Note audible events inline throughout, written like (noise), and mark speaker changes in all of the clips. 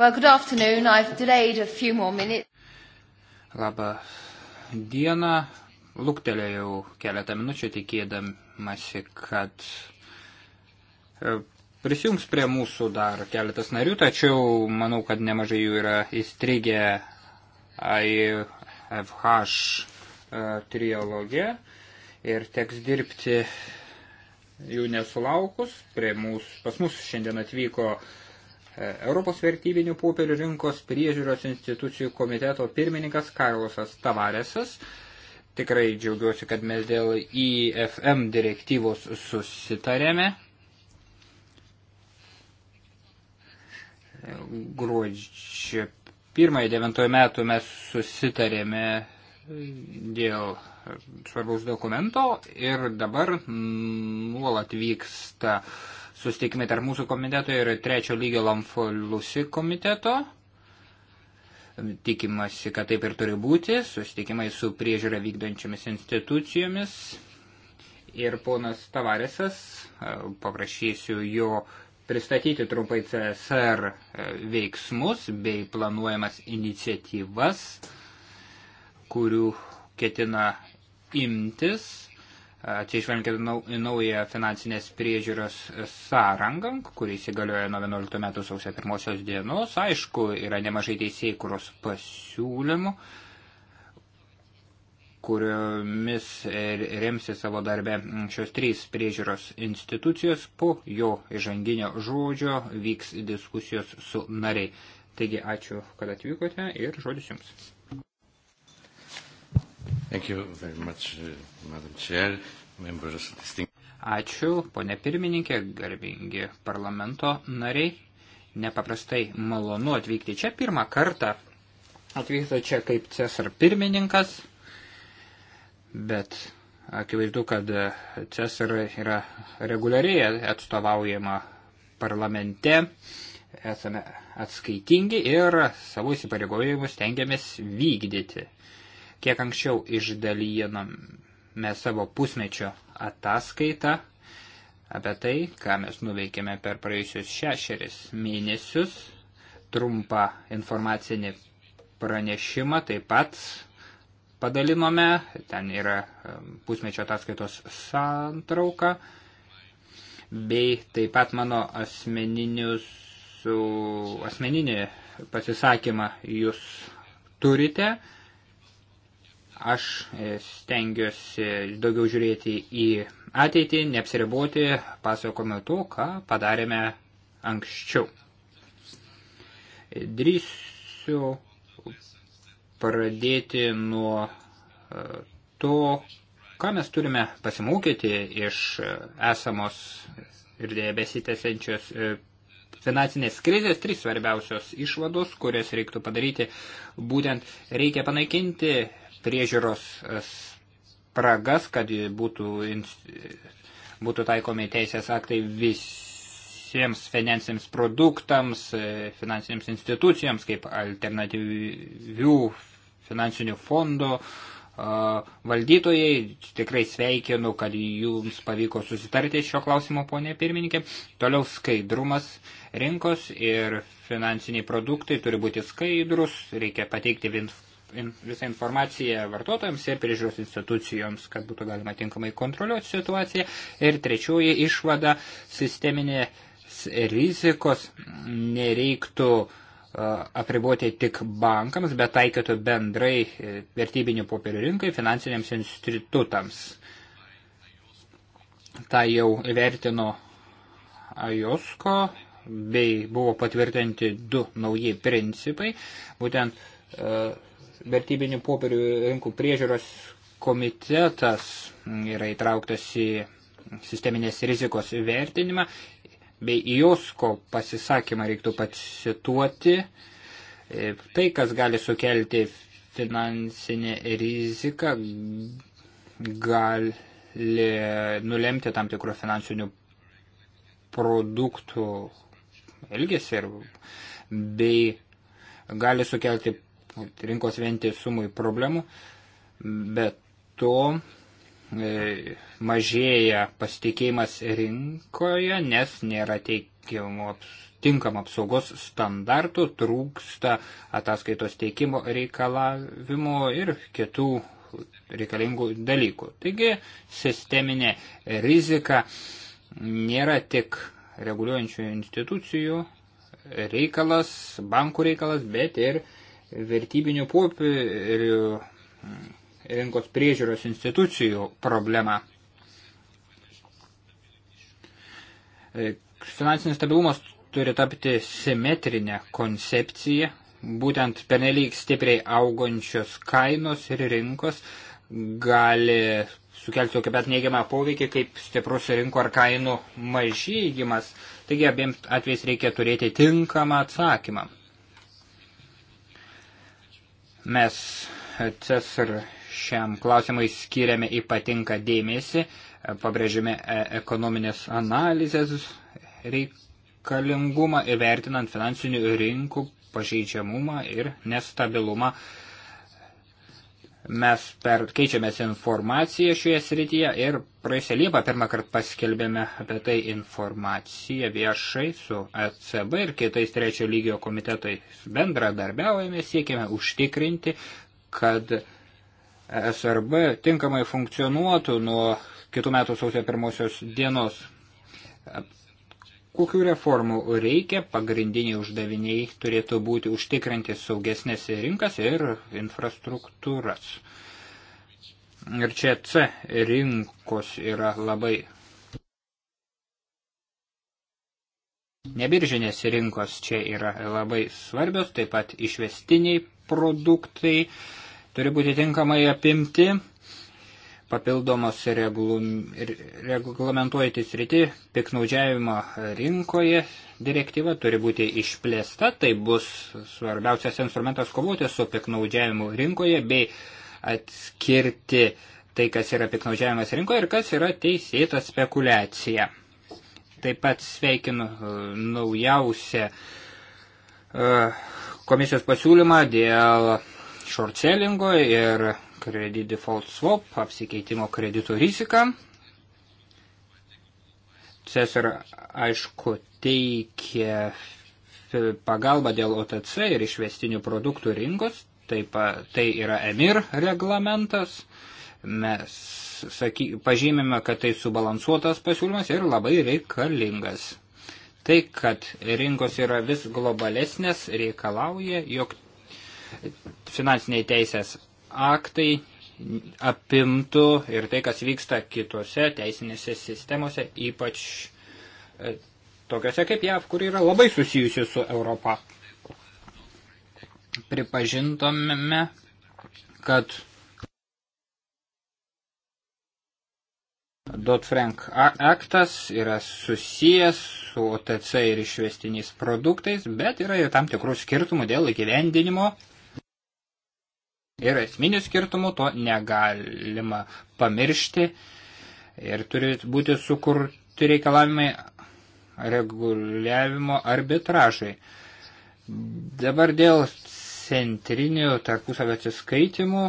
Speaker 1: Well, good afternoon. I've delayed a few more minutes.
Speaker 2: Labą dieną. Luktelėjau keletą minučių tikėdamasi, kad e, prisijungs prie mūsų dar keletas narių, tačiau manau, kad nemažai jų yra įstrigę IFH e, triologe ir teks dirbti jų nesulaukus. Mūsų, pas mus šiandien atvyko uh, E, Europos vertybinių popierių rinkos priežiūros institucijų komiteto pirmininkas Karlosas Tavaresas. Tikrai džiaugiuosi, kad mes dėl IFM direktyvos susitarėme. E, gruodžio 1-9 metų mes susitarėme dėl svarbaus dokumento ir dabar nuolat vyksta uh, susitikimai tarp mūsų komiteto ir trečio lygio Lamfolusi komiteto. Tikimasi, kad taip ir turi būti, susitikimai su priežiūra vykdančiomis institucijomis. Ir ponas Tavaresas, e, paprašysiu jo pristatyti trumpai CSR e, veiksmus bei planuojamas iniciatyvas, kurių ketina imtis atsižvelgia į naują finansinės priežiūros sąrangą, kuris įgalioja nuo 11 metų sausio pirmosios dienos. Aišku, yra nemažai teisėjų, kurios pasiūlymų, kuriomis remsi savo darbę šios trys priežiūros institucijos. Po jo įžanginio žodžio vyks diskusijos su nariai. Taigi ačiū, kad atvykote ir žodis jums. Much, uh, Chair, Ačiū, ponė pirmininkė, garbingi parlamento nariai. Nepaprastai malonu atvykti čia pirmą kartą. Atvyksta čia kaip Cesar pirmininkas, bet akivaizdu, kad Cesar yra reguliariai atstovaujama parlamente esame atskaitingi ir savo įsipareigojimus tengiamės vykdyti. Kiek anksčiau išdalyjame savo pusmečio ataskaitą apie tai, ką mes nuveikėme per praėjusius šešeris mėnesius, trumpą informacinį pranešimą taip pat padalinome, ten yra pusmečio ataskaitos santrauka, bei taip pat mano asmeninius, asmeninį pasisakymą jūs turite. Aš e, stengiuosi daugiau žiūrėti į ateitį, neapsiriboti pasakojimo to, ką padarėme anksčiau. Drįsiu pradėti nuo e, to, ką mes turime pasimokyti iš e, esamos ir dėja besitęsiančios finansinės krizės, trys svarbiausios išvados, kurias reiktų padaryti, būtent reikia panaikinti priežiūros e, spragas, kad būtų, būtų taikomi teisės aktai visiems finansiniams produktams, e, finansinėms institucijoms, kaip alternatyvių finansinių fondo e, valdytojai. Tikrai sveikinu, kad jums pavyko susitarti šio klausimo, ponė pirmininkė. Toliau skaidrumas rinkos ir finansiniai produktai turi būti skaidrus, reikia pateikti visą informaciją vartotojams ir priežiūros institucijoms, kad būtų galima tinkamai kontroliuoti situaciją. Ir trečioji išvada - sisteminė rizikos nereiktų apriboti tik bankams, bet taikytų bendrai e, vertybinių popierių rinkai finansiniams institutams. Ta jau vertino Ajosko bei buvo patvirtinti du nauji principai, būtent vertybinių popierių rinkų priežiūros komitetas yra įtrauktas į sisteminės rizikos vertinimą, bei Josko pasisakymą reiktų pacituoti. E, tai, kas gali sukelti finansinę riziką, gali nulemti tam tikrų finansinių produktų elgesį ir bei gali sukelti rinkos vientisumui problemų, bet to e, mažėja pasitikėjimas rinkoje, nes nėra teikiamo tinkamų apsaugos standartų, trūksta ataskaitos teikimo reikalavimo ir kitų reikalingų dalykų. Taigi sisteminė rizika nėra tik reguliuojančių institucijų reikalas, bankų reikalas, bet ir vertybinių popierių mm, rinkos priežiūros institucijų problemą. E, Finansinis stabilumas turi tapti simetrinę koncepciją, būtent pernelyg stipriai augančios kainos ir rinkos gali sukelti tokį bet neigiamą poveikį, kaip stiprus rinko ar kainų mažėjimas. Taigi abiems atvejais reikia turėti tinkamą atsakymą. Mes CESR šiam klausimui skiriame ypatinką dėmesį, pabrėžime e, ekonominės analizės reikalingumą ir vertinant finansinių rinkų pažeidžiamumą ir nestabilumą Mes per, keičiamės informaciją šioje srityje ir praėjusią Liepą pirmą kartą paskelbėme apie tai informaciją viešai su ECB ir kitais trečio lygio komitetais bendradarbiaujame, siekime užtikrinti, kad e SRB tinkamai funkcionuotų nuo kitų metų sausio pirmosios dienos. Kokių reformų reikia, pagrindiniai uždaviniai turėtų būti užtikrinti saugesnės rinkas ir infrastruktūras. Ir čia C rinkos yra labai. Nebiržinės rinkos čia yra labai svarbios, taip pat išvestiniai produktai turi būti tinkamai apimti, papildomos reglamentuojantis rytį piknaudžiavimo rinkoje direktyva turi būti išplėsta, tai bus svarbiausias instrumentas kovoti su piknaudžiavimu rinkoje bei atskirti tai, kas yra piknaudžiavimas rinkoje ir kas yra teisėta spekulacija. Taip pat sveikinu e, naujausią e, komisijos pasiūlymą dėl short sellingo ir Credit Default Swap, apsikeitimo kreditų riziką. Cesar, aišku, teikia pagalbą dėl OTC ir išvestinių produktų rinkos, taip, tai yra EMIR reglamentas. Mes saky, pažymime, kad tai subalansuotas pasiūlymas ir labai reikalingas. Tai, kad rinkos yra vis globalesnės, reikalauja, jog finansiniai teisės aktai apimtų ir tai, kas vyksta kitose teisinėse sistemose, ypač e, tokiuose kaip JAV, kur yra labai susijusi su Europa. Pripažintumėme, kad Dodd-Frank aktas yra susijęs su OTC ir išvestiniais produktais, bet yra ir tam tikrų skirtumų dėl įgyvendinimo Yra esminių skirtumų, to negalima pamiršti ir turi būti sukurti reikalavimai reguliavimo arbitražai. Dabar dėl centrinių tarpusavio atsiskaitimų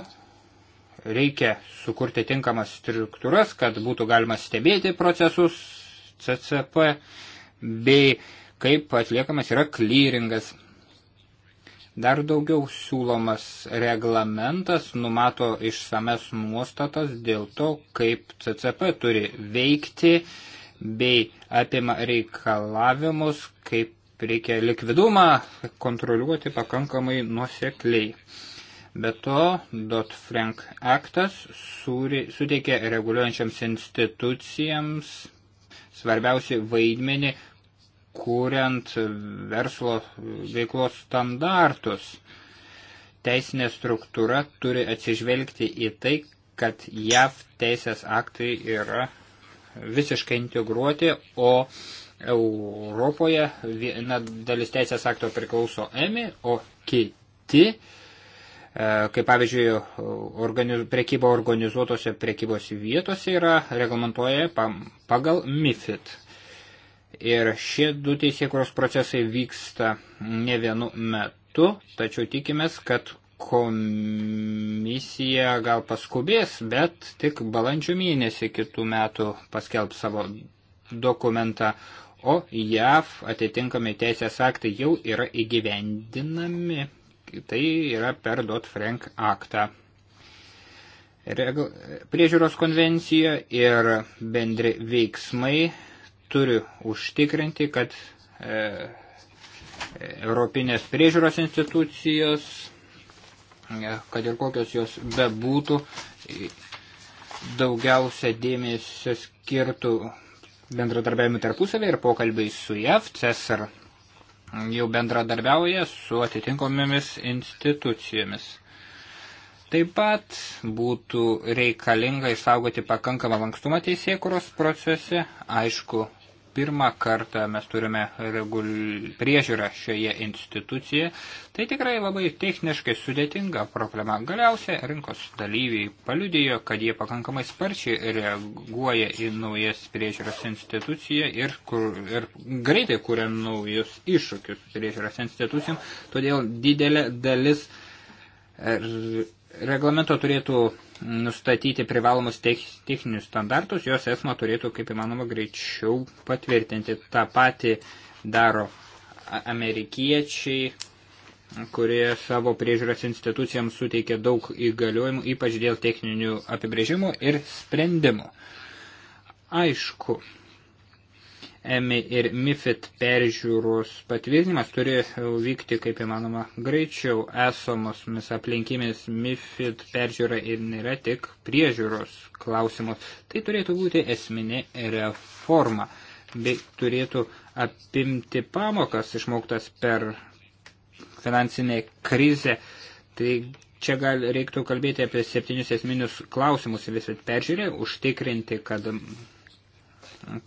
Speaker 2: reikia sukurti tinkamas struktūras, kad būtų galima stebėti procesus CCP bei kaip atliekamas yra klyringas. Dar daugiau siūlomas reglamentas numato išsames nuostatas dėl to, kaip CCP turi veikti bei apima reikalavimus, kaip reikia likvidumą kontroliuoti pakankamai nuosekliai. Be to, Dodd-Frank aktas suteikia reguliuojančiams institucijams svarbiausi vaidmenį kuriant verslo veiklos standartus. Teisinė struktūra turi atsižvelgti į tai, kad JAV teisės aktai yra visiškai integruoti, o Europoje viena dalis teisės akto priklauso EMI, o kiti, e, kaip pavyzdžiui, organiz, prekyba organizuotose prekybos vietose yra reglamentoja pagal MIFID ir šie du teisėkuros procesai vyksta ne vienu metu, tačiau tikimės, kad komisija gal paskubės, bet tik balandžio mėnesį kitų metų paskelb savo dokumentą, o JAV atitinkami teisės aktai jau yra įgyvendinami. Tai yra per Dot Frank aktą. Priežiūros konvencija ir bendri veiksmai turi užtikrinti, kad e, e Europinės priežiūros institucijos, e, kad ir kokios jos bebūtų, daugiausia dėmesio skirtų bendradarbiavimui tarpusavį ir pokalbiai su JAV, CESAR jau bendradarbiauja su atitinkomomis institucijomis. Taip pat būtų reikalinga išsaugoti pakankamą lankstumą teisėkuros procese. Aišku, pirmą kartą mes turime regul... priežiūrą šioje institucijoje. Tai tikrai labai techniškai sudėtinga problema. Galiausiai rinkos dalyviai paliudėjo, kad jie pakankamai sparčiai reaguoja į naujas priežiūros instituciją ir, kur... ir greitai kuria naujus iššūkius priežiūros institucijom. Todėl didelė dalis reglamento turėtų nustatyti privalomus techninius standartus, jos esma turėtų kaip įmanoma greičiau patvirtinti. Ta pati daro amerikiečiai, kurie savo priežiūros institucijams suteikia daug įgaliojimų, ypač dėl techninių apibrėžimų ir sprendimų. Aišku, EMI ir MIFID peržiūros patvirtinimas turi vykti kaip įmanoma greičiau. Esamosmis aplinkybėmis MIFID peržiūra ir nėra tik priežiūros klausimas. Tai turėtų būti esminė reforma, bei turėtų apimti pamokas išmoktas per finansinę krizę. Tai čia gal reiktų kalbėti apie septynius esminius klausimus ir visą peržiūrę, užtikrinti, kad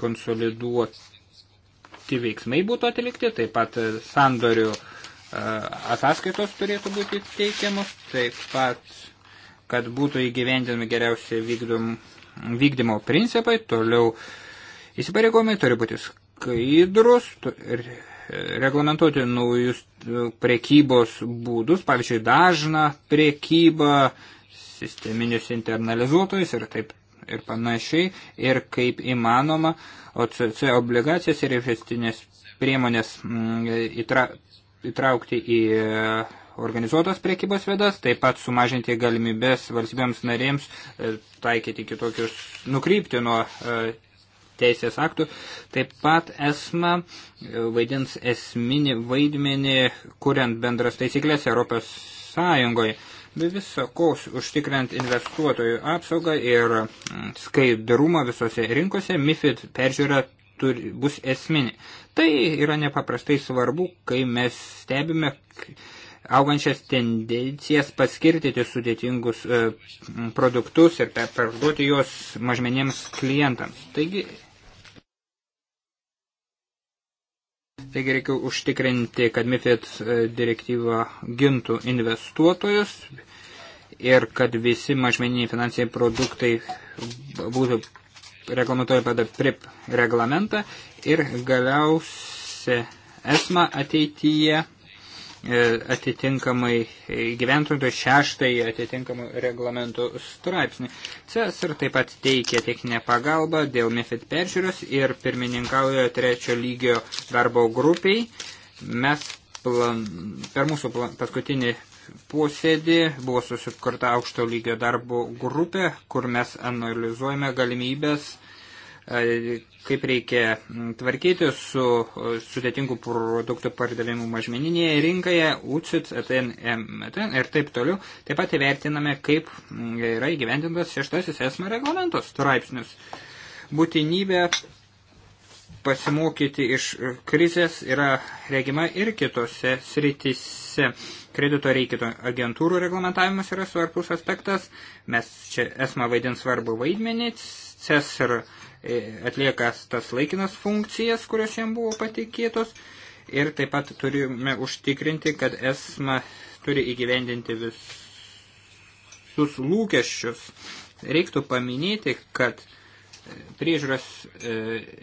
Speaker 2: konsoliduoti veiksmai būtų atlikti, taip pat sandorių e, ataskaitos turėtų būti teikiamos, taip pat, kad būtų įgyvendinami geriausiai vykdom, vykdymo principai, toliau įsipareigojimai turi būti skaidrus ir e, reglamentuoti naujus e, prekybos būdus, pavyzdžiui, dažną prekybą, sisteminius internalizuotojus ir taip ir panašiai, ir kaip įmanoma, OCC obligacijas ir išvestinės priemonės mm, įtra, įtraukti į e, organizuotos priekybos vedas, taip pat sumažinti galimybės valstybėms narėms e, taikyti kitokius, nukrypti nuo e, teisės aktų. Taip pat ESMA vaidins esminį vaidmenį, kuriant bendras taisyklės Europos Sąjungoje visokos užtikrant investuotojų apsaugą ir mm, skaidrumą visose rinkose, MIFID peržiūra turi, bus esminė. Tai yra nepaprastai svarbu, kai mes stebime augančias tendencijas paskirtyti sudėtingus e, produktus ir perduoti juos mažmeniems klientams. Taigi Taigi reikia užtikrinti, kad MIFID e, direktyva gintų investuotojus ir kad visi mažmeniniai finansiniai produktai būtų reglamentuoja pada PRIP reglamentą ir galiausia ESMA ateityje E, atitinkamai gyventojų šeštąjį atitinkamų reglamentų straipsnį. CSR taip pat teikia techninę pagalbą dėl MIFID peržiūros ir pirmininkauja trečio lygio darbo grupiai. Mes plan, per mūsų plan, paskutinį posėdį buvo susikurta aukšto lygio darbo grupė, kur mes analizuojame galimybės e, kaip reikia mm, tvarkyti su e, sudėtingų produktų pardavimu mažmeninėje rinkoje, UCIT, ETN, MTN ir taip toliau. Taip pat įvertiname, kaip mm, yra įgyvendintas šeštasis esmo reglamentos straipsnius. Būtinybė pasimokyti iš krizės yra regima ir kitose sritise. Kredito reikito agentūrų reglamentavimas yra svarbus aspektas. Mes čia esame vaidin svarbu vaidmenį. CESR e, atlieka tas laikinas funkcijas, kurios jam buvo patikėtos. Ir taip pat turime užtikrinti, kad ESMA turi įgyvendinti visus lūkesčius. Reiktų paminėti, kad priežiūros e,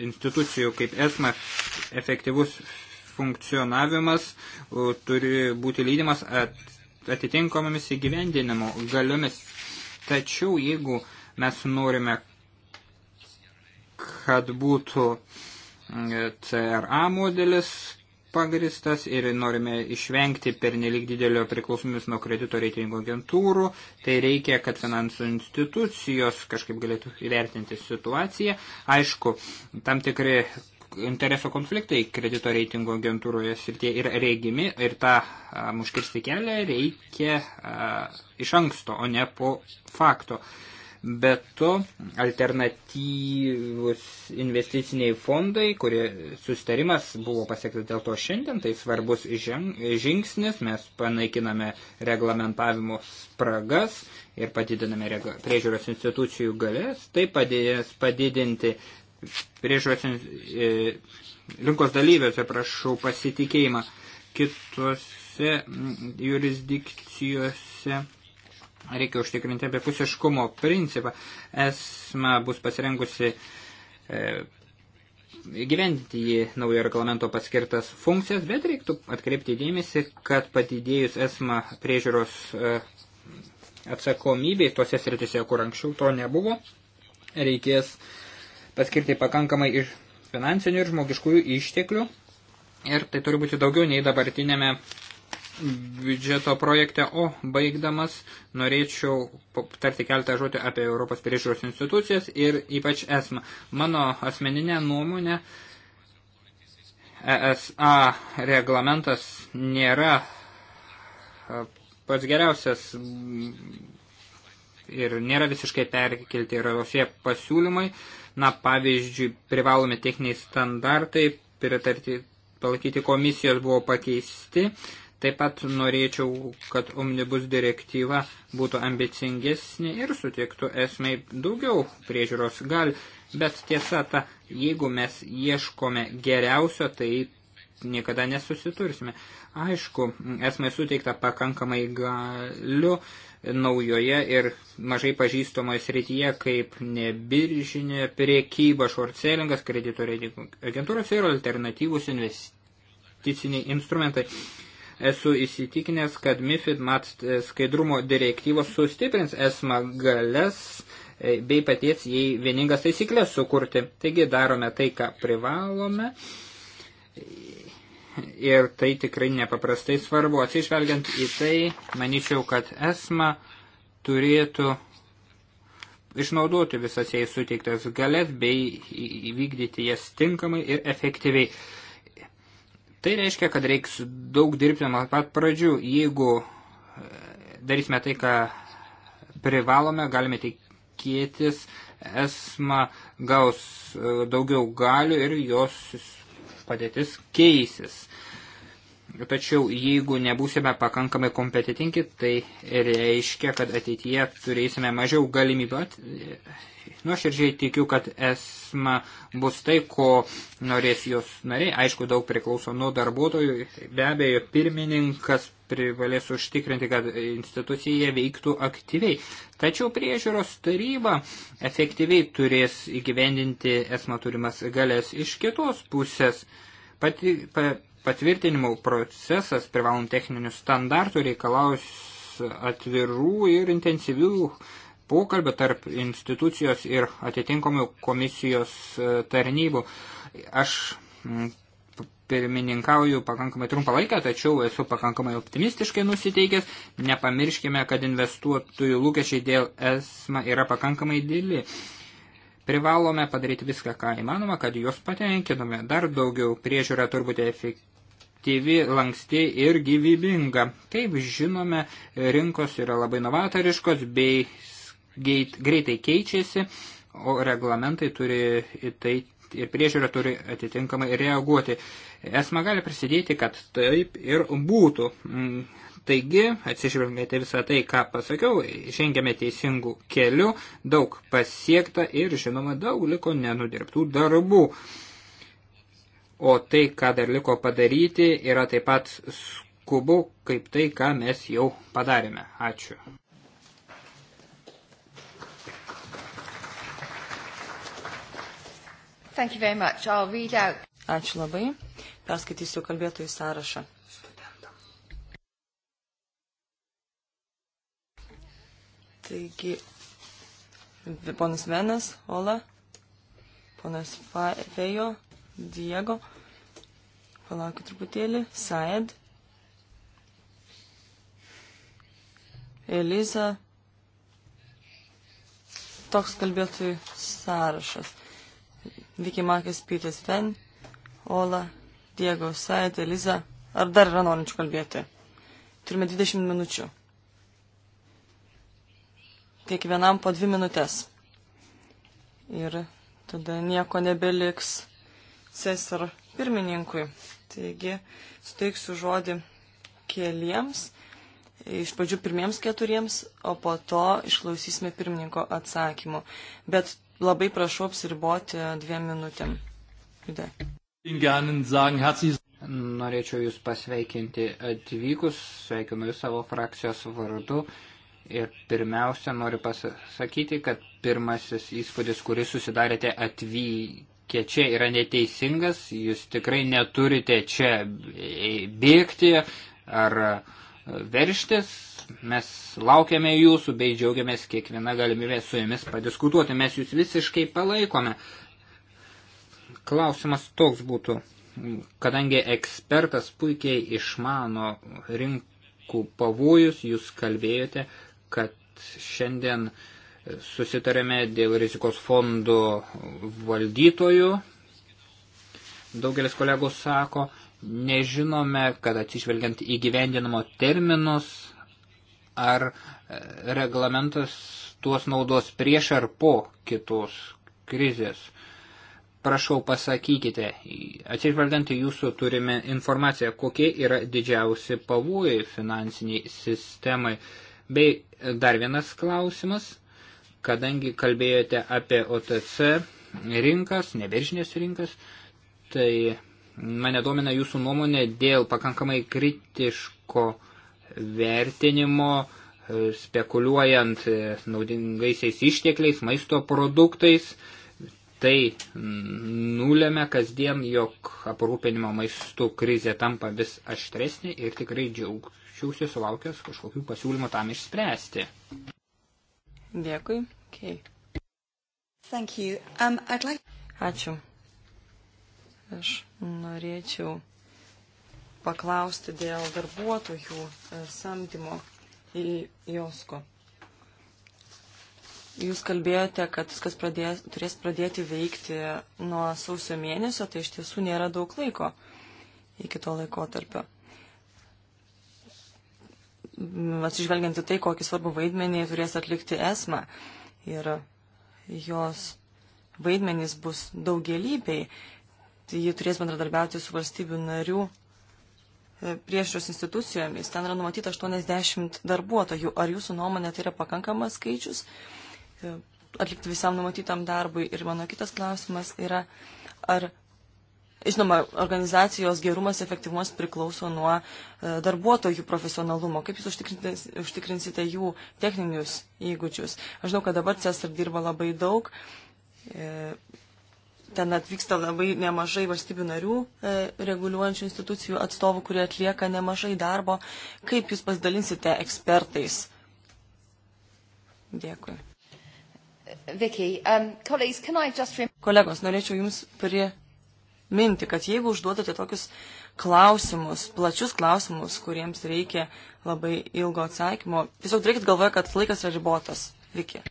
Speaker 2: institucijų kaip ESMA efektyvus funkcionavimas turi būti lydimas atitinkamomis įgyvendinimo galiomis. Tačiau jeigu mes norime, kad būtų e, CRA modelis, pagristas ir norime išvengti pernelik didelio priklausomis nuo kredito reitingo agentūrų, tai reikia, kad finansų institucijos kažkaip galėtų įvertinti situaciją. Aišku, tam tikri intereso konfliktai kredito reitingo agentūroje srityje ir regimi ir tą um, užkirsti kelią reikia uh, iš anksto, o ne po fakto. Uh, Bet to alternatyvus investiciniai fondai, kurie sustarimas buvo pasiektas dėl to šiandien, tai svarbus žingsnis, mes panaikiname reglamentavimo spragas ir padidiname priežiūros institucijų galės, tai padės padidinti priežiūros e, rinkos dalyvės, prašau, pasitikėjimą kitose jurisdikcijose reikia užtikrinti abipusiškumo principą. Esma bus pasirengusi e, gyventi į naujo reglamento paskirtas funkcijas, bet reiktų atkreipti dėmesį, kad padidėjus esma priežiūros e, atsakomybei tose sritise, kur anksčiau to nebuvo, reikės paskirti pakankamai iš finansinių ir žmogiškųjų išteklių. Ir tai turi būti daugiau nei dabartinėme biudžeto projekte, o baigdamas norėčiau tarti keltą žodį apie Europos priežiūros institucijas ir ypač ESMA. Mano asmeninė nuomonė, ESA reglamentas nėra e, pats geriausias ir nėra visiškai perkelti ir šie pasiūlymai. Na, pavyzdžiui, privalomi techniniai standartai pritarti palaikyti komisijos buvo pakeisti Taip pat norėčiau, kad omnibus direktyva būtų ambicingesnė ir sutiktų esmai daugiau priežiūros gal, bet tiesa ta, jeigu mes ieškome geriausio, tai niekada nesusitursime. Aišku, esmai suteikta pakankamai galiu naujoje ir mažai pažįstamoje srityje kaip nebiržinė priekyba, šortselingas, kreditorių agentūros ir alternatyvus investiciniai instrumentai. Esu įsitikinęs, kad MIFID mat e, skaidrumo direktyvos sustiprins esmą galės e, bei paties jai vieningas taisyklės sukurti. Taigi darome tai, ką privalome. Ir tai tikrai nepaprastai svarbu. Atsižvelgiant į tai, manyčiau, kad esma turėtų išnaudoti visas jai suteiktas galės bei įvykdyti jas tinkamai ir efektyviai. Tai reiškia, kad reiks daug dirbti nuo pat pradžių. Jeigu e, darysime tai, ką privalome, galime tikėtis, esma gaus e, daugiau galių ir jos padėtis keisis. Tačiau jeigu nebūsime pakankamai kompetitingi, tai reiškia, kad ateityje turėsime mažiau galimybių. Nuoširdžiai tikiu, kad esma bus tai, ko norės jos nariai. Aišku, daug priklauso nuo darbuotojų. Be abejo, pirmininkas privalės užtikrinti, kad institucija veiktų aktyviai. Tačiau priežiūros taryba efektyviai turės įgyvendinti esma turimas galės iš kitos pusės. Pati, pa, patvirtinimo procesas privalom techninių standartų reikalaus atvirų ir intensyvių pokalbių tarp institucijos ir atitinkamų komisijos e, tarnybų. Aš pirmininkauju pakankamai trumpą laiką, tačiau esu pakankamai optimistiškai nusiteikęs. Nepamirškime, kad investuotojų lūkesčiai dėl esma yra pakankamai dideli. Privalome padaryti viską, ką įmanoma, kad juos patenkinome. Dar daugiau priežiūra turbūt efektyviai aktyvi, lanksti ir gyvybinga. Kaip žinome, rinkos yra labai novatoriškos bei greitai keičiasi, o reglamentai turi į tai ir priežiūra turi atitinkamai reaguoti. Esma gali prisidėti, kad taip ir būtų. Mm, taigi, atsižvelgėte visą tai, ką pasakiau, žengėme teisingų kelių, daug pasiekta ir, žinoma, daug liko nenudirbtų darbų o tai, ką dar liko padaryti, yra taip pat skubu, kaip tai, ką mes jau padarėme. Ačiū.
Speaker 3: Thank you very much. I'll read out. Ačiū labai. Perskaitysiu kalbėtojų sąrašą. Taigi, ponas Venas, Ola, ponas Fejo, Diego. Palaukit truputėlį. Saed. Eliza. Toks kalbėtojų sąrašas. Vicky Markas, Peter Sven, Ola, Diego, Saed, Eliza. Ar dar yra norinčių kalbėti? Turime 20 minučių. Kiekvienam po 2 minutės. Ir tada nieko nebeliks CESAR pirmininkui. Taigi, suteiksiu žodį keliems, iš pradžių pirmiems keturiems, o po to išklausysime pirmininko atsakymų. Bet labai prašau apsiriboti dviem minutėm.
Speaker 2: Judė. Norėčiau Jūs pasveikinti atvykus, sveikinu Jūs savo frakcijos vardu ir pirmiausia noriu pasakyti, kad pirmasis įspūdis, kurį susidarėte atvykę, kiek čia yra neteisingas, jūs tikrai neturite čia bėgti ar verštis. Mes laukiame jūsų bei džiaugiamės kiekvieną galimybę su jumis padiskutuoti. Mes jūs visiškai palaikome. Klausimas toks būtų, kadangi ekspertas puikiai išmano rinkų pavojus, jūs kalbėjote, kad šiandien uh, susitarėme dėl rizikos fondų valdytojų. Daugelis kolegų sako, nežinome, kad atsižvelgiant į gyvendinimo terminus, ar e, reglamentas tuos naudos prieš ar po kitos krizės. Prašau pasakykite, atsižvelgiant į jūsų turime informaciją, kokie yra didžiausi pavojai finansiniai sistemai. Bei dar vienas klausimas Kadangi kalbėjote apie OTC rinkas, neberžinės rinkas, tai mane domina jūsų nuomonė dėl pakankamai kritiško vertinimo, e, spekuliuojant e, naudingaisiais ištekliais, maisto produktais. Tai nulėmė kasdien, jog aprūpinimo maistų krizė tampa vis aštresnė ir tikrai džiaugčiausi sulaukęs kažkokių pasiūlymų tam išspręsti.
Speaker 3: Dėkui. Okay. Thank you. Um, I'd like... Ačiū. Aš norėčiau paklausti dėl darbuotojų e, samdymo į Josko. Jūs kalbėjote, kad viskas pradės, turės pradėti veikti nuo sausio mėnesio, tai iš tiesų nėra daug laiko iki to laiko tarpio atsižvelgianti tai, kokį svarbų vaidmenį turės atlikti esma. Ir jos vaidmenys bus daugelypiai. Tai ji turės bendradarbiauti su valstybių narių e, priešios institucijomis. Ten yra numatyta 80 darbuotojų. Ar jūsų nuomonė tai yra pakankamas skaičius e, atlikti visam numatytam darbui? Ir mano kitas klausimas yra, ar Žinoma, organizacijos gerumas, efektyvumas priklauso nuo e, darbuotojų profesionalumo. Kaip jūs užtikrinsite jų techninius įgūdžius? Aš žinau, kad dabar CESAR dirba labai daug. E, ten atvyksta labai nemažai valstybių narių e, reguliuojančių institucijų atstovų, kurie atlieka nemažai darbo. Kaip jūs pasidalinsite ekspertais? Dėkui.
Speaker 1: Vicky, um, colleagues, can I just...
Speaker 3: Kolegos, norėčiau Jums prie mintį, kad jeigu užduodate tokius klausimus, plačius klausimus, kuriems reikia labai ilgo atsakymo, tiesiog turėkit galvoje, kad laikas yra ribotas. Viki.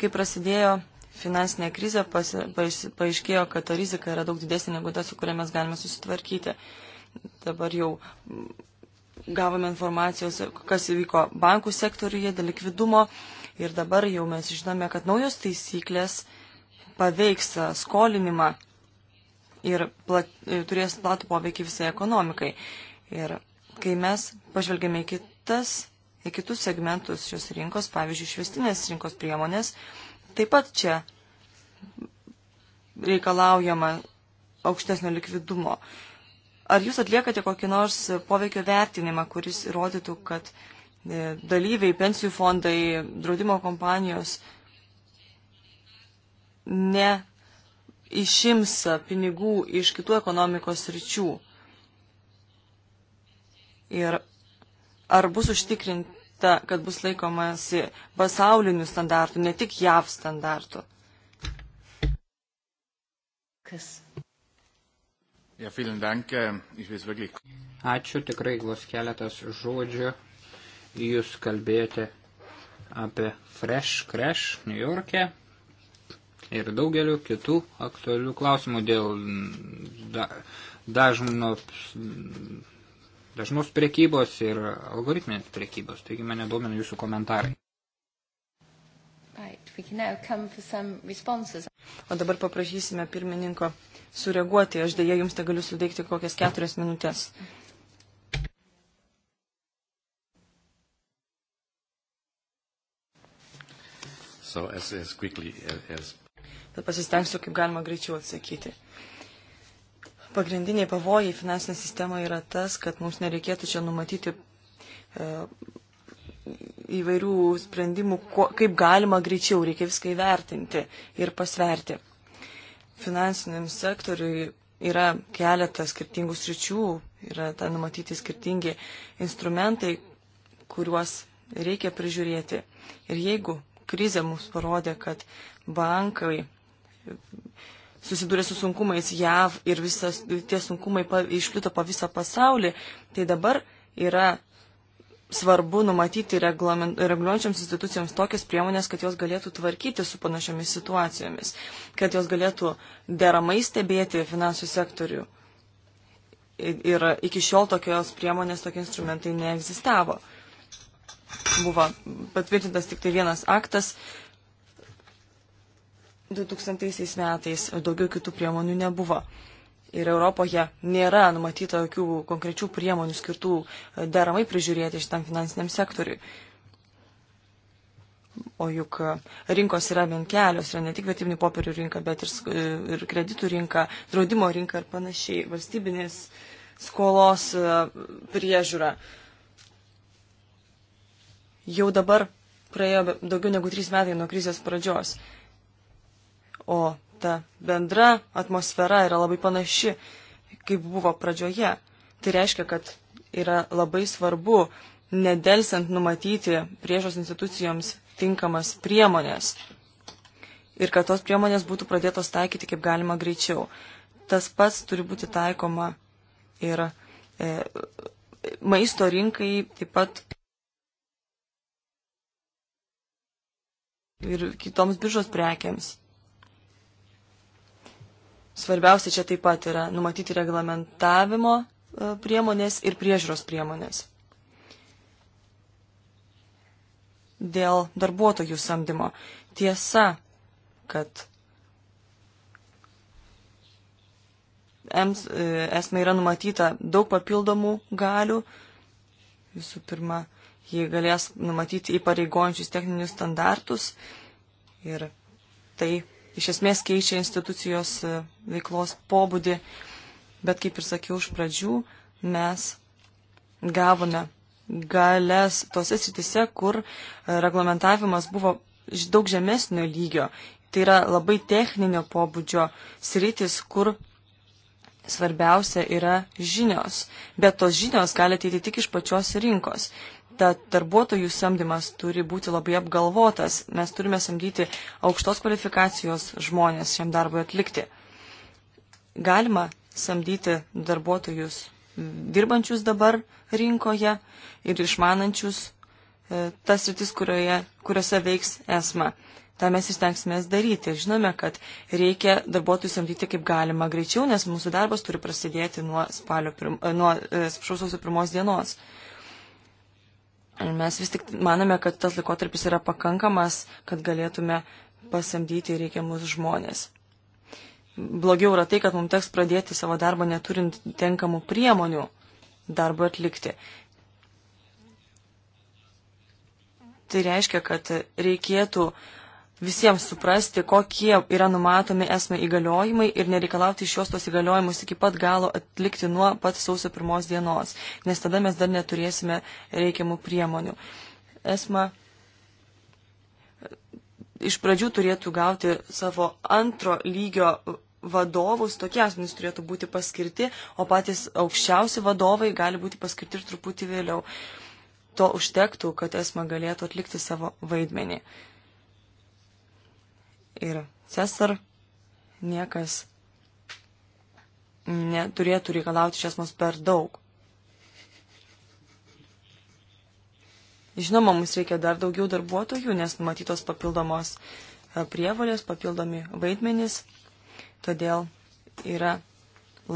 Speaker 3: Kai prasidėjo finansinė krizė, pasi, paaiš, paaiškėjo, kad ta rizika yra daug didesnė negu ta, su kuria mes galime susitvarkyti. Dabar jau gavome informacijos, kas įvyko bankų sektoriuje dėl likvidumo ir dabar jau mes žinome, kad naujos taisyklės paveiks skolinimą ir plat, e, turės platų poveikį visai ekonomikai. Ir kai mes pažvelgėme į, kitas, į kitus segmentus šios rinkos, pavyzdžiui, švestinės rinkos priemonės, taip pat čia reikalaujama aukštesnio likvidumo. Ar jūs atliekate kokį nors poveikio vertinimą, kuris įrodytų, kad e, dalyviai, pensijų fondai, draudimo kompanijos ne išims pinigų iš kitų ekonomikos ryčių. Ir ar bus užtikrinta, kad bus laikomasi pasaulinių standartų, ne tik JAV standartų? Kas?
Speaker 2: Ja, vielen Dank. Äh, ich will es wirklich. Ačiū, tikrai vos keletas žodžių. Jūs kalbėjote apie Fresh Crash New York'e ir daugeliu kitų aktualių klausimų dėl da, dažno, dažnos prekybos ir algoritminės prekybos. Taigi mane domina jūsų komentarai.
Speaker 1: Right.
Speaker 3: O dabar paprašysime pirmininko sureaguoti. Aš dėja jums te galiu suteikti kokias keturias minutės.
Speaker 2: So as, as quickly as
Speaker 3: tad pasistengsiu kaip galima greičiau atsakyti. Pagrindiniai pavojai finansinė sistema yra tas, kad mums nereikėtų čia numatyti e, įvairių sprendimų, ko, kaip galima greičiau, reikia viską įvertinti ir pasverti. Finansiniam sektoriui yra keletas skirtingų sričių, yra ten numatyti skirtingi instrumentai, kuriuos reikia prižiūrėti. Ir jeigu krizė mums parodė, kad bankai susidūrė su sunkumais JAV ir visas, tie sunkumai pa, išplito po visą pasaulį, tai dabar yra svarbu numatyti reguliuojančioms institucijoms tokias priemonės, kad jos galėtų tvarkyti su panašiomis situacijomis, kad jos galėtų deramai stebėti finansų sektorių. Ir iki šiol tokios priemonės, tokie instrumentai neegzistavo. Buvo patvirtintas tik tai vienas aktas, 2000 metais daugiau kitų priemonių nebuvo. Ir Europoje nėra numatyta jokių konkrečių priemonių skirtų e, deramai prižiūrėti šitam finansiniam sektoriui. O juk e, rinkos yra bent kelios, yra ne tik vertybinių popierių rinka, bet ir, e, ir kreditų rinka, draudimo rinka ir panašiai, valstybinės skolos priežiūra. Jau dabar praėjo daugiau negu trys metai nuo krizės pradžios o ta bendra atmosfera yra labai panaši, kaip buvo pradžioje. Tai reiškia, kad yra labai svarbu nedelsiant numatyti priežos institucijoms tinkamas priemonės ir kad tos priemonės būtų pradėtos taikyti kaip galima greičiau. Tas pats turi būti taikoma ir e, maisto rinkai, taip pat ir kitoms biržos prekiams. Svarbiausia čia taip pat yra numatyti reglamentavimo e, priemonės ir priežiūros priemonės. Dėl darbuotojų samdymo. Tiesa, kad e, esmė yra numatyta daug papildomų galių. Visų pirma, jie galės numatyti įpareigojančius techninius standartus ir tai iš esmės keičia institucijos e, veiklos pobūdį, bet kaip ir sakiau iš pradžių, mes gavome galės tose sritise, kur e, reglamentavimas buvo daug žemesnio lygio. Tai yra labai techninio pobūdžio sritis, kur svarbiausia yra žinios, bet tos žinios gali ateiti tik iš pačios rinkos. Tad darbuotojų samdymas turi būti labai apgalvotas. Mes turime samdyti aukštos kvalifikacijos žmonės šiam darbui atlikti. Galima samdyti darbuotojus dirbančius dabar rinkoje ir išmanančius e, tas rytis, kurioje, kuriuose veiks esma. Ta mes įstengsime daryti. Žinome, kad reikia darbuotojų samdyti kaip galima greičiau, nes mūsų darbas turi prasidėti nuo, spalio, prim, nuo e, sausio pirmos dienos. Mes vis tik manome, kad tas laikotarpis yra pakankamas, kad galėtume pasamdyti reikiamus žmonės. Blogiau yra tai, kad mums teks pradėti savo darbą neturint tenkamų priemonių darbą atlikti. Tai reiškia, kad reikėtų uh, visiems suprasti, kokie yra numatomi esmai įgaliojimai ir nereikalauti iš juos tos įgaliojimus iki pat galo atlikti nuo pat sausio pirmos dienos, nes tada mes dar neturėsime reikiamų priemonių. Esma iš pradžių turėtų gauti savo antro lygio vadovus, tokie asmenys turėtų būti paskirti, o patys aukščiausi vadovai gali būti paskirti ir truputį vėliau. To užtektų, kad esma galėtų atlikti savo vaidmenį ir Cesar niekas neturėtų reikalauti iš esmės per daug. Žinoma, mums reikia dar daugiau darbuotojų, nes numatytos papildomos e, prievalės, papildomi vaidmenys. Todėl yra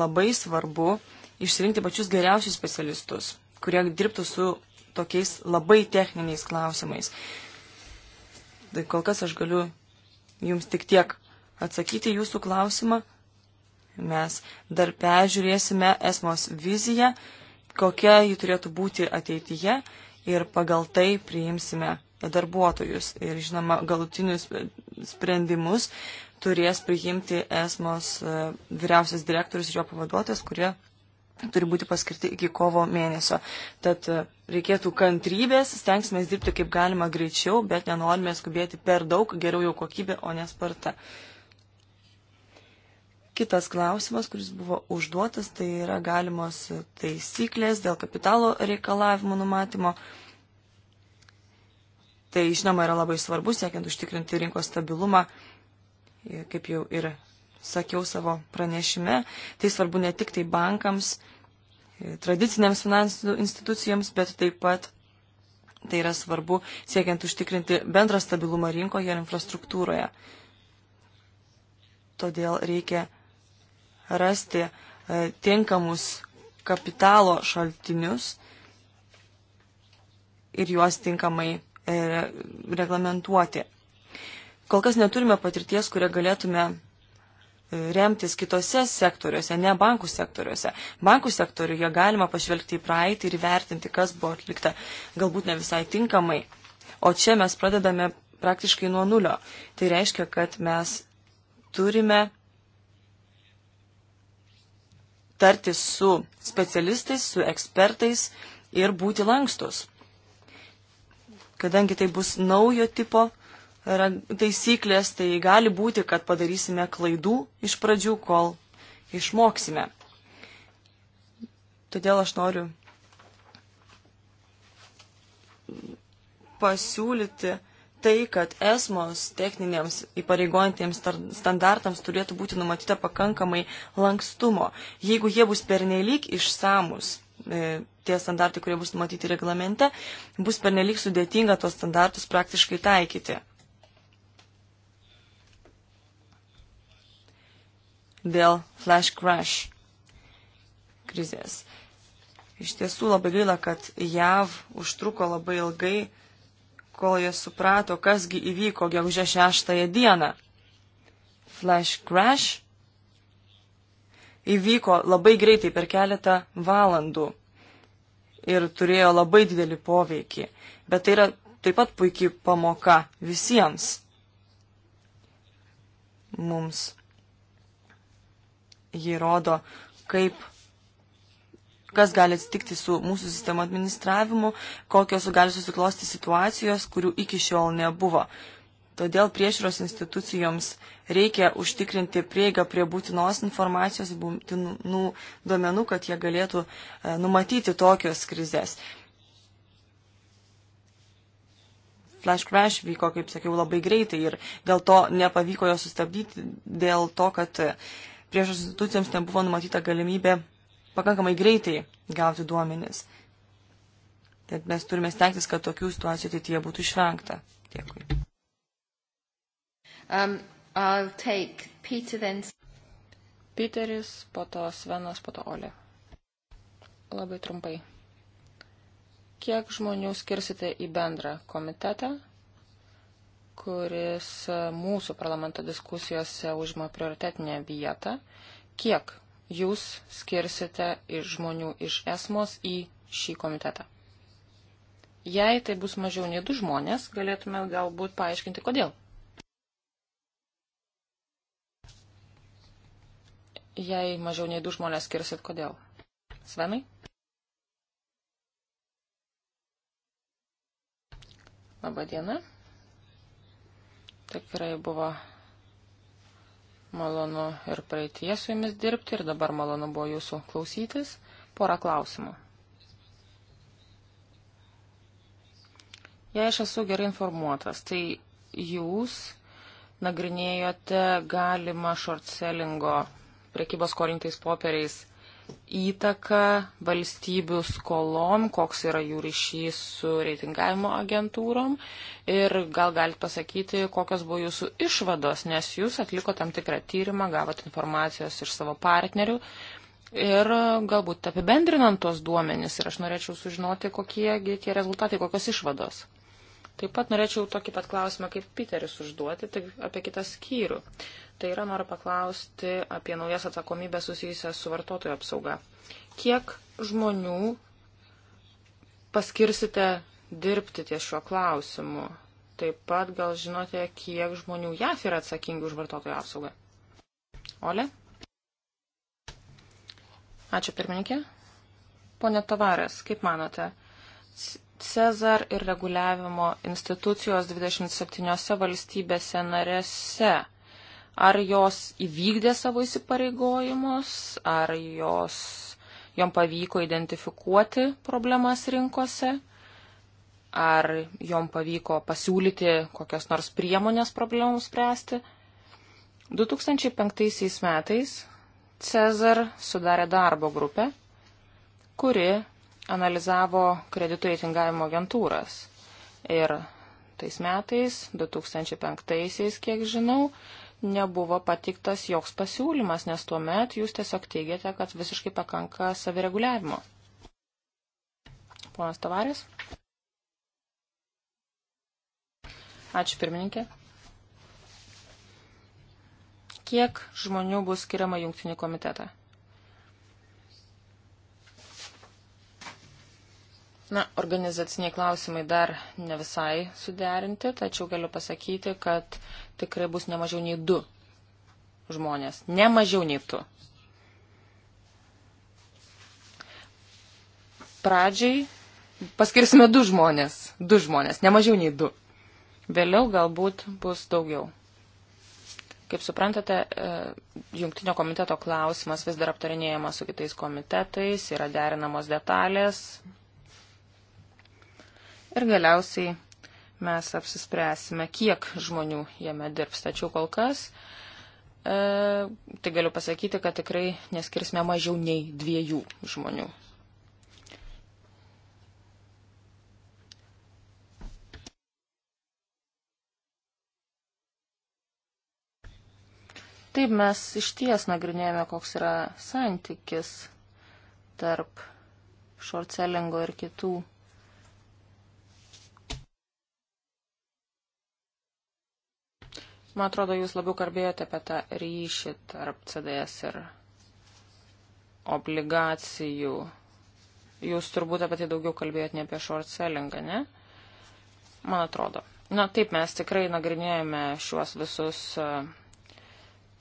Speaker 3: labai svarbu išsirinkti pačius geriausius specialistus, kurie dirbtų su tokiais labai techniniais klausimais. Tai kol kas aš galiu jums tik tiek atsakyti jūsų klausimą. Mes dar peržiūrėsime esmos viziją, kokia ji turėtų būti ateityje ir pagal tai priimsime darbuotojus. Ir žinoma, galutinius sprendimus turės priimti esmos e, vyriausias direktorius ir jo pavaduotojas, kurie turi būti paskirti iki kovo mėnesio. Tad e, reikėtų kantrybės, stengsime dirbti kaip galima greičiau, bet nenorime skubėti per daug, geriau jau kokybė, o ne sparta. Kitas klausimas, kuris buvo užduotas, tai yra galimos taisyklės dėl kapitalo reikalavimų numatymo. Tai žinoma yra labai svarbu, siekiant užtikrinti rinkos stabilumą, e, kaip jau ir sakiau savo pranešime, tai svarbu ne tik tai bankams, tradicinėms finansų institucijoms, bet taip pat tai yra svarbu siekiant užtikrinti bendrą stabilumą rinkoje ir infrastruktūroje. Todėl reikia rasti e, tinkamus kapitalo šaltinius ir juos tinkamai e, reglamentuoti. Kol kas neturime patirties, kurią galėtume remtis kitose sektoriuose, ne bankų sektoriuose. Bankų sektoriuje galima pažvelgti į praeitį ir vertinti, kas buvo atlikta, galbūt ne visai tinkamai. O čia mes pradedame praktiškai nuo nulio. Tai reiškia, kad mes turime tartis su specialistais, su ekspertais ir būti lankstus. Kadangi tai bus naujo tipo taisyklės, tai gali būti, kad padarysime klaidų iš pradžių, kol išmoksime. Todėl aš noriu pasiūlyti tai, kad esmos techniniams įpareigojantiems standartams turėtų būti numatyta pakankamai lankstumo. Jeigu jie bus pernelyg išsamus, e, tie standartai, kurie bus numatyti reglamente, bus pernelyg sudėtinga tos standartus praktiškai taikyti. dėl flash crash krizės. Iš tiesų labai gaila, kad JAV užtruko labai ilgai, kol jie suprato, kasgi įvyko gegužė šeštąją dieną. Flash crash įvyko labai greitai per keletą valandų ir turėjo labai didelį poveikį. Bet tai yra taip pat puikiai pamoka visiems mums. Ji rodo, kaip kas gali atsitikti su mūsų sistemo administravimu, kokios gali susiklosti situacijos, kurių iki šiol nebuvo. Todėl priežiūros institucijoms reikia užtikrinti prieigą prie būtinos informacijos, būtinų duomenų, kad jie galėtų e, numatyti tokios krizės. Flash crash vyko, kaip sakiau, labai greitai ir dėl to nepavyko jo sustabdyti, dėl to, kad uh, priežos institucijoms nebuvo numatyta galimybė pakankamai greitai gauti duomenis. Tad mes turime stengtis, kad tokių situacijų ateityje būtų išvengta. Dėkui.
Speaker 1: Um, Peter, then... Peteris, po to Svenas, po to Olė. Labai trumpai. Kiek žmonių skirsite į bendrą komitetą kuris e, mūsų parlamento diskusijose užima prioritetinę vietą. Kiek jūs skirsite iš žmonių iš esmos į šį komitetą? Jei tai bus mažiau nei du žmonės, galėtume galbūt paaiškinti, kodėl. Jei mažiau nei du žmonės skirsit, kodėl? Svenai? Labą dieną. Tikrai buvo malonu ir praeitie su jumis dirbti ir dabar malonu buvo jūsų klausytis. Porą klausimų. Jei aš esu gerai informuotas, tai jūs nagrinėjote galimą short sellingo prekybos korintais popieriais įtaka valstybių skolom, koks yra jų ryšys su reitingavimo agentūrom ir gal galite pasakyti, kokios buvo jūsų išvados, nes jūs atliko tam tikrą tyrimą, gavot informacijos iš savo partnerių ir galbūt apibendrinant tuos duomenis ir aš norėčiau sužinoti, kokie tie rezultatai, kokios išvados. Taip pat norėčiau tokį pat klausimą kaip Piteris užduoti, tik apie kitą skyrių. Tai yra, noriu paklausti apie naujas atsakomybės susijusias su vartotojo apsauga. Kiek žmonių paskirsite dirbti ties šiuo klausimu? Taip pat gal žinote, kiek žmonių JAF yra atsakingi už vartotojo apsaugą? Ole? Ačiū pirmininkė. Pone Tavarės, kaip manote, Cezar ir reguliavimo institucijos 27 valstybėse narėse. Ar jos įvykdė savo įsipareigojimus, ar jos, jom pavyko identifikuoti problemas rinkose, ar jom pavyko pasiūlyti kokias nors priemonės problemams spręsti. 2005 metais Cezar sudarė darbo grupę, kuri analizavo kreditų reitingavimo agentūras. Ir tais metais, 2005-aisiais, kiek žinau, nebuvo patiktas joks pasiūlymas, nes tuo met jūs tiesiog teigiate, kad visiškai pakanka savireguliavimo. Ponas Tavarės. Ačiū pirmininkė. Kiek žmonių bus skiriama jungtinį komitetą? Na, organizaciniai klausimai dar ne visai suderinti, tačiau galiu pasakyti, kad tikrai bus nemažiau nei du žmonės. Nemažiau nei tu. Pradžiai paskirsime du žmonės. Du žmonės, nemažiau nei du. Vėliau galbūt bus daugiau. Kaip suprantate, e, jungtinio komiteto klausimas vis dar aptarinėjamas su kitais komitetais, yra derinamos detalės, ir galiausiai mes apsispręsime, kiek žmonių jame dirbs. Tačiau kol kas, e, tai galiu pasakyti, kad tikrai neskirsime mažiau nei dviejų žmonių. Taip mes iš ties nagrinėjame, koks yra santykis tarp short sellingo ir kitų Man atrodo, jūs labiau kalbėjote apie tą ryšį tarp CDS ir obligacijų. Jūs turbūt apie tai daugiau kalbėjot ne apie short sellingą, ne? Man atrodo. Na taip, mes tikrai nagrinėjame šiuos visus, e,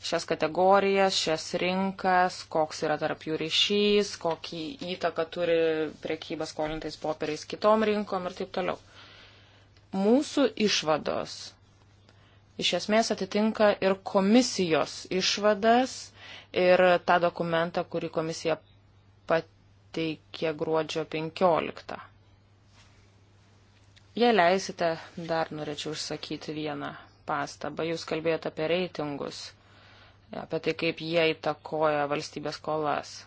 Speaker 1: šias kategorijas, šias rinkas, koks yra tarp jų ryšys, kokį įtaką turi priekyba skolintais popieriais kitom rinkom ir taip toliau. Mūsų išvados iš esmės atitinka ir komisijos išvadas ir tą dokumentą, kurį komisija pateikė gruodžio 15. Jei leisite, dar norėčiau užsakyti vieną pastabą. Jūs kalbėjote apie reitingus, apie tai, kaip jie įtakoja valstybės kolas.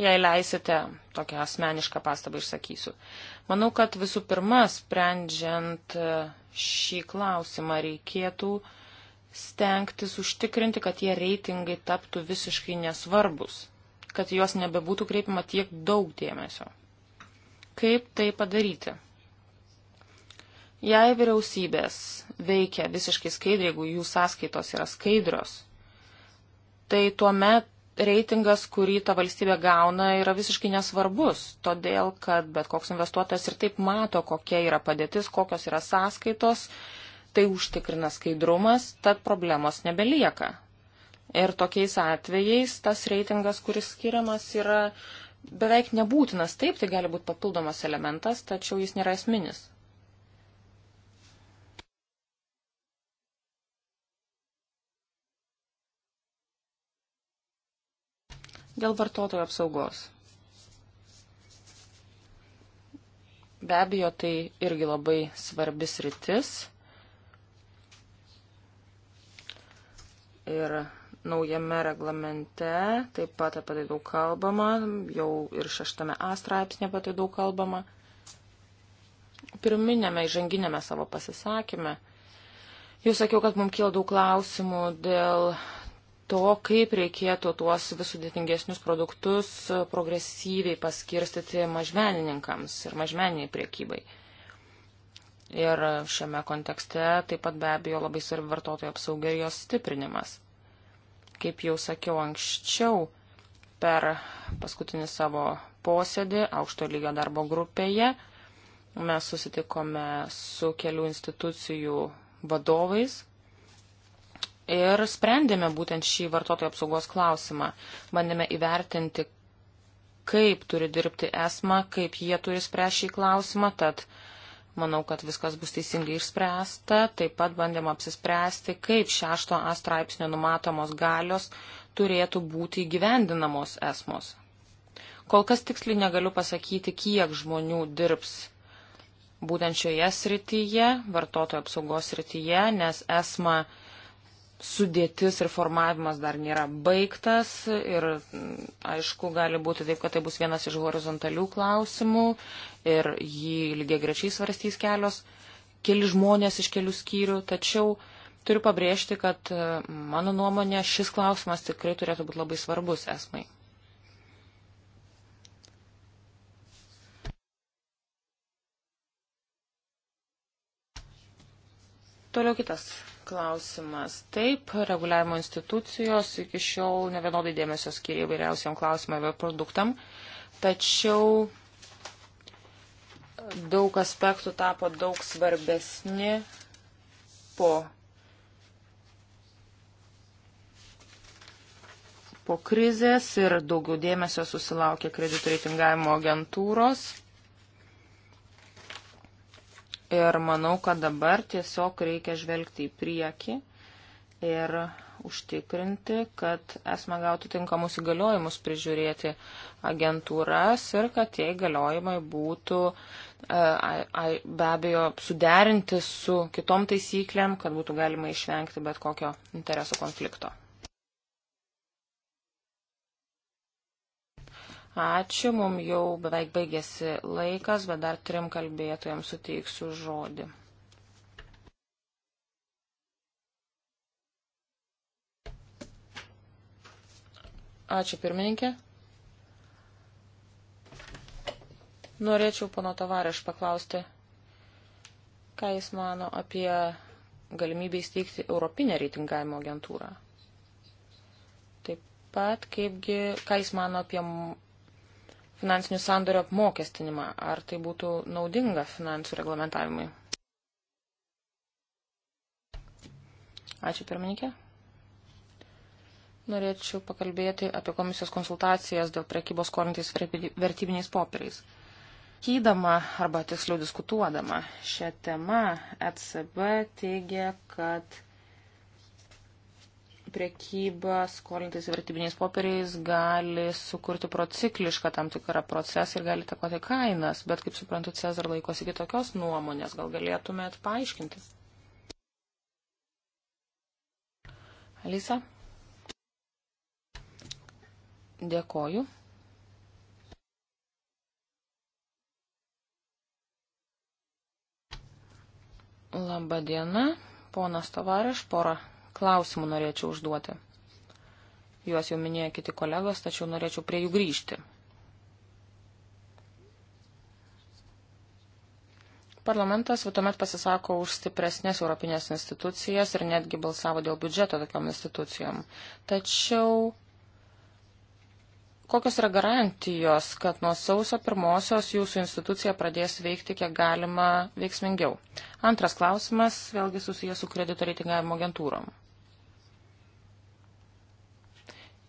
Speaker 1: Jei leisite, tokią asmenišką pastabą išsakysiu. Manau, kad visų pirma, sprendžiant e, šį klausimą, reikėtų stengtis užtikrinti, kad tie reitingai taptų visiškai nesvarbus, kad juos nebebūtų kreipiama tiek daug dėmesio. Kaip tai padaryti? Jei vyriausybės veikia visiškai skaidriai, jeigu jų sąskaitos yra skaidrios, tai tuo met reitingas, kurį ta valstybė gauna, yra visiškai nesvarbus, todėl kad bet koks investuotojas ir taip mato, kokia yra padėtis, kokios yra sąskaitos, tai užtikrina skaidrumas, tad problemos nebelieka. Ir tokiais atvejais tas reitingas, kuris skiriamas, yra beveik nebūtinas. Taip, tai gali būti papildomas elementas, tačiau jis nėra esminis. Dėl vartotojų apsaugos. Be abejo, tai irgi labai svarbis rytis. Ir naujame reglamente taip pat apie tai daug kalbama, jau ir šeštame A straipsnė apie tai daug kalbama. Pirminėme įžanginėme savo pasisakymė. Jūs sakiau, kad mums kyla daug klausimų dėl to, kaip reikėtų tuos vis sudėtingesnius produktus e, progresyviai paskirstyti mažmenininkams ir mažmeniniai priekybai. Ir šiame kontekste taip pat be abejo labai svarbi vartotojų apsauga ir jos stiprinimas. Kaip jau sakiau anksčiau, per paskutinį savo posėdį aukšto lygio darbo grupėje mes susitikome su kelių institucijų vadovais ir sprendėme būtent šį vartotojų apsaugos klausimą. Bandėme įvertinti, kaip turi dirbti esma, kaip jie turi spręsti šį klausimą, tad manau, kad viskas bus teisingai išspręsta. Taip pat bandėme apsispręsti, kaip šešto A straipsnio numatomos galios turėtų būti įgyvendinamos esmos. Kol kas tiksliai negaliu pasakyti, kiek žmonių dirbs būtent šioje srityje, vartotojo apsaugos srityje, nes esma sudėtis ir formavimas dar nėra baigtas ir aišku, gali būti taip, kad tai bus vienas iš horizontalių klausimų ir jį lygiai grečiai svarstys kelios, keli žmonės iš kelių skyrių, tačiau turiu pabrėžti, kad e, mano nuomonė šis klausimas tikrai turėtų būti labai svarbus esmai. Toliau kitas klausimas. Taip, reguliavimo institucijos iki šiol nevienodai dėmesio skiria įvairiausiam klausimam ir produktam, tačiau daug aspektų tapo daug svarbesni po, po krizės ir daugiau dėmesio susilaukė kreditų reitingavimo agentūros Ir manau, kad dabar tiesiog reikia žvelgti į priekį ir užtikrinti, kad esame gautų tinkamus įgaliojimus prižiūrėti agentūras ir kad tie įgaliojimai būtų e, be abejo suderinti su kitom taisyklėm, kad būtų galima išvengti bet kokio interesų konflikto. Ačiū, mum jau beveik baigėsi laikas, bet dar trim kalbėtojams suteiksiu žodį. Ačiū pirmininkė. Norėčiau pono tavarėš paklausti, ką jis mano apie galimybę įsteigti Europinę reitingavimo agentūrą. Taip pat, kaipgi, ką jis mano apie finansinių sandorio apmokestinimą. Ar tai būtų naudinga finansų reglamentavimui? Ačiū, pirmininkė. Norėčiau pakalbėti apie komisijos konsultacijas dėl prekybos skolintais vertybiniais popieriais. Kydama arba tiksliau diskutuodama šią temą, ECB teigia, kad priekyba skolintais vertybiniais popieriais gali sukurti prociklišką tam tikrą procesą ir gali takoti kainas, bet kaip suprantu, Cezar laikosi kitokios nuomonės, gal galėtumėt paaiškinti? Alisa? Dėkoju. Labą dieną, ponas Tavariš, porą klausimų norėčiau užduoti. Juos jau minėjo kiti kolegos, tačiau norėčiau prie jų grįžti. Parlamentas visuomet pasisako už stipresnės europinės institucijas ir netgi balsavo dėl biudžeto tokiom institucijom. Tačiau kokios yra garantijos, kad nuo sausio pirmosios jūsų institucija pradės veikti kiek galima veiksmingiau? Antras klausimas, vėlgi susijęs su kredito reitingavimo agentūrom.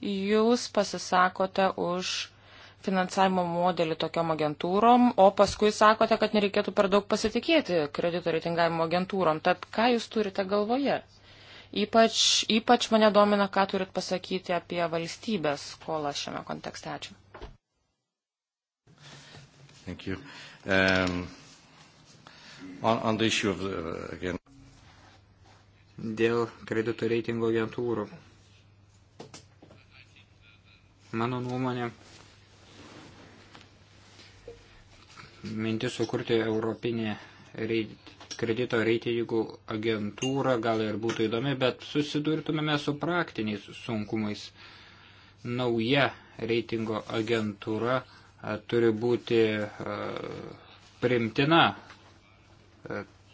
Speaker 1: jūs pasisakote už finansavimo modelį tokiom agentūrom, o paskui sakote, kad nereikėtų per daug pasitikėti kredito reitingavimo agentūrom. Tad ką jūs turite galvoje? Ypač, ypač mane domina, ką turit pasakyti apie valstybės skolą šiame kontekste. Ačiū.
Speaker 2: Thank you. Um, on, on the issue of the, uh, again. Dėl kredito reitingo agentūrų mano nuomonė, mintis sukurti Europinį kredito reitingų agentūrą gal ir būtų įdomi, bet susidurtumėme su praktiniais sunkumais. Nauja reitingo agentūra turi būti primtina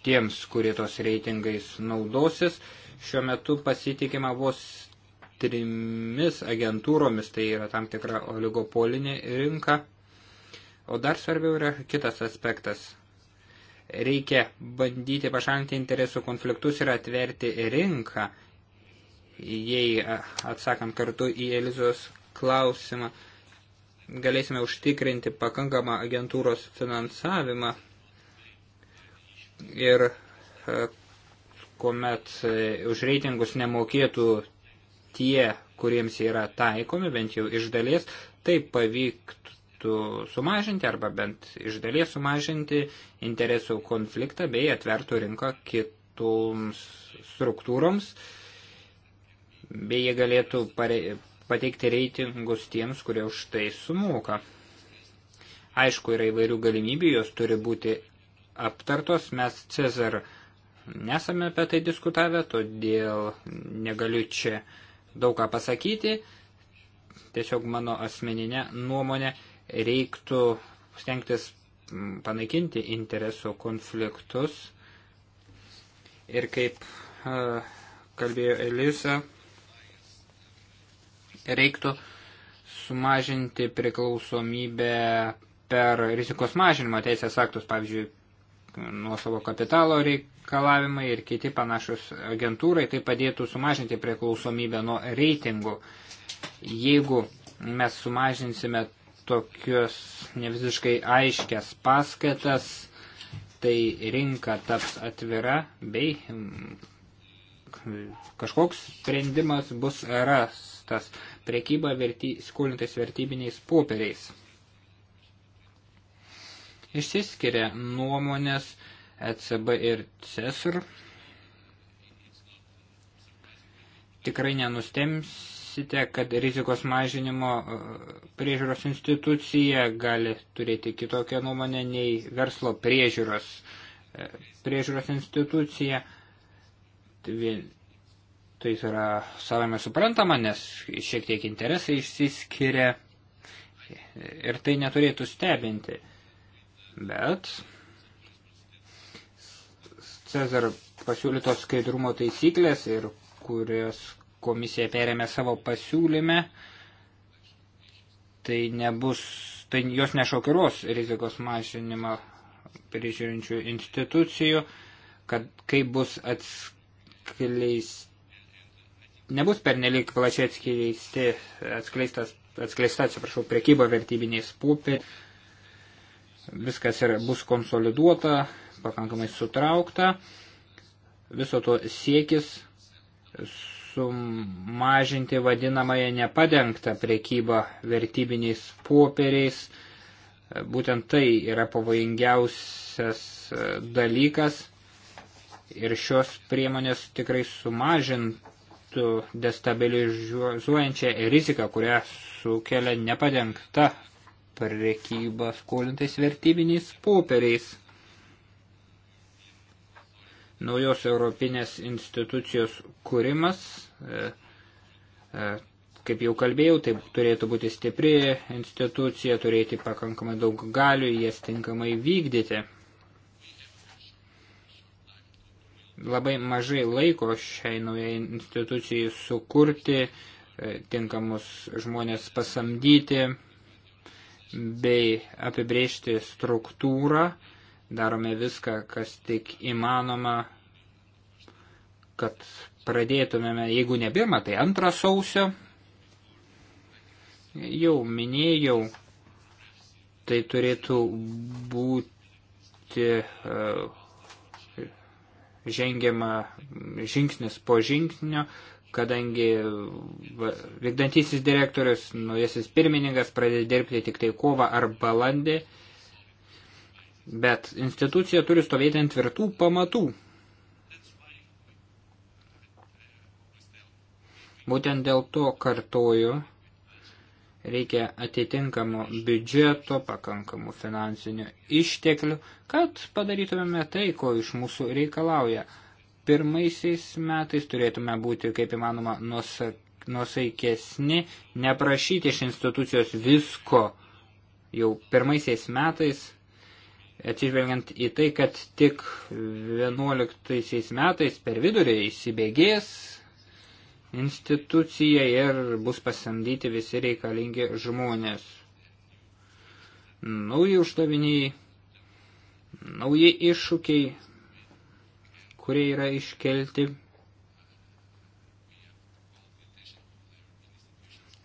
Speaker 2: tiems, kurie tos reitingais naudosis. Šiuo metu pasitikima vos trimis agentūromis, tai yra tam tikra oligopolinė rinka. O dar svarbiau yra kitas aspektas. Reikia bandyti pašalinti interesų konfliktus ir atverti rinką, jei atsakant kartu į Elizos klausimą, galėsime užtikrinti pakankamą agentūros finansavimą ir kuomet e, už reitingus nemokėtų tie, kuriems yra taikomi, bent jau iš dalies, taip pavyktų sumažinti arba bent iš dalies sumažinti interesų konfliktą bei atvertų rinką kitoms struktūroms, bei jie galėtų pare, pateikti reitingus tiems, kurie už tai sumoka. Aišku, yra įvairių galimybių, jos turi būti aptartos, mes Cezar nesame apie tai diskutavę, todėl negaliu čia uh, daug ką pasakyti, tiesiog mano asmeninė nuomonė reiktų stengtis panaikinti interesų konfliktus. Ir kaip e, kalbėjo Elisa, reiktų sumažinti priklausomybę per rizikos mažinimo teisės aktus, pavyzdžiui, nuosavo kapitalo reikalavimai ir kiti panašus agentūrai, tai padėtų sumažinti priklausomybę nuo reitingų. Jeigu mes sumažinsime tokius nevisiškai aiškias paskatas, tai rinka taps atvira bei mm, kažkoks sprendimas bus rastas prekyba verty, skolintais vertybiniais popieriais. Išsiskiria nuomonės ECB ir CESR. Tikrai nenustemsite, kad rizikos mažinimo e, priežiūros institucija gali turėti kitokią nuomonę nei verslo priežiūros, e, priežiūros institucija. Tai, tai yra savame suprantama, nes šiek tiek interesai išsiskiria ir tai neturėtų stebinti bet Cezar pasiūlytos skaidrumo taisyklės ir kurias komisija perėmė savo pasiūlyme, tai nebus, tai jos nešokiruos rizikos mažinimą prižiūrinčių institucijų, kad kai bus atskleis, nebus pernelik plačiai atskleisti, atskleistas, atskleista, atsiprašau, prekyba vertybiniais pūpiais Viskas yra, bus konsoliduota, pakankamai sutraukta. Viso to siekis sumažinti vadinamąją nepadengtą prekybą vertybiniais popieriais. Būtent tai yra pavojingiausias e, dalykas ir šios priemonės tikrai sumažintų destabilizuojančią riziką, kurią sukelia nepadengta prekybą skolintais vertybiniais popieriais. Naujos europinės institucijos kūrimas, e, e, kaip jau kalbėjau, tai turėtų būti stipri institucija, turėti pakankamai daug galių, jas tinkamai vykdyti. Labai mažai laiko šiai naujai institucijai sukurti, e, tinkamus žmonės pasamdyti bei apibrėžti struktūrą. Darome viską, kas tik įmanoma, kad pradėtumėme, jeigu nebirma, tai antrą sausio. Jau minėjau, tai turėtų būti e, žengiama žingsnis po žingsnio, kadangi vykdantysis direktorius, naujasis pirmininkas pradės dirbti tik tai kovą ar balandį, bet institucija turi stovėti ant tvirtų pamatų. Būtent dėl to kartoju, reikia atitinkamo biudžeto, pakankamų finansinių išteklių, kad padarytumėme tai, ko iš mūsų reikalauja – metais turėtume būti kaip įmanoma nusaikesni, neprašyti iš institucijos visko jau pirmaisiais metais, atsižvelgiant į tai, kad tik 11 metais per vidurį įsibėgės institucija ir bus pasamdyti visi reikalingi žmonės. Nauji uždaviniai, nauji iššūkiai, kurie yra iškelti.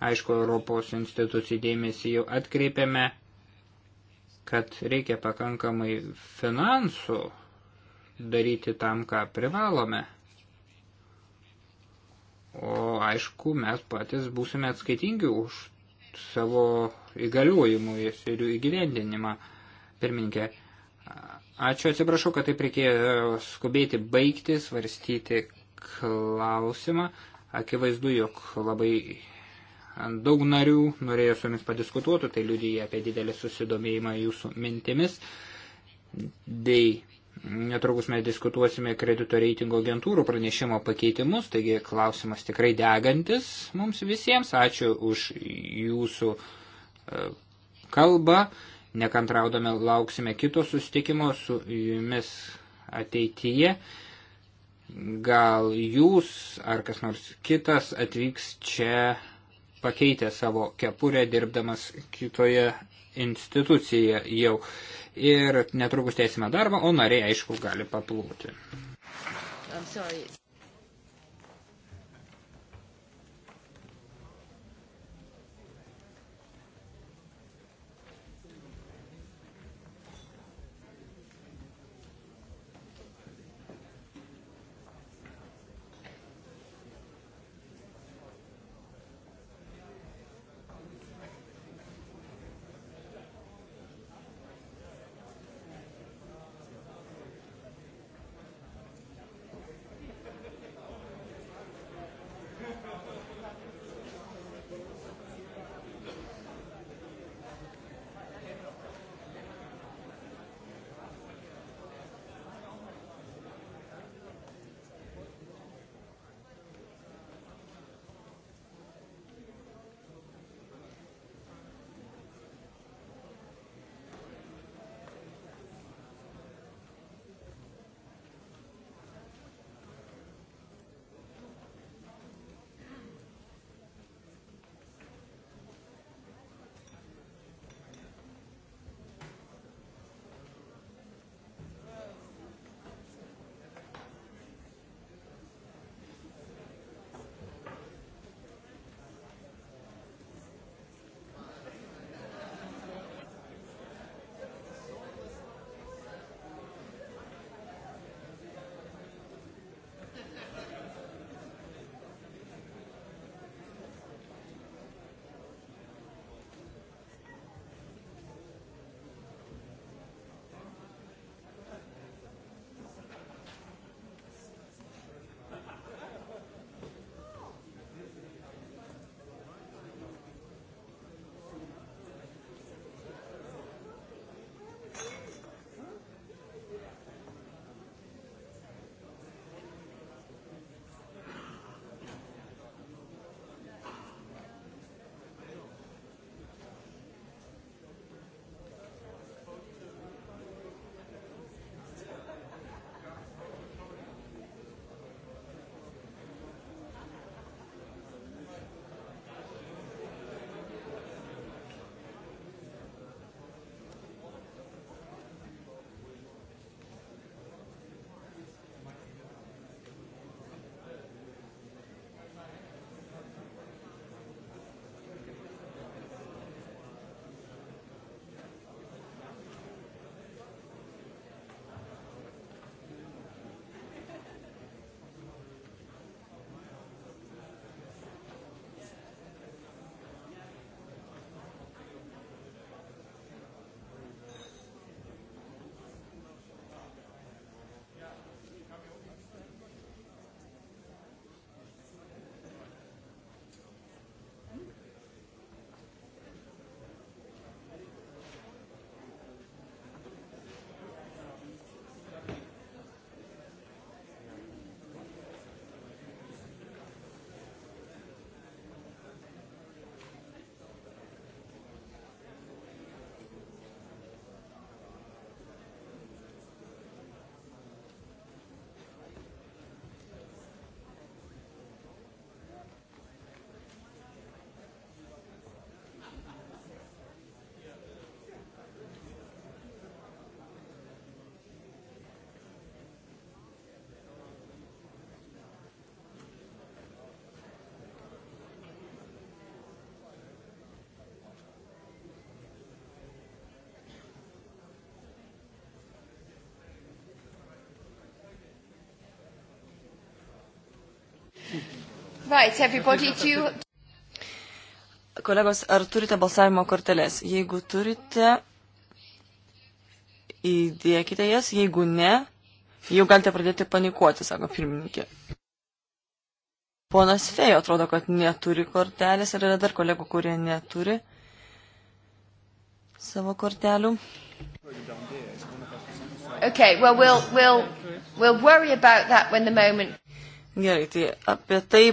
Speaker 2: Aišku, Europos institucijų dėmesį jau atkreipiame, kad reikia pakankamai finansų daryti tam, ką privalome. O aišku, mes patys būsime atskaitingi už savo įgaliojimų ir jų įgyvendinimą. Pirminkė, Ačiū, atsiprašau, kad taip reikėjo skubėti baigti, svarstyti klausimą. Akivaizdu, jog labai daug narių norėjo su jumis padiskutuoti, tai liudyja apie didelį susidomėjimą jūsų mintimis. Dei, netrukus mes diskutuosime kredito reitingo agentūrų pranešimo pakeitimus, taigi klausimas tikrai degantis mums visiems. Ačiū už jūsų e, kalbą nekantraudame lauksime kito sustikimo su jumis ateityje. Gal jūs ar kas nors kitas atvyks čia pakeitę savo kepurę dirbdamas kitoje institucijoje jau. Ir netrukus tęsime darbą, o nariai aišku gali paplūti.
Speaker 3: I'm sorry.
Speaker 1: Right, everybody to...
Speaker 3: Kolegos, ar turite balsavimo korteles? Jeigu turite, įdėkite jas, jeigu ne, jau galite pradėti panikuoti, sako pirmininkė. Ponas Fejo atrodo, kad neturi kortelės, ar yra dar kolegų, kurie neturi savo kortelių. Okay, well, we'll, we'll, we'll worry about that when the moment. Gerai, tai apie tai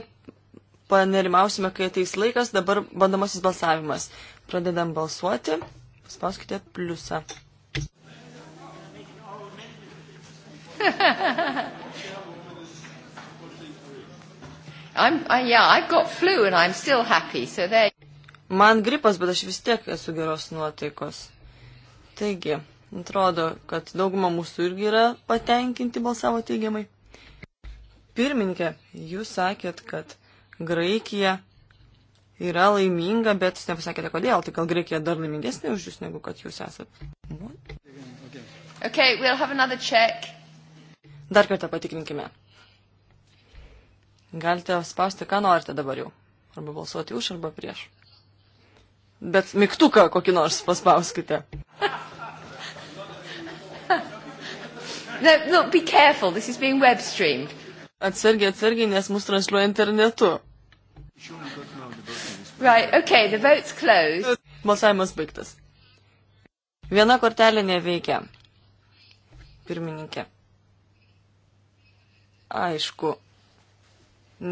Speaker 3: panerimausime, kai ateis laikas, dabar bandomasis balsavimas. Pradedam balsuoti, paspauskite pliusą. (laughs) I'm, I, yeah, I've got flu and I'm still happy, so there... Man gripas, bet aš vis tiek esu geros nuotaikos. Taigi, atrodo, kad dauguma mūsų irgi yra patenkinti balsavo teigiamai. Pirmininkė, jūs sakėt, kad Graikija yra laiminga, bet jūs nepasakėte kodėl. Tai gal Graikija dar laimingesnė už jūs, negu kad jūs esat.
Speaker 1: Okay, we'll have another check.
Speaker 3: Dar kartą patikrinkime. Galite spausti, ką norite dabar jau. Arba balsuoti už, arba prieš. Bet mygtuką kokį nors paspauskite. (laughs) no, no, be careful, this is being web streamed. Atsargiai, atsargiai, nes mus transliuoja internetu. Right, okay, the vote's closed. Balsavimas baigtas. Viena kortelė neveikia. Pirmininkė. Aišku.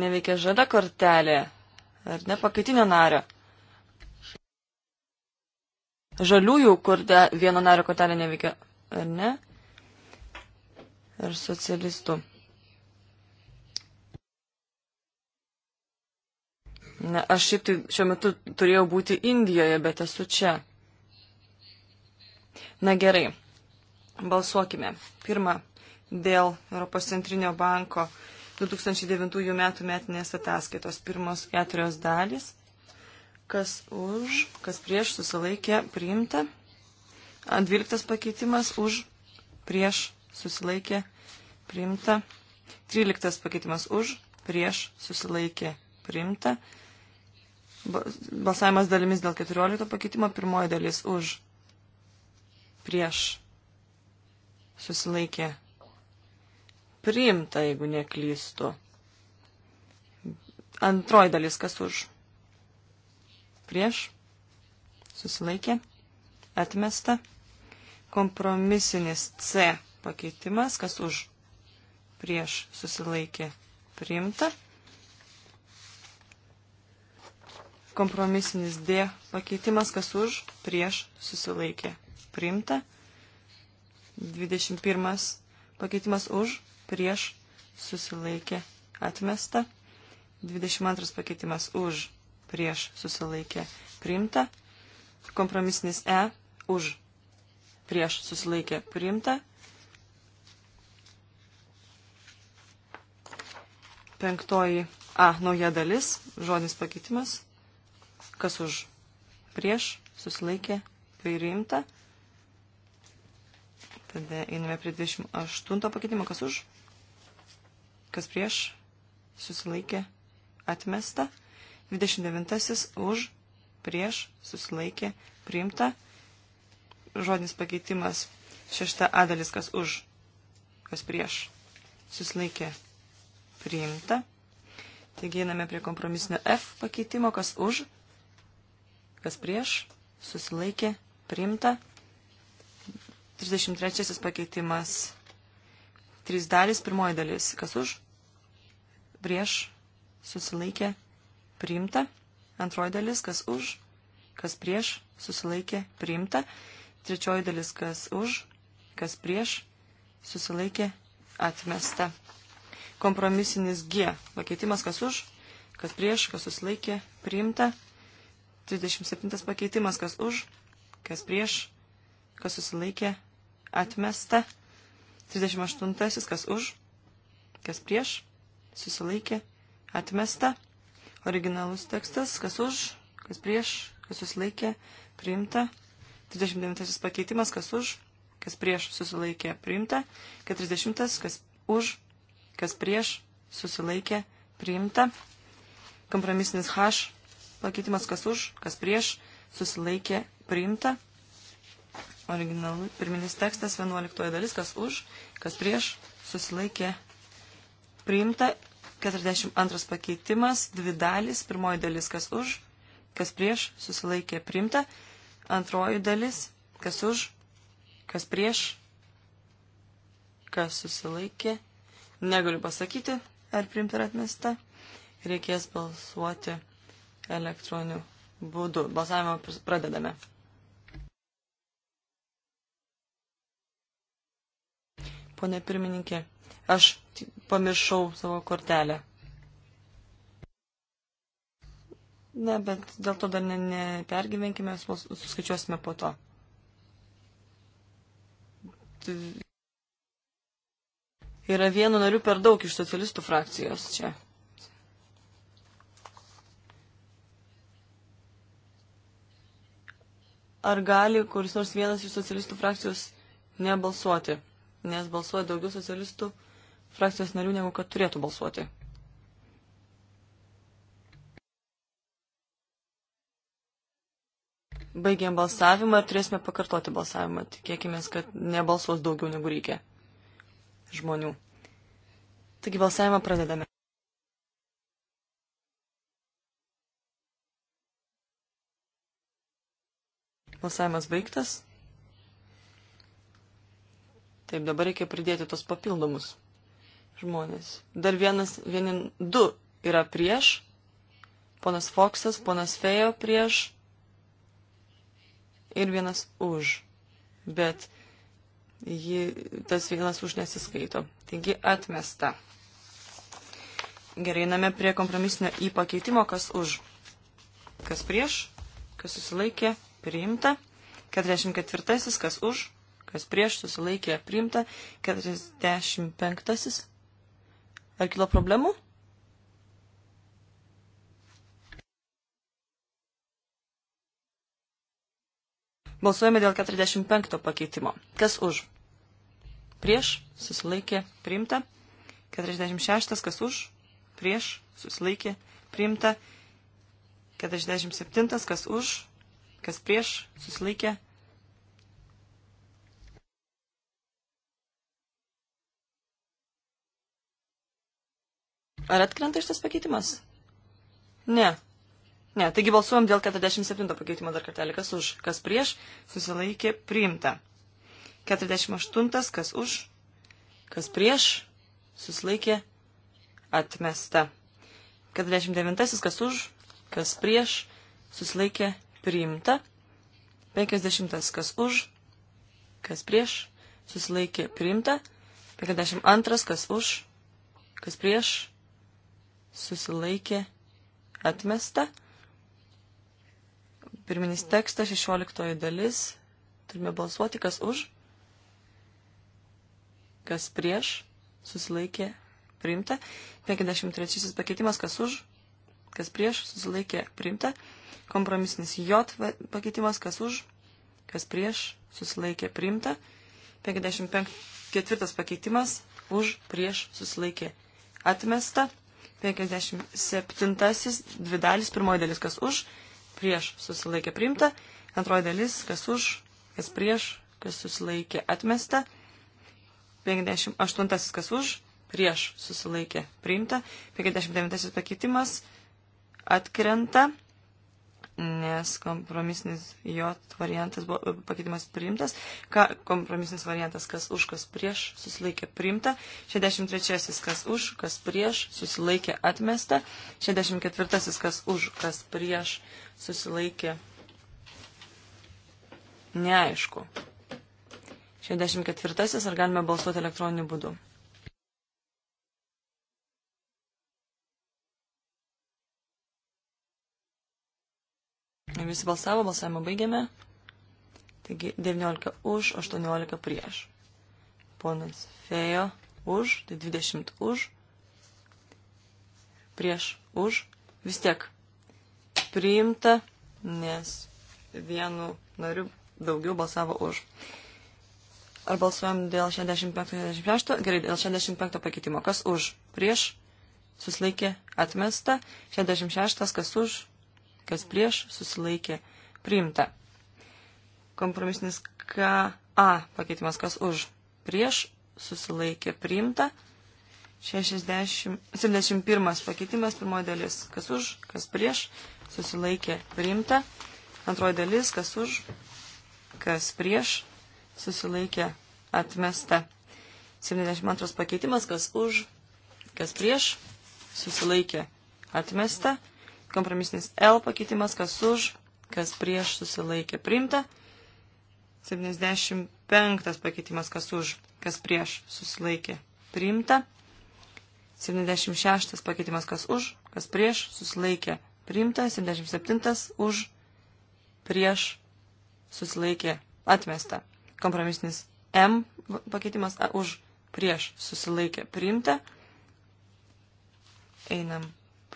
Speaker 3: Neveikia žada kortelė. Ar ne pakaitinio nario? Žaliųjų, kur vieno nario kortelė neveikia. Ar ne? Ar socialistų? Na, aš šiaip tai šiuo metu turėjau būti Indijoje, bet esu čia. Na gerai, balsuokime. Pirma, dėl Europos centrinio banko 2009 metų metinės ataskaitos pirmos keturios dalys. Kas už, kas prieš susilaikė, priimta. Dvyliktas pakeitimas už, prieš susilaikė, priimta. Tryliktas pakeitimas už, prieš susilaikė, priimta. Balsavimas dalimis dėl 14 pakeitimo. Pirmoji dalis už prieš susilaikė. Priimta, jeigu neklystu. Antroji dalis kas už prieš susilaikė. Atmesta. Kompromisinis C pakeitimas kas už prieš susilaikė. Priimta. Kompromisinis D pakeitimas, kas už, prieš, susilaikė, priimta. 21 pakeitimas už, prieš, susilaikė, atmesta. 22 pakeitimas už, prieš, susilaikė, priimta. Kompromisinis E už, prieš, susilaikė, priimta. Penktoji A nauja dalis, žodis pakeitimas Kas už? Prieš susilaikė priimta. Tada einame prie 28 pakeitimo. Kas už? Kas prieš? Susilaikė atmesta. 29 už prieš susilaikė priimta. Žodinis pakeitimas. Šešta adalis kas už. Kas prieš susilaikė priimta. Taigi einame prie kompromisinio F pakeitimo. Kas už kas prieš, susilaikė, priimta. 33 pakeitimas. Trys dalis, pirmoji dalis, kas už, prieš, susilaikė, priimta. Antroji dalis, kas už, kas prieš, susilaikė, priimta. Trečioji dalis, kas už, kas prieš, susilaikė, atmesta. Kompromisinis G. Pakeitimas, kas už, kas prieš, kas susilaikė, priimta. 37 pakeitimas, kas už, kas prieš, kas susilaikė, atmesta. 38, kas už, kas prieš, susilaikė, atmesta. Originalus tekstas, kas už, kas prieš, kas susilaikė, priimta. 39 pakeitimas, kas už, kas prieš, susilaikė, priimta. 40, kas už, kas prieš, susilaikė, priimta. Kompromisinis H, pakeitimas kas už, kas prieš, susilaikė priimta. Originalų pirminis tekstas 11 dalis, kas už, kas prieš, susilaikė priimta. 42 pakeitimas, dvi dalis, pirmoji dalis kas už, kas prieš, susilaikė priimta. Antroji dalis, kas už, kas prieš, kas susilaikė. Negaliu pasakyti, ar priimta ar atmesta. Reikės balsuoti elektroniniu būdu. Balsavimą pradedame. Pone pirmininkė, aš pamiršau savo kortelę. Ne, bet dėl to dar nepergyvenkime, ne suskaičiuosime po to. Yra vienu nariu per daug iš socialistų frakcijos čia. Ar gali kuris nors vienas iš socialistų frakcijos nebalsuoti? Nes balsuoja daugiau socialistų frakcijos narių, negu kad turėtų balsuoti. Baigėm balsavimą ir turėsime pakartoti balsavimą. Tikėkime, kad nebalsuos daugiau negu reikia žmonių. Taigi balsavimą pradedame. Balsavimas baigtas. Taip, dabar reikia pridėti tos papildomus žmonės. Dar vienas, vienin, du yra prieš. Ponas Foksas, ponas Fejo prieš. Ir vienas už. Bet ji, tas vienas už nesiskaito. Taigi atmesta. Gerai, einame prie kompromisinio į pakeitimo, kas už. Kas prieš, kas susilaikė, priimta. 44. Kas už, kas prieš susilaikė priimta. 45. Ar kilo problemų? Balsuojame dėl 45 pakeitimo. Kas už? Prieš susilaikė priimta. 46. Kas už? Prieš susilaikė priimta. 47. Kas už? kas prieš, susilaikė. Ar atkrenta šitas pakeitimas? Ne. Ne, taigi balsuojam dėl 47 pakeitimo dar kartelį. Kas už, kas prieš, susilaikė, priimta. 48, kas už, kas prieš, susilaikė, atmesta. 49, kas už, kas prieš, susilaikė, atmesta priimta. 50 kas už, kas prieš, susilaikė priimta. 52 kas už, kas prieš, susilaikė atmesta. Pirminis tekstas 16 dalis. Turime balsuoti, kas už, kas prieš, susilaikė priimta. 53 pakeitimas, kas už, kas prieš, susilaikė priimta. Kompromisinis J pakeitimas, kas už, kas prieš, susilaikė priimta. 54 pakeitimas, už, prieš, susilaikė atmesta. 57 dvi dalis, pirmoji dalis, kas už, prieš, susilaikė priimta. Antroji dalis, kas už, kas prieš, kas susilaikė atmesta. 58 kas už, prieš susilaikė priimta. 59 pakeitimas atkrenta nes kompromisinis jo variantas buvo e, pakeitimas priimtas, ką kompromisinis variantas kas už, kas prieš susilaikė priimta, 63 kas už, kas prieš susilaikė atmesta, 64 kas už, kas prieš susilaikė neaišku. 64 ar galime balsuoti elektroniniu būdu? visi balsavo, balsavimą baigėme. Taigi 19 už, 18 prieš. Ponas Fejo už, tai 20 už, prieš už, vis tiek priimta, nes vienu nariu daugiau balsavo už. Ar balsuojam dėl 65-66? Gerai, dėl 65 pakeitimo. Kas už? Prieš? Suslaikė? Atmesta? 66 kas už? kas prieš, susilaikė, priimta. Kompromisinis KA pakeitimas, kas už, prieš, susilaikė, priimta. 60, 71 pakeitimas, pirmoji dalis, kas už, kas prieš, susilaikė, priimta. Antroji dalis, kas už, kas prieš, susilaikė, atmesta. 72 pakeitimas, kas už, kas prieš, susilaikė, atmesta. Kompromisinis L pakeitimas, kas už, kas prieš susilaikė priimta. 75 pakeitimas, kas už, kas prieš susilaikė priimta. 76 pakeitimas, kas už, kas prieš susilaikė priimta. 77 už, prieš susilaikė atmesta. Kompromisinis M pakeitimas a, už prieš susilaikė priimta. Einam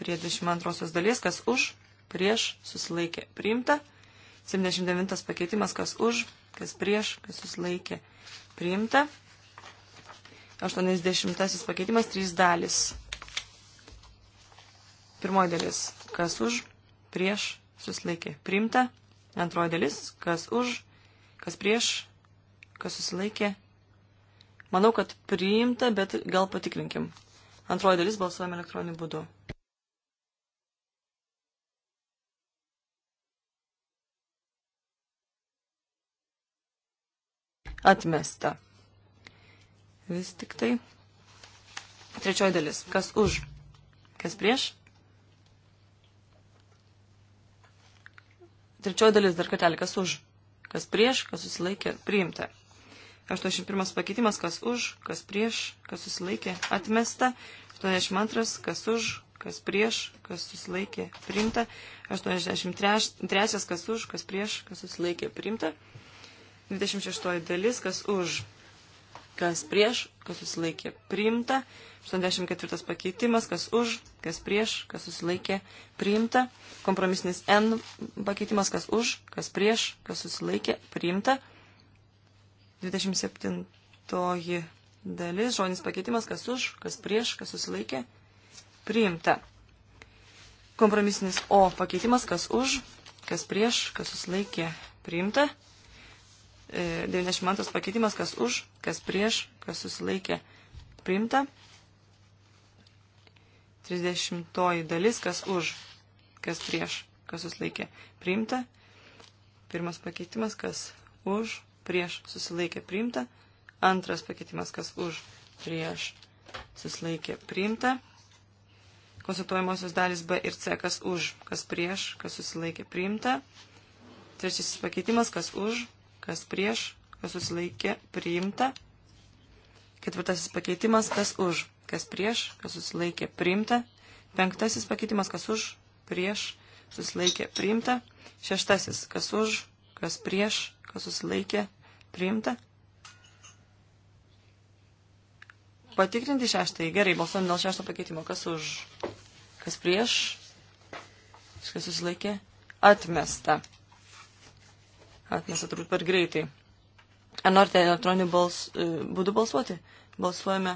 Speaker 3: prie 22 dalies, kas už, prieš, susilaikė, priimta. 79 pakeitimas, kas už, kas prieš, kas susilaikė, priimta. 80 pakeitimas, 3 dalis. Pirmoji dalis, kas už, prieš, susilaikė, priimta. Antroji dalis, kas už, kas prieš, kas susilaikė. Manau, kad priimta, bet gal patikrinkim. Antroji dalis balsuojame elektroniniu būdu. Atmesta. Vis tik tai. Trečioji dalis. Kas už? Kas prieš? Trečioji dalis dar kartelį. Kas už? Kas prieš? Kas susilaikė? Priimta. 81 pakeitimas. Kas už? Kas prieš? Kas susilaikė? Atmesta. 82. Kas už? Kas prieš? Kas susilaikė? Priimta. 83. Kas už? Kas prieš? Kas susilaikė? Priimta. 26 dalis, kas už, kas prieš, kas susilaikė priimta. 84 pakeitimas, kas už, kas prieš, kas susilaikė priimta. Kompromisinis N pakeitimas, kas už, kas prieš, kas susilaikė priimta. 27 dalis, žodinis pakeitimas, kas už, kas prieš, kas susilaikė priimta. Kompromisinis O pakeitimas, kas už, kas prieš, kas susilaikė priimta. 92 e, pakeitimas, kas už, kas prieš, kas susilaikė priimta. 30 dalis, kas už, kas prieš, kas susilaikė priimta. Pirmas pakeitimas, kas už, prieš, susilaikė priimta. Antras pakeitimas, kas už, prieš, susilaikė priimta. Konsultuojamosios dalis B ir C, kas už, kas prieš, kas susilaikė priimta. Trečiasis pakeitimas, kas už, kas prieš, kas susilaikė, priimta. Ketvirtasis pakeitimas, kas už, kas prieš, kas susilaikė, priimta. Penktasis pakeitimas, kas už, prieš, susilaikė, priimta. Šeštasis, kas už, kas prieš, kas susilaikė, priimta. Patikrinti šeštąjį. Gerai, balsuojam dėl šešto pakeitimo. Kas už, kas prieš, kas susilaikė, atmesta atmesta turbūt per greitai. Ar norite elektroniniu bals, e, būdu balsuoti? Balsuojame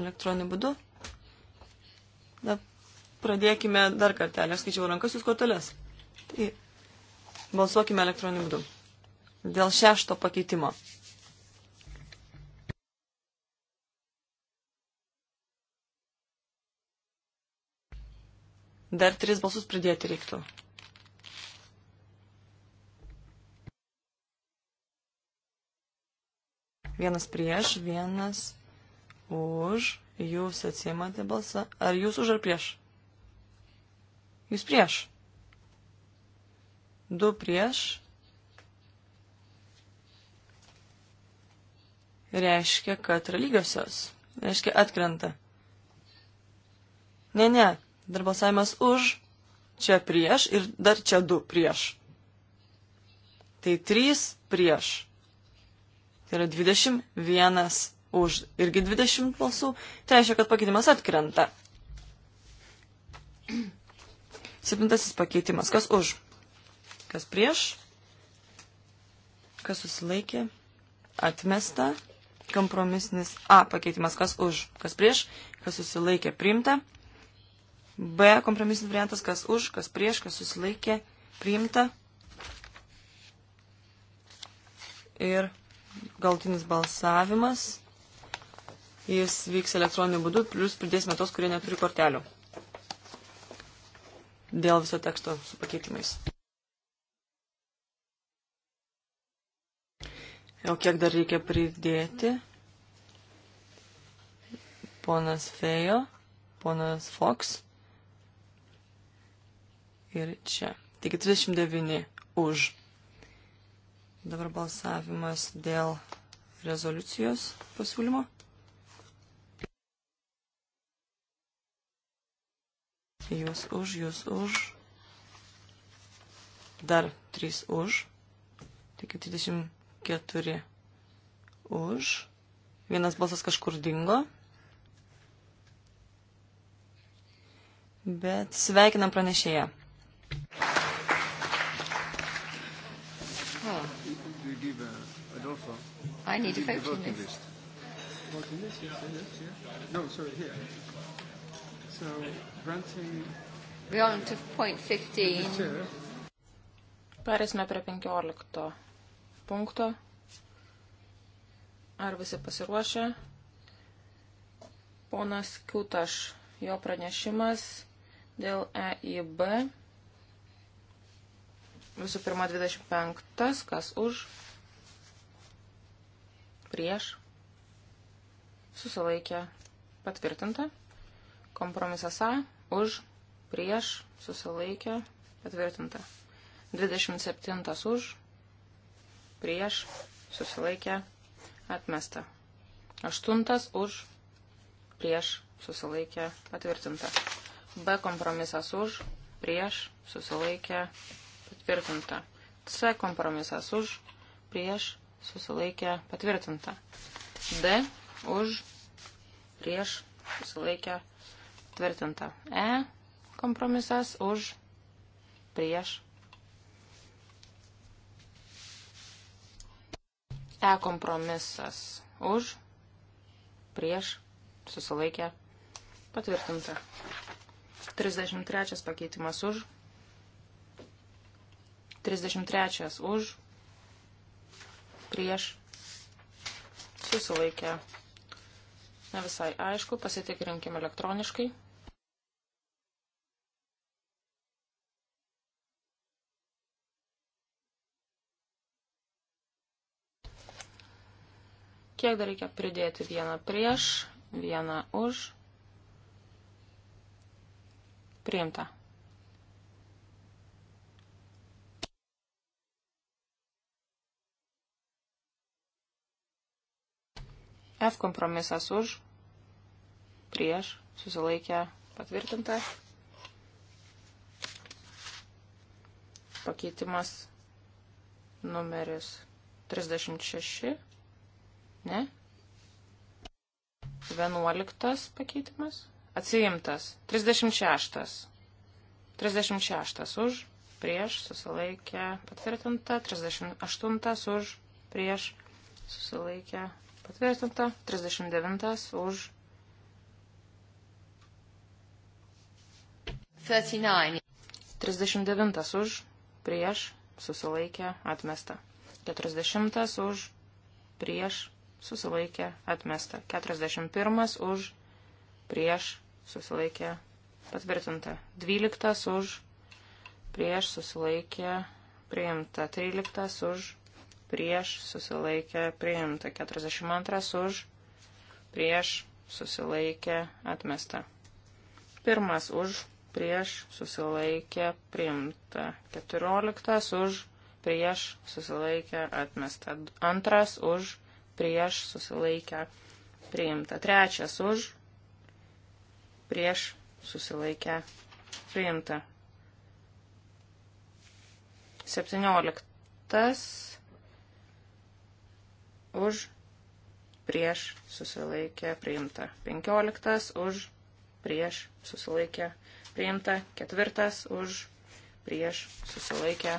Speaker 3: elektroniniu būdu. Da, pradėkime dar kartelį. Aš skaičiau rankas, jūs korteles. Tai balsuokime elektroniniu būdu. Dėl šešto pakeitimo. Dar tris balsus pridėti reiktų. Vienas prieš, vienas už. Jūs atsimate balsą. Ar jūs už ar prieš? Jūs prieš. Du prieš. Reiškia, kad yra lygiosios. Reiškia, atkrenta. Ne, ne. Dar balsavimas už, čia prieš ir dar čia du prieš. Tai trys prieš. Tai yra 21 už irgi 20 balsų. Tai reiškia, kad pakeitimas atkrenta. Septintasis pakeitimas. Kas už? Kas prieš? Kas susilaikė? Atmesta. Kompromisinis A pakeitimas. Kas už? Kas prieš? Kas susilaikė? Priimta. B kompromisinis variantas. Kas už? Kas prieš? Kas susilaikė? Priimta. Ir galtinis balsavimas. Jis vyks elektroniniu būdu, plus pridėsime tos, kurie neturi kortelių. Dėl viso teksto su pakeitimais. O kiek dar reikia pridėti? Ponas Fejo, ponas Fox. Ir čia. Tik 39 už. Dabar balsavimas dėl rezoliucijos pasiūlymo. Jūs už, jūs už. Dar 3 už. Tik 24 už. Vienas balsas kažkur dingo. Bet sveikinam pranešėją.
Speaker 2: I need a voting, voting list. list. Voting list? Yes, yes, yes. No, sorry, here. So, granting... We're on to point 15.
Speaker 1: Perėsime prie 15 punkto. Ar visi pasiruošę? Ponas Kiutaš, jo pranešimas dėl EIB. Visų pirma, 25. Kas už? prieš, susilaikė, patvirtinta. Kompromisas A, už, prieš, susilaikė, patvirtinta. 27 už, prieš, susilaikė, atmesta. 8 už, prieš, susilaikė, patvirtinta. B kompromisas už, prieš, susilaikė, patvirtinta. C kompromisas už, prieš, susilaikė patvirtinta. D už prieš susilaikė patvirtinta. E kompromisas už prieš. E kompromisas už prieš susilaikė patvirtinta. 33 pakeitimas už. 33 už prieš susilaikė. Ne visai aišku, pasitikrinkim elektroniškai. Kiek dar reikia pridėti vieną prieš, vieną už. Priimta. F kompromisas už, prieš, susilaikę, patvirtinta. Pakeitimas numeris 36, ne? 11 pakeitimas, atsiimtas, 36, 36 už, prieš, susilaikę, patvirtinta, 38 už, prieš, susilaikę, Patvirtinta. 39 už. 39. 39 už. Prieš. Susilaikė. Atmesta. 40 už. Prieš. Susilaikė. Atmesta. 41 už. Prieš. Susilaikė. Patvirtinta. 12 už. Prieš. Susilaikė. Priimta. 13 už prieš susilaikė priimta, 42 už prieš susilaikė atmesta. Pirmas už prieš susilaikė priimta, 14 už prieš susilaikė atmesta, antras už prieš susilaikę priimta, trečias už prieš susilaikę priimta. 17 už, prieš, susilaikė, priimta. 15 už, prieš, susilaikė, priimta. 4 už, prieš, susilaikė,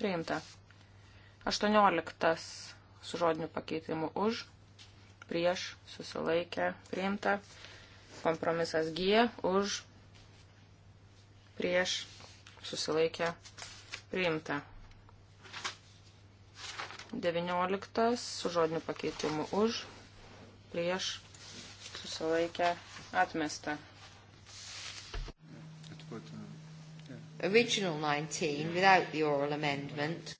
Speaker 1: priimta. 18 su žodiniu pakeitimu už, prieš, susilaikė, priimta. Kompromisas G už, prieš, susilaikė, priimta. 19 su žodiniu pakeitimu už, prieš, susilaikę, atmesta. Original 19 without the oral amendment.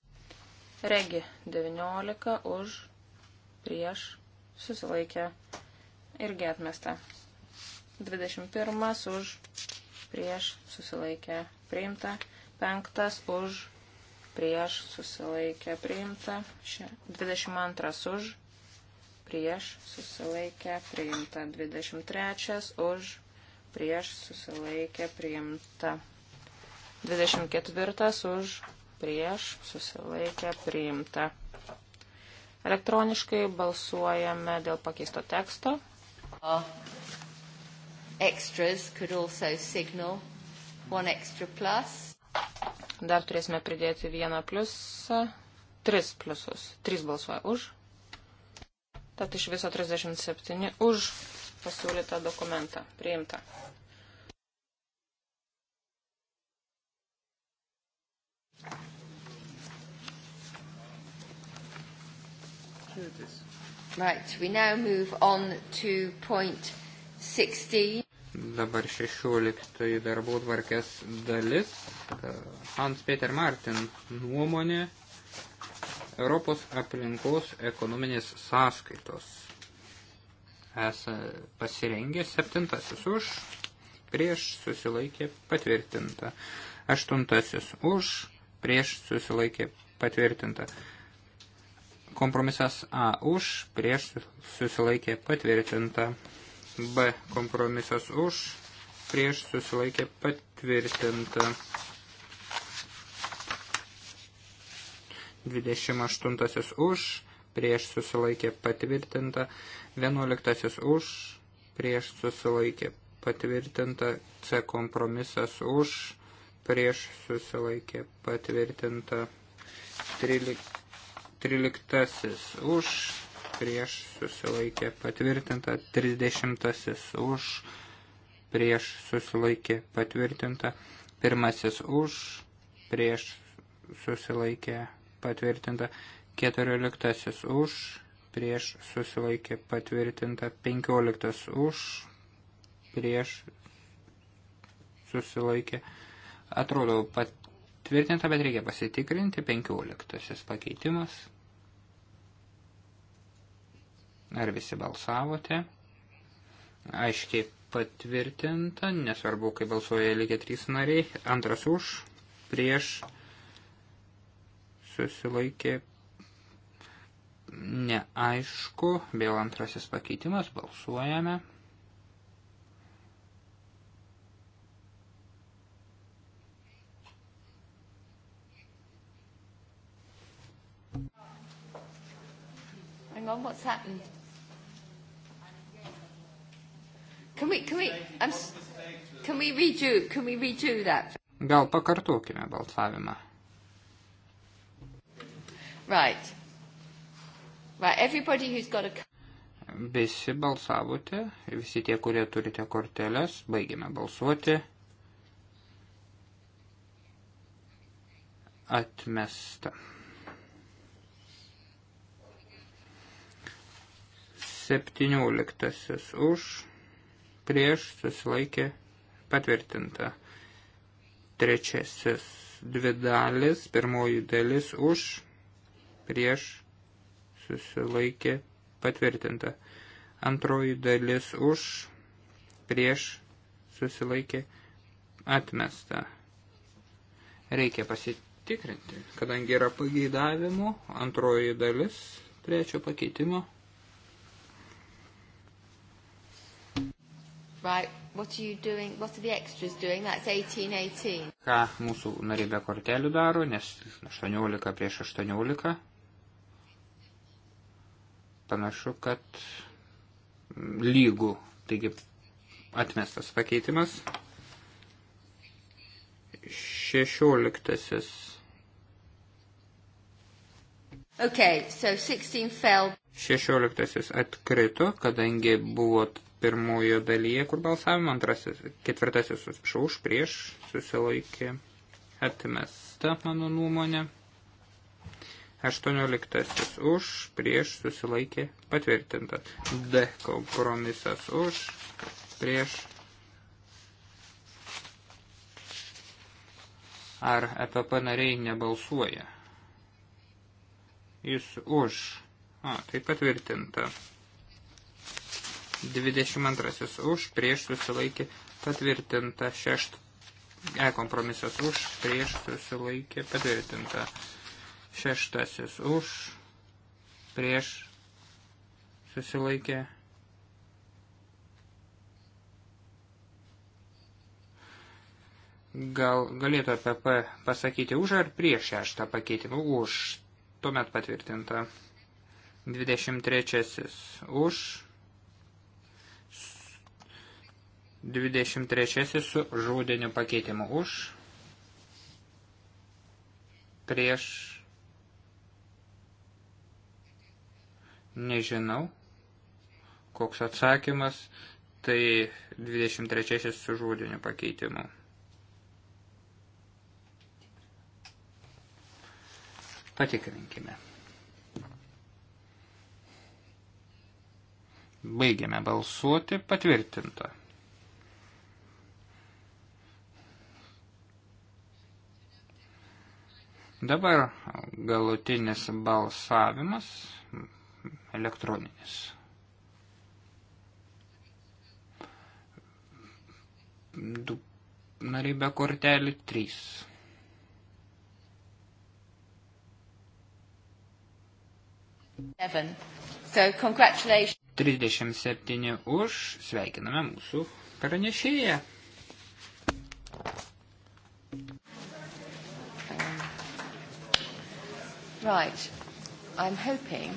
Speaker 1: Regi 19 už, prieš, susilaikę, irgi atmesta. 21 už, prieš, susilaikę, priimta. 5 už, prieš susilaikę priimta, 22 už, prieš susilaikę priimta, 23 už, prieš susilaikę priimta, 24 už, prieš susilaikę priimta. Elektroniškai balsuojame dėl pakeisto teksto. Uh, extras could also signal one extra plus dar turėsime pridėti vieną pliusą, tris pliusus. Trys balsuoja už. Tad iš viso 37 už pasiūlytą dokumentą priimta. Right, we now move on to point 16
Speaker 2: dabar 16 darbų tvarkės dalis. Hans-Peter Martin nuomonė Europos aplinkos ekonominės sąskaitos. Esą pasirengė septintasis už, prieš susilaikė patvirtinta. Aštuntasis už, prieš susilaikė patvirtinta. Kompromisas A už, prieš susilaikė patvirtinta. B kompromisas už, prieš susilaikė patvirtinta. 28 už, prieš susilaikė patvirtinta. 11 už, prieš susilaikė patvirtinta. C kompromisas už, prieš susilaikė patvirtinta. 13 už, prieš susilaikė patvirtinta, 30 už, prieš susilaikė patvirtinta, pirmasis už, prieš susilaikė patvirtinta, 14 už, prieš susilaikė patvirtinta, 15 už, prieš susilaikė, atrodo patvirtinta, bet reikia pasitikrinti, 15 pakeitimas. Ar visi balsavote? Aiškiai patvirtinta, nesvarbu, kai balsuoja lygiai trys nariai. Antras už, prieš, susilaikė neaišku, vėl antrasis pakeitimas, balsuojame. Hang on, what's
Speaker 1: happened? Can we, can we, I'm, can we redo, can we redo that?
Speaker 2: Gal pakartokime balsavimą.
Speaker 1: Right. Right, everybody who's got a...
Speaker 2: Visi balsavote, visi tie, kurie turite korteles, baigėme balsuoti. Atmesta. 17 už prieš susilaikė patvirtinta. Trečiasis dvi dalis, pirmoji dalis už, prieš susilaikė patvirtinta. Antroji dalis už, prieš susilaikė atmesta. Reikia pasitikrinti, kadangi yra pageidavimų antroji dalis trečio pakeitimo.
Speaker 1: Right, what are you doing? What are the extras doing? That's 18, 18.
Speaker 2: Ką mūsų nariai be kortelių daro, nes 18 prieš 18. Panašu, kad lygų, taigi atmestas pakeitimas. 16.
Speaker 1: Okay, so 16 fell.
Speaker 2: 16 atkrito, kadangi buvo pirmojo dalyje, kur balsavimo antrasis, ketvirtasis, atsiprašau, už prieš susilaikė atmesta mano nuomonė. Aštuonioliktasis už, prieš susilaikė patvirtinta. D kompromisas už, prieš. Ar EPP nariai nebalsuoja? Jis už. A, tai patvirtinta. 22 už, prieš susilaikė patvirtinta, 6 E kompromisas už, prieš susilaikė patvirtinta, 6 už, prieš susilaikė. Gal galėtų PP e pasakyti už ar prieš šeštą pakeitimą? Už. Tuomet patvirtinta. 23. Už 23 su žodiniu pakeitimu už, prieš, nežinau, koks atsakymas, tai 23 su žodiniu pakeitimu. Patikrinkime. Baigiame balsuoti patvirtintą. Dabar galutinis balsavimas elektroninis. Du nariai be kortelių 3. So, 37 už, sveikiname mūsų pranešėją.
Speaker 1: Right. I'm hoping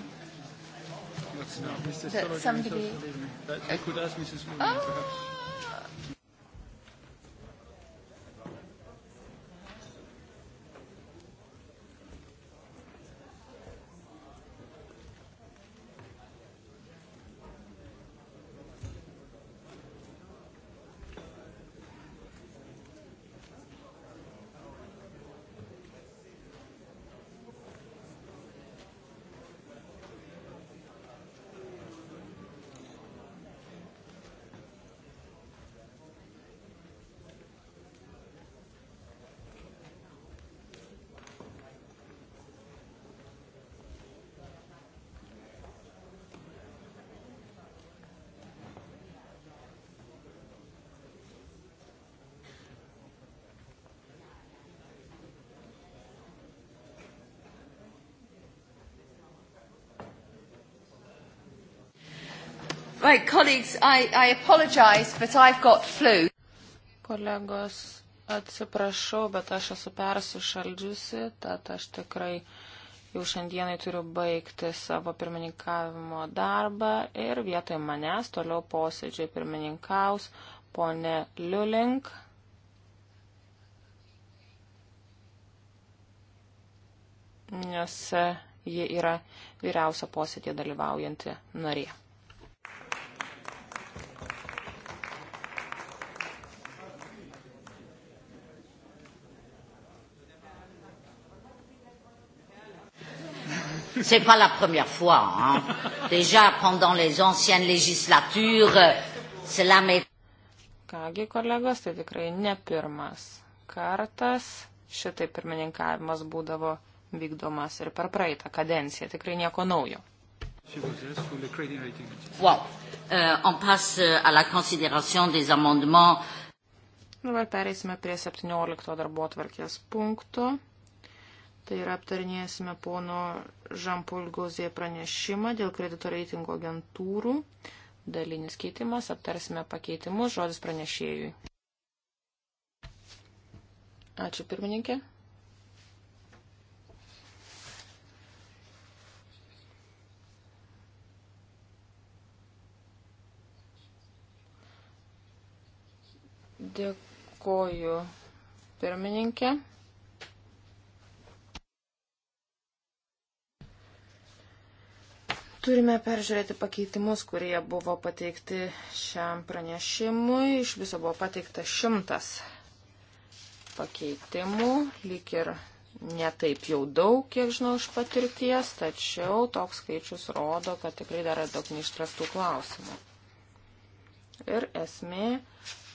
Speaker 1: no, that somebody... That I uh, could ask Mrs. Lumen, oh. perhaps. Right, colleagues, I, I apologize, but I've got flu. Kolegos, atsiprašau, bet aš esu persišaldžiusi, tad aš tikrai jau šiandienai turiu baigti savo pirmininkavimo darbą ir vietoj manęs toliau posėdžiai pirmininkaus ponė Liulink. Nes ji yra vyriausia posėdė dalyvaujanti narė. C'est pas la première fois. Hein. Déjà pendant les anciennes législatures, cela m'est. Kągi, kolegos, tai tikrai ne pirmas kartas. Šitai pirmininkavimas būdavo vykdomas ir per praeitą kadenciją. Tikrai nieko naujo.
Speaker 2: Wow. Euh, on passe euh, à la considération des amendements.
Speaker 1: Dabar pereisime prie 17 darbo atvarkės punktų. Tai yra aptarinėsime pono Žampul Gozė pranešimą dėl kredito reitingo agentūrų. Dalinis keitimas, aptarsime pakeitimus, žodis pranešėjui. Ačiū pirmininkė. Dėkoju pirmininkė. Turime peržiūrėti pakeitimus, kurie buvo pateikti šiam pranešimui. Iš viso buvo pateikta šimtas pakeitimų, lyg ir netaip jau daug, kiek žinau, iš patirties, tačiau toks skaičius rodo, kad tikrai dar yra daug neištrastų klausimų. Ir esmė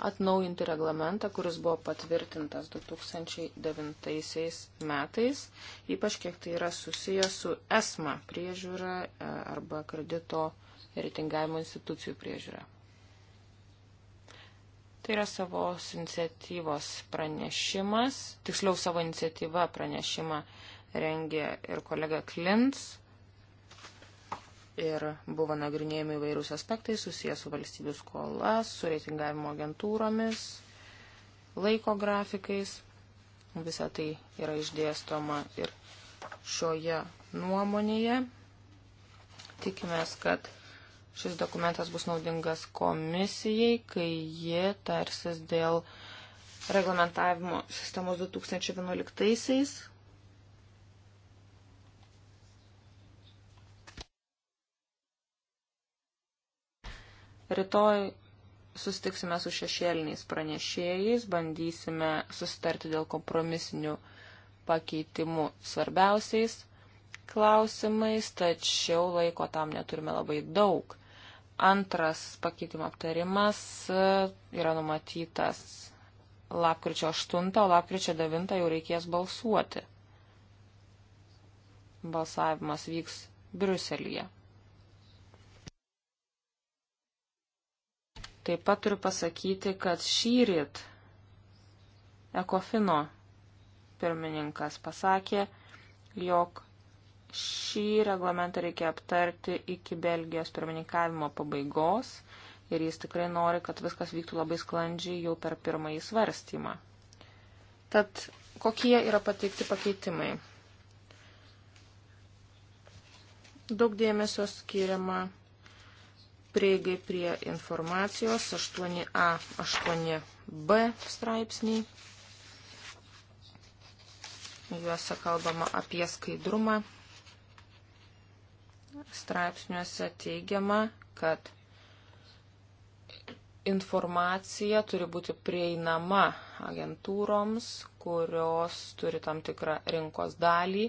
Speaker 1: atnaujinti reglamentą, kuris buvo patvirtintas 2009 metais, ypač kiek tai yra susijęs su ESMA priežiūra e, arba kredito reitingavimo institucijų priežiūra. Tai yra savos iniciatyvos pranešimas, tiksliau savo iniciatyvą pranešimą rengė ir kolega Klins, ir buvo nagrinėjami įvairūs aspektai susijęs su valstybių skola, su reitingavimo agentūromis, laiko grafikais. Visa tai yra išdėstoma ir šioje nuomonėje. Tikimės, kad šis dokumentas bus naudingas komisijai, kai jie tarsis dėl reglamentavimo sistemos 2011-aisiais Rytoj sustiksime su šešėliniais pranešėjais, bandysime susitarti dėl kompromisinių pakeitimų svarbiausiais klausimais, tačiau laiko tam neturime labai daug. Antras pakeitimo aptarimas e, yra numatytas lapkričio 8, o lapkričio 9 jau reikės balsuoti. Balsavimas vyks Briuselėje. Taip pat turiu pasakyti, kad šyrit Ekofino pirmininkas pasakė, jog šį reglamentą reikia aptarti iki Belgijos pirmininkavimo pabaigos ir jis tikrai nori, kad viskas vyktų labai sklandžiai jau per pirmąjį svarstymą. Tad kokie yra pateikti pakeitimai? Daug dėmesio skiriama prieigai prie informacijos 8a, 8b straipsniai. Juose kalbama apie skaidrumą. Straipsniuose teigiama, kad informacija turi būti prieinama agentūroms, kurios turi tam tikrą rinkos dalį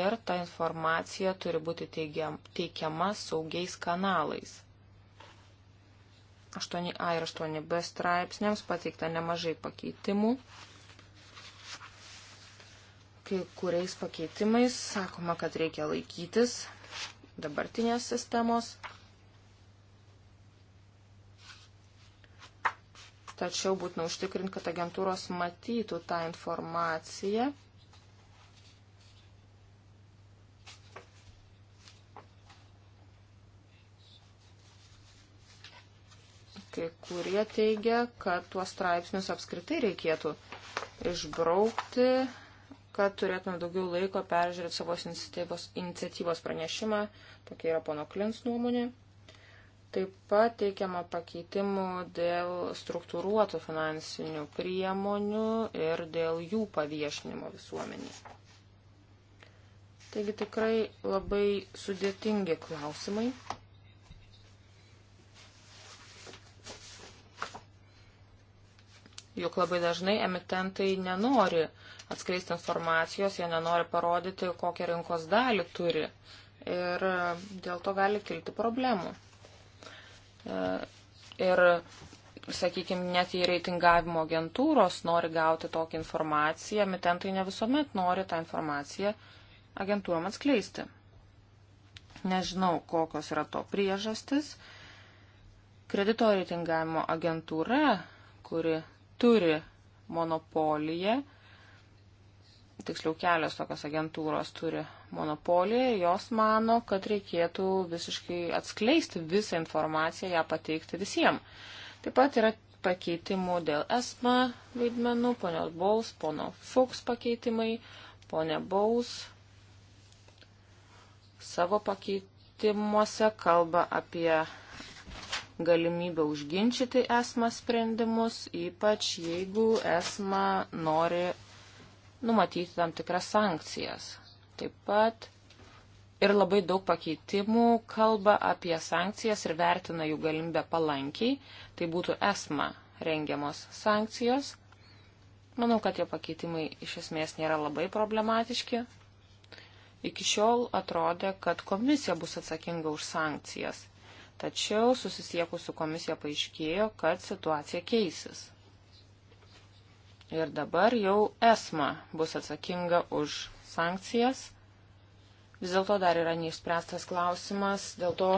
Speaker 1: ir ta informacija turi būti teigiam, teikiama saugiais kanalais. 8a ir 8b straipsniams pateikta nemažai pakeitimų. Kai kuriais pakeitimais sakoma, kad reikia laikytis dabartinės sistemos. Tačiau būtina užtikrinti, kad agentūros matytų tą informaciją Kai kurie teigia, kad tuos straipsnius apskritai reikėtų išbraukti, kad turėtume daugiau laiko peržiūrėti savo iniciatyvos, iniciatyvos pranešimą. Tokia yra pono Klins nuomonė. Taip pat teikiama pakeitimų dėl struktūruotų finansinių priemonių ir dėl jų paviešinimo visuomeniai. Taigi tikrai labai sudėtingi klausimai. juk labai dažnai emitentai nenori atskleisti informacijos, jie nenori parodyti, kokią rinkos dalį turi. Ir e, dėl to gali kilti problemų. E, ir, sakykime, net jei reitingavimo agentūros nori gauti tokią informaciją, emitentai ne visuomet nori tą informaciją agentūrom atskleisti. Nežinau, kokios yra to priežastis. Kredito reitingavimo agentūra, kuri turi monopoliją, tiksliau kelios tokios agentūros turi monopoliją, jos mano, kad reikėtų visiškai atskleisti visą informaciją, ją pateikti visiems. Taip pat yra pakeitimų dėl esma vaidmenų, ponios Baus, pono Fuchs pakeitimai, ponė Baus savo pakeitimuose kalba apie galimybę užginčyti esmą sprendimus, ypač jeigu esma nori numatyti tam tikras sankcijas. Taip pat ir labai daug pakeitimų kalba apie sankcijas ir vertina jų galimybę palankiai. Tai būtų esma rengiamos sankcijos. Manau, kad tie pakeitimai iš esmės nėra labai problematiški. Iki šiol atrodė, kad komisija bus atsakinga už sankcijas. Tačiau susisiekus su komisija paaiškėjo, kad situacija keisis. Ir dabar jau ESMA bus atsakinga už sankcijas. Vis dėlto dar yra neišspręstas klausimas dėl to,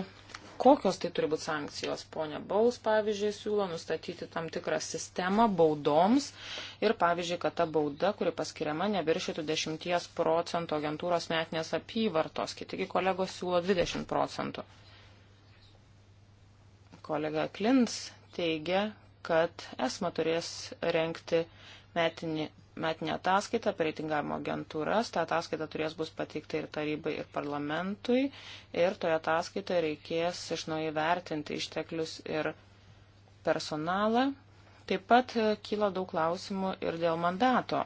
Speaker 1: kokios tai turi būti sankcijos. Pone Baus, pavyzdžiui, siūlo nustatyti tam tikrą sistemą baudoms ir, pavyzdžiui, kad ta bauda, kuri paskiriama, neviršytų 10 procentų agentūros metinės apyvartos, kitigi kolegos siūlo 20 procentų. Kolega Klins teigia, kad esma turės renkti metinį, metinį ataskaitą apie reitingavimo agentūras. Ta ataskaita turės bus pateikta ir tarybai, ir parlamentui. Ir toje ataskaitoje reikės iš naujo vertinti išteklius ir personalą. Taip pat kyla daug klausimų ir dėl mandato.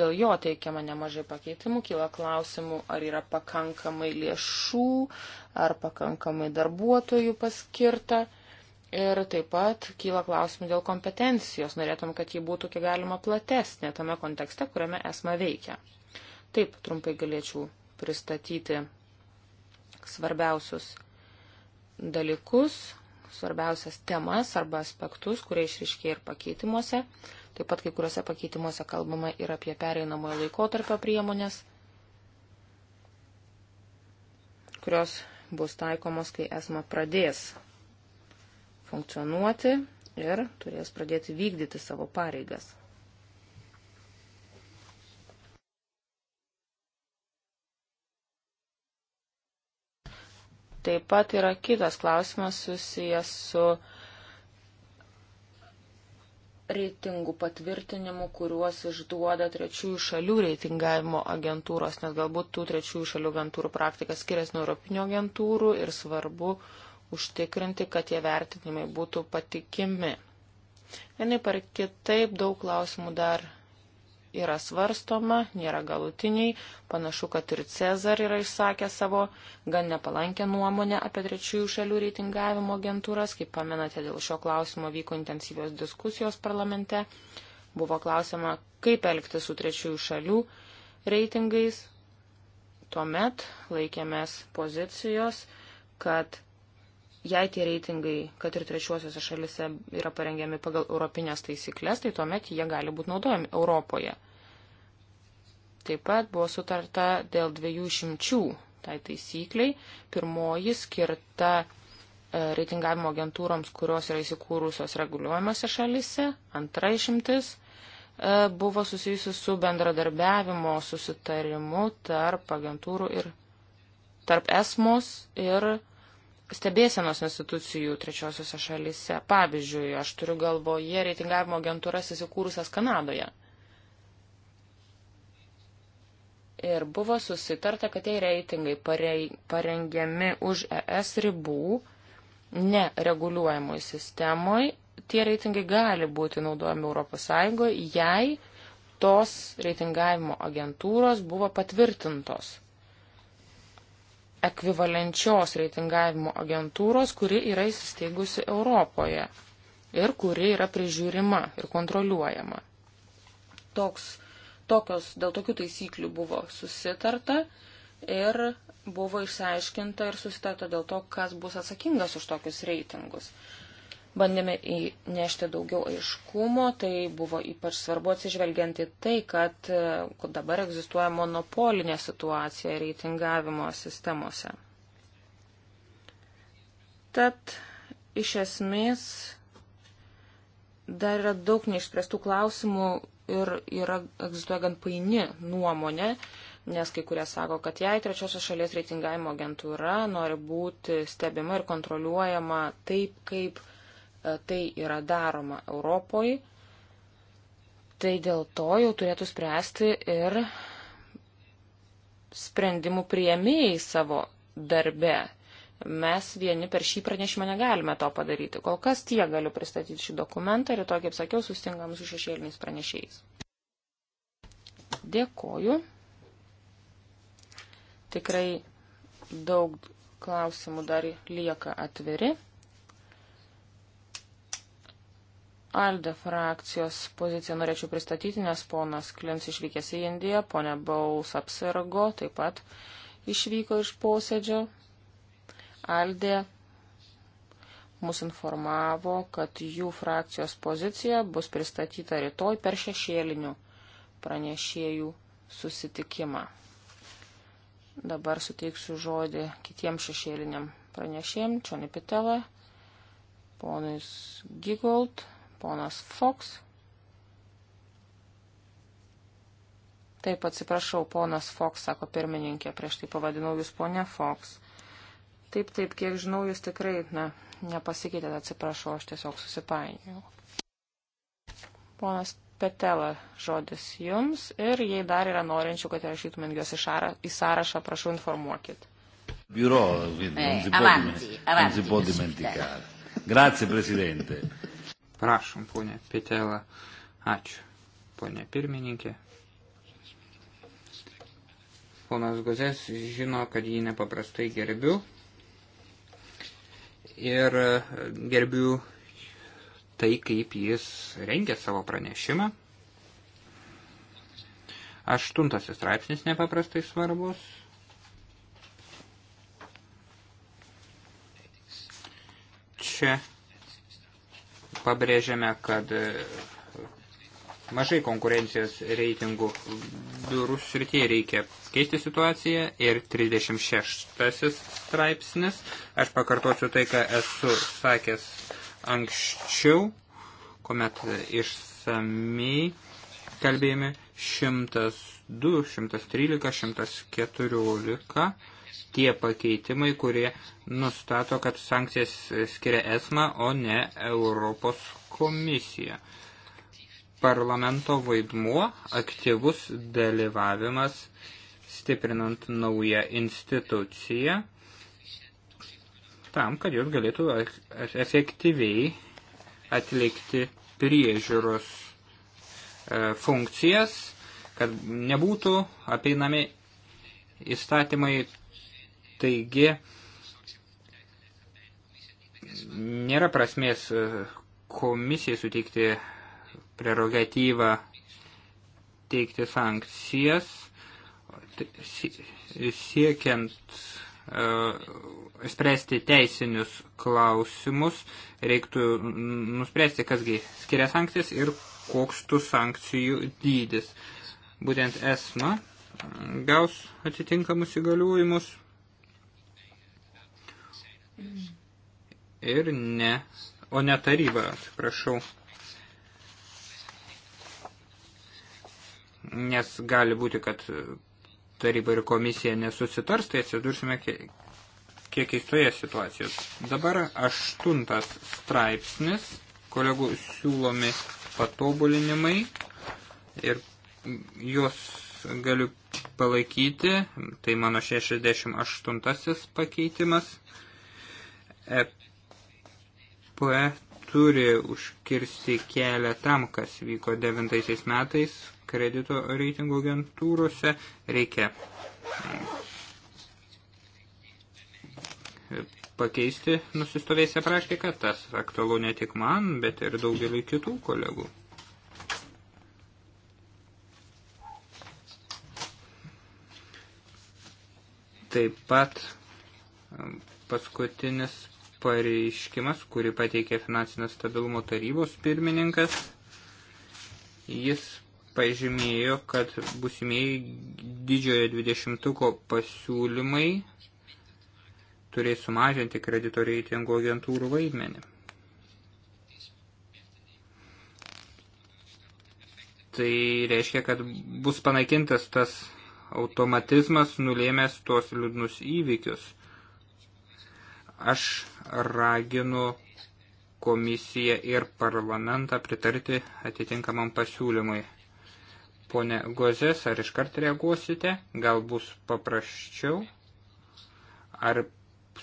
Speaker 1: Dėl jo teikiama nemažai pakeitimų, kyla klausimų, ar yra pakankamai lėšų, ar pakankamai darbuotojų paskirta. Ir taip pat kyla klausimų dėl kompetencijos. Norėtum, kad ji būtų kiek galima platesnė tame kontekste, kuriame esame veikia. Taip trumpai galėčiau pristatyti svarbiausius dalykus, svarbiausias temas arba aspektus, kurie išriškė ir pakeitimuose. Uh, Taip pat kai kuriuose pakeitimuose kalbama ir apie pereinamojo laikotarpio priemonės, kurios bus taikomos, kai esma pradės funkcionuoti ir turės pradėti vykdyti savo pareigas. Taip pat yra kitas klausimas susijęs su reitingų patvirtinimų, kuriuos išduoda trečiųjų šalių reitingavimo agentūros, nes galbūt tų trečiųjų šalių agentūrų praktika skiriasi nuo europinio agentūrų ir svarbu užtikrinti, kad tie vertinimai būtų patikimi. Vienai par kitaip daug klausimų dar yra svarstoma, nėra galutiniai. Panašu, kad ir Cezar yra išsakę savo gan nepalankę nuomonę apie trečiųjų šalių reitingavimo agentūras. Kaip pamenate, dėl šio klausimo vyko intensyvios diskusijos parlamente. Buvo klausima, kaip elgti su trečiųjų šalių reitingais. Tuomet laikėmės pozicijos, kad Jei tie reitingai, kad ir trečiuosiuose šalise, yra parengiami pagal europinės taisyklės, tai tuomet jie gali būti naudojami Europoje. Taip pat buvo sutarta dėl dviejų šimčių tai taisykliai. Pirmoji skirta e, reitingavimo agentūroms, kurios yra įsikūrusios reguliuojamose šalise. Antra išimtis e, buvo susijusi su bendradarbiavimo susitarimu tarp agentūrų ir tarp esmos ir stebėsenos institucijų trečiosiuose šalise. Pavyzdžiui, aš turiu galvoje reitingavimo agentūras įsikūrusias Kanadoje. Ir buvo susitarta, kad tie reitingai parengiami už ES ribų, nereguliuojamoj sistemoj. Tie reitingai gali būti naudojami ES, jei tos reitingavimo agentūros buvo patvirtintos ekvivalenčios reitingavimo agentūros, kuri yra įsisteigusi Europoje ir kuri yra prižiūrima ir kontroliuojama. Toks, tokios, dėl tokių taisyklių buvo susitarta ir buvo išsiaiškinta ir susitarta dėl to, kas bus atsakingas už tokius reitingus bandėme įnešti daugiau aiškumo, tai buvo ypač svarbu atsižvelgiant į tai, e, kad dabar egzistuoja monopolinė situacija reitingavimo sistemose. Tad iš esmės dar yra daug neišspręstų klausimų ir yra, egzistuoja gan paini nuomonė, nes kai kurie sako, kad jei trečiosios šalies reitingavimo agentūra nori būti stebima ir kontroliuojama taip, kaip E, tai yra daroma Europoje, tai dėl to jau turėtų spręsti ir sprendimų prieimėjai savo darbe. Mes vieni per šį pranešimą negalime to padaryti. Kol kas tie galiu pristatyti šį dokumentą ir to, kaip sakiau, sustingam su šešėliniais pranešėjais. Dėkoju. Tikrai daug klausimų dar lieka atviri. Alde frakcijos poziciją norėčiau pristatyti, nes ponas Klims išvykęs į Indiją, ponė Baus apsirgo, taip pat išvyko iš posėdžio. Alde mus informavo, kad jų frakcijos pozicija bus pristatyta rytoj per šešėlinių pranešėjų susitikimą. Dabar suteiksiu žodį kitiems šešėliniam pranešėjim, Čonipitela, ponais Gigold ponas Fox. Taip, atsiprašau, ponas Fox, sako pirmininkė, prieš tai pavadinau jūs ponė Fox. Taip, taip, kiek žinau, jūs tikrai, na, nepasikeitėte, atsiprašau, aš tiesiog susipainiau. Ponas Petela žodis jums ir jei dar yra norinčių, kad rašytumėt juos į sąrašą, prašau informuokit.
Speaker 2: Biuro, quindi, non eh, si può, avanti, avanti, non si può dimenticare. Grazie Presidente. Prašom, ponė Pitela. Ačiū, ponė pirmininkė. Ponas Gozės žino, kad jį nepaprastai gerbiu. Ir e, gerbiu tai, kaip jis rengia savo pranešimą. Aštuntasis straipsnis nepaprastai svarbus. Čia pabrėžiame, kad e, mažai konkurencijos reitingų biurų srityje reikia keisti situaciją ir 36 straipsnis. Aš pakartosiu tai, ką esu sakęs anksčiau, kuomet išsamei kalbėjome 102, 113, 114 tie pakeitimai, kurie nustato, kad sankcijas skiria ESMA, o ne Europos komisija. Parlamento vaidmuo - aktyvus dalyvavimas, stiprinant naują instituciją, tam, kad jūs galėtų e- e- efektyviai atlikti priežiūros e, funkcijas, kad nebūtų apeinami įstatymai Taigi nėra prasmės e, komisijai suteikti prerogatyvą teikti sankcijas siekiant e, spręsti teisinius klausimus, reiktų nuspręsti, kasgi skiria sankcijas ir koks tų sankcijų dydis. Būtent ESMA gaus atitinkamus įgaliuojimus ir ne, o ne taryba, atsiprašau. Nes gali būti, kad taryba ir komisija nesusitars, tai atsidursime kiek keistoje situacijos. Dabar aštuntas straipsnis, kolegų siūlomi patobulinimai ir juos galiu palaikyti, tai mano 68 pakeitimas EP turi užkirsti kelią tam, kas vyko devintaisiais metais kredito reitingų agentūrose. Reikia mm, pakeisti nusistovėjusią praktiką, tas aktualu ne tik man, bet ir daugeliu kitų kolegų. Taip pat mm, paskutinis pareiškimas, kurį pateikė finansinio stabilumo tarybos pirmininkas. Jis pažymėjo, kad busimieji didžiojo dvidešimtuko pasiūlymai turės sumažinti kredito reitingo agentūrų vaidmenį. Tai reiškia, kad bus panaikintas tas automatizmas nulėmęs tuos liūdnus įvykius – Aš raginu komisiją ir parlamentą pritarti atitinkamam pasiūlymui. Pone Gozės, ar iškart reaguosite? Gal bus paprasčiau? Ar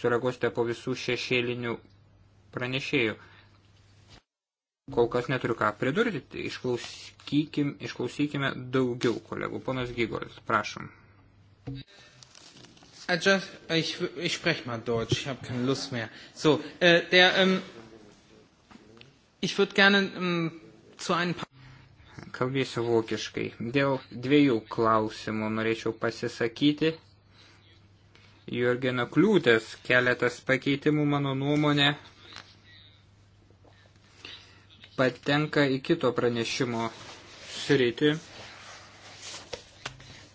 Speaker 2: sureaguosite po visų šešėlinių pranešėjų? Kol kas neturiu ką pridurti, tai išklausykim, išklausykime daugiau kolegų. Ponas Gygolis, prašom. Thank you. Just, ich ich spreche mal Deutsch, ich habe keine Lust mehr. So, äh, der, ähm, ich würde gerne ähm, zu einem paar. Kalbėsiu vokiškai. Dėl dviejų klausimų norėčiau pasisakyti. Jurgeno kliūtės keletas pakeitimų mano nuomonė patenka į kito pranešimo sritį.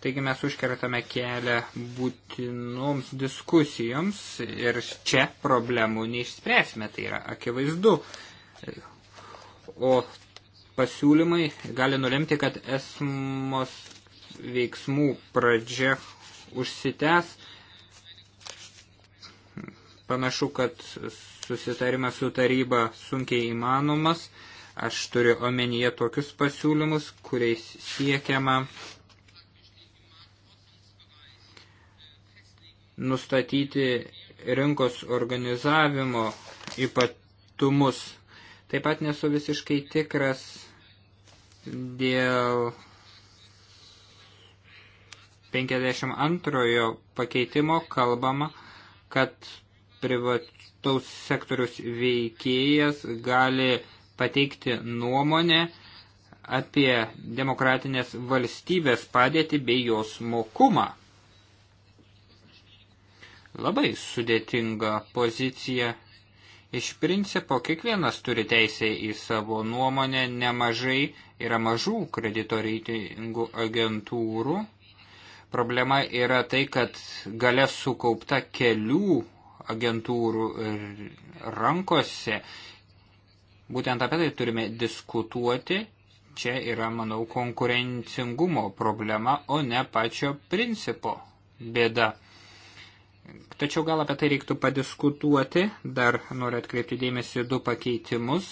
Speaker 2: Taigi mes užkertame kelią būtinoms diskusijoms ir čia problemų neišspręsime, tai yra akivaizdu. O pasiūlymai gali nulemti, kad esmos veiksmų pradžia užsitęs. Panašu, kad susitarimas su taryba sunkiai įmanomas. Aš turiu omenyje tokius pasiūlymus, kuriais siekiama nustatyti rinkos organizavimo ypatumus. Taip pat nesu visiškai tikras dėl 52 pakeitimo kalbama, kad privataus sektorius veikėjas gali pateikti nuomonę apie demokratinės valstybės padėtį bei jos mokumą labai sudėtinga pozicija. Iš principo, kiekvienas turi teisę į savo nuomonę, nemažai yra mažų kredito reitingų agentūrų. Problema yra tai, kad gale sukaupta kelių agentūrų rankose. Būtent apie tai turime diskutuoti. Čia yra, manau, konkurencingumo problema, o ne pačio principo bėda. Tačiau gal apie tai reiktų padiskutuoti. Dar noriu atkreipti dėmesį du pakeitimus.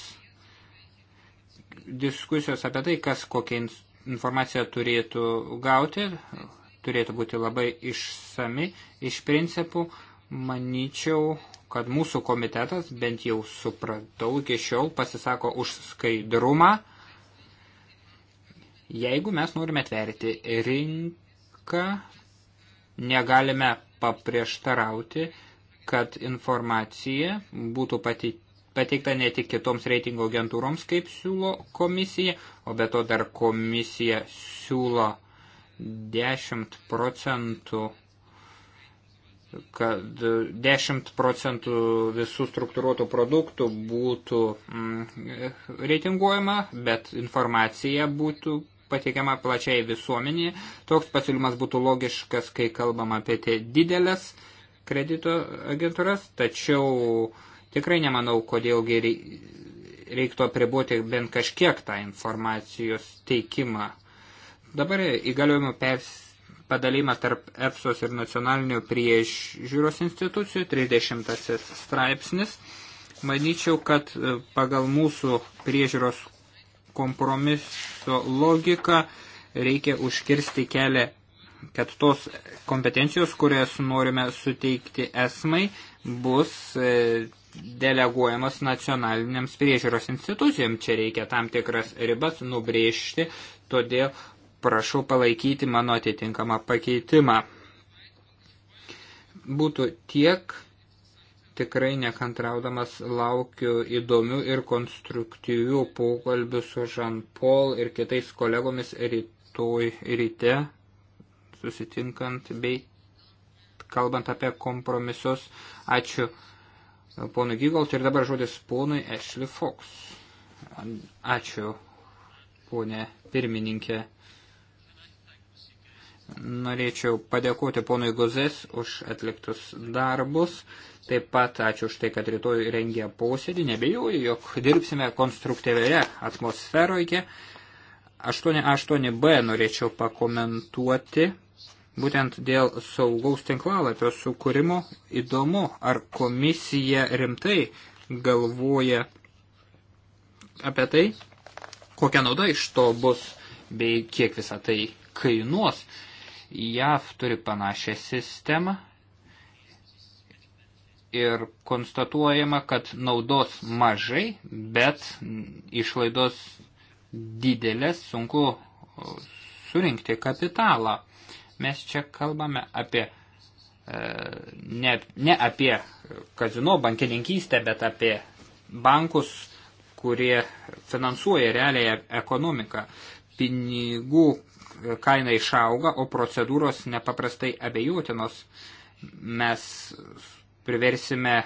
Speaker 2: Diskusijos apie tai, kas kokią informaciją turėtų gauti, turėtų būti labai išsami. Iš principų, manyčiau, kad mūsų komitetas, bent jau supratau iki šiol, pasisako už skaidrumą. Jeigu mes norime atverti rinką, negalime paprieštarauti, kad informacija būtų pateikta ne tik kitoms reitingo agentūroms, kaip siūlo komisija, o be to dar komisija siūlo 10 procentų kad 10 procentų visų struktūruotų produktų būtų mm, reitinguojama, bet informacija būtų pateikiama plačiai visuomenį. Toks pasiūlymas būtų logiškas, kai kalbam apie didelės kredito agentūras, tačiau tikrai nemanau, kodėl reiktų apriboti bent kažkiek tą informacijos teikimą. Dabar įgaliojimų padalymas tarp EFSOS ir nacionalinių priežiūros institucijų, 30 straipsnis. Manyčiau, kad e, pagal mūsų priežiūros kompromiso logiką, reikia užkirsti kelią, kad tos kompetencijos, kurias norime suteikti esmai, bus e, deleguojamas nacionaliniams priežiūros institucijom. Čia reikia tam tikras ribas nubrėžti, todėl prašau palaikyti mano atitinkamą pakeitimą. Būtų tiek tikrai nekantraudamas laukiu įdomių ir konstruktyvių pokalbių su Jean Paul ir kitais kolegomis rytoj ryte susitinkant bei kalbant apie kompromisus. Ačiū ponui Gygolt ir dabar žodis ponui Ashley Fox. Ačiū ponė pirmininkė. Norėčiau padėkoti ponui Gozės už atliktus darbus. Taip pat ačiū už tai, kad rytoj rengia posėdį. Nebejoju, jog dirbsime konstruktyvioje atmosferoje. 88B norėčiau pakomentuoti. Būtent dėl saugaus tinklalapio sukūrimo įdomu, ar komisija rimtai galvoja apie tai, kokia nauda iš to bus, bei kiek visą tai kainuos. JAV turi panašią sistemą, ir konstatuojama, kad naudos mažai, bet išlaidos didelės, sunku surinkti kapitalą. Mes čia kalbame apie e, ne, ne apie kazino bankininkystę, bet apie bankus, kurie finansuoja realiai ekonomiką. Pinigų kaina išauga, o procedūros nepaprastai abejotinos. Mes priversime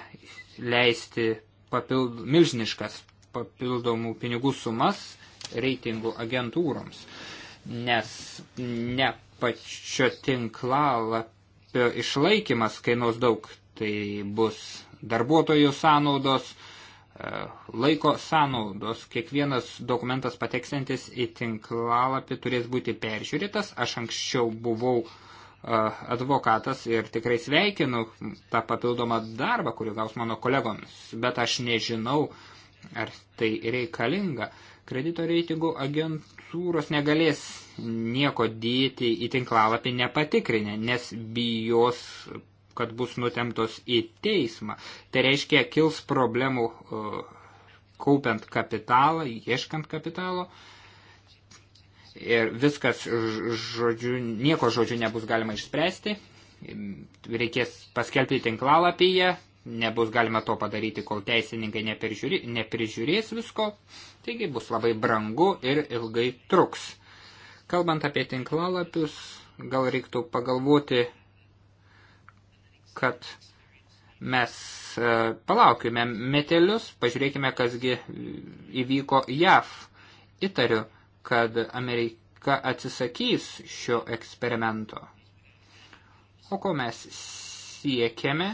Speaker 2: leisti papild, milžiniškas papildomų pinigų sumas reitingų agentūroms, nes ne pačio tinklalapio išlaikymas kainuos daug, tai bus darbuotojų sąnaudos, e, laiko sąnaudos, kiekvienas dokumentas pateksantis į tinklalapį turės būti peržiūrėtas, aš anksčiau buvau uh, advokatas ir tikrai sveikinu tą papildomą darbą, kurį gaus mano kolegomis, bet aš nežinau, ar tai reikalinga. Kredito reitingų agentūros negalės nieko dėti į tinklalapį nepatikrinę, nes bijos, kad bus nutemtos į teismą. Tai reiškia, kils problemų kaupiant kapitalą, ieškant kapitalo. Uh, ir viskas žodžiu, nieko žodžiu nebus galima išspręsti, reikės paskelbti tinklalapyje, nebus galima to padaryti, kol teisininkai neprižiūri, neprižiūrės visko, taigi bus labai brangu ir ilgai truks. Kalbant apie tinklalapius, gal reiktų pagalvoti, kad mes e, palaukime metelius, pažiūrėkime, kasgi e, įvyko JAV. Įtariu, kad Amerika atsisakys šio eksperimento. O ko mes siekiame?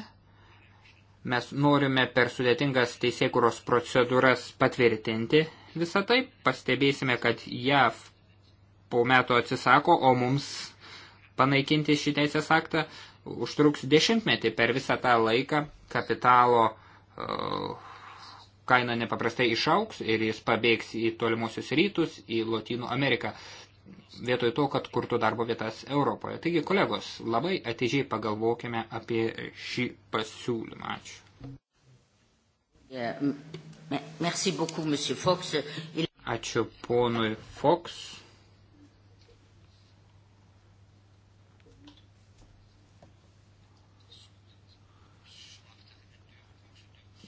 Speaker 2: Mes norime per sudėtingas teisėkuros procedūras patvirtinti visą tai. Pastebėsime, kad JAV po metų atsisako, o mums panaikinti šį teisės aktą užtruks dešimtmetį per visą tą laiką kapitalo uh, kaina nepaprastai išauks ir jis pabėgs į tolimuosius rytus, į Lotynų Ameriką, vietoj to, kad kurtų darbo vietas Europoje. Taigi, kolegos, labai atidžiai pagalvokime apie šį pasiūlymą. Ačiū. Ačiū ponui Fox.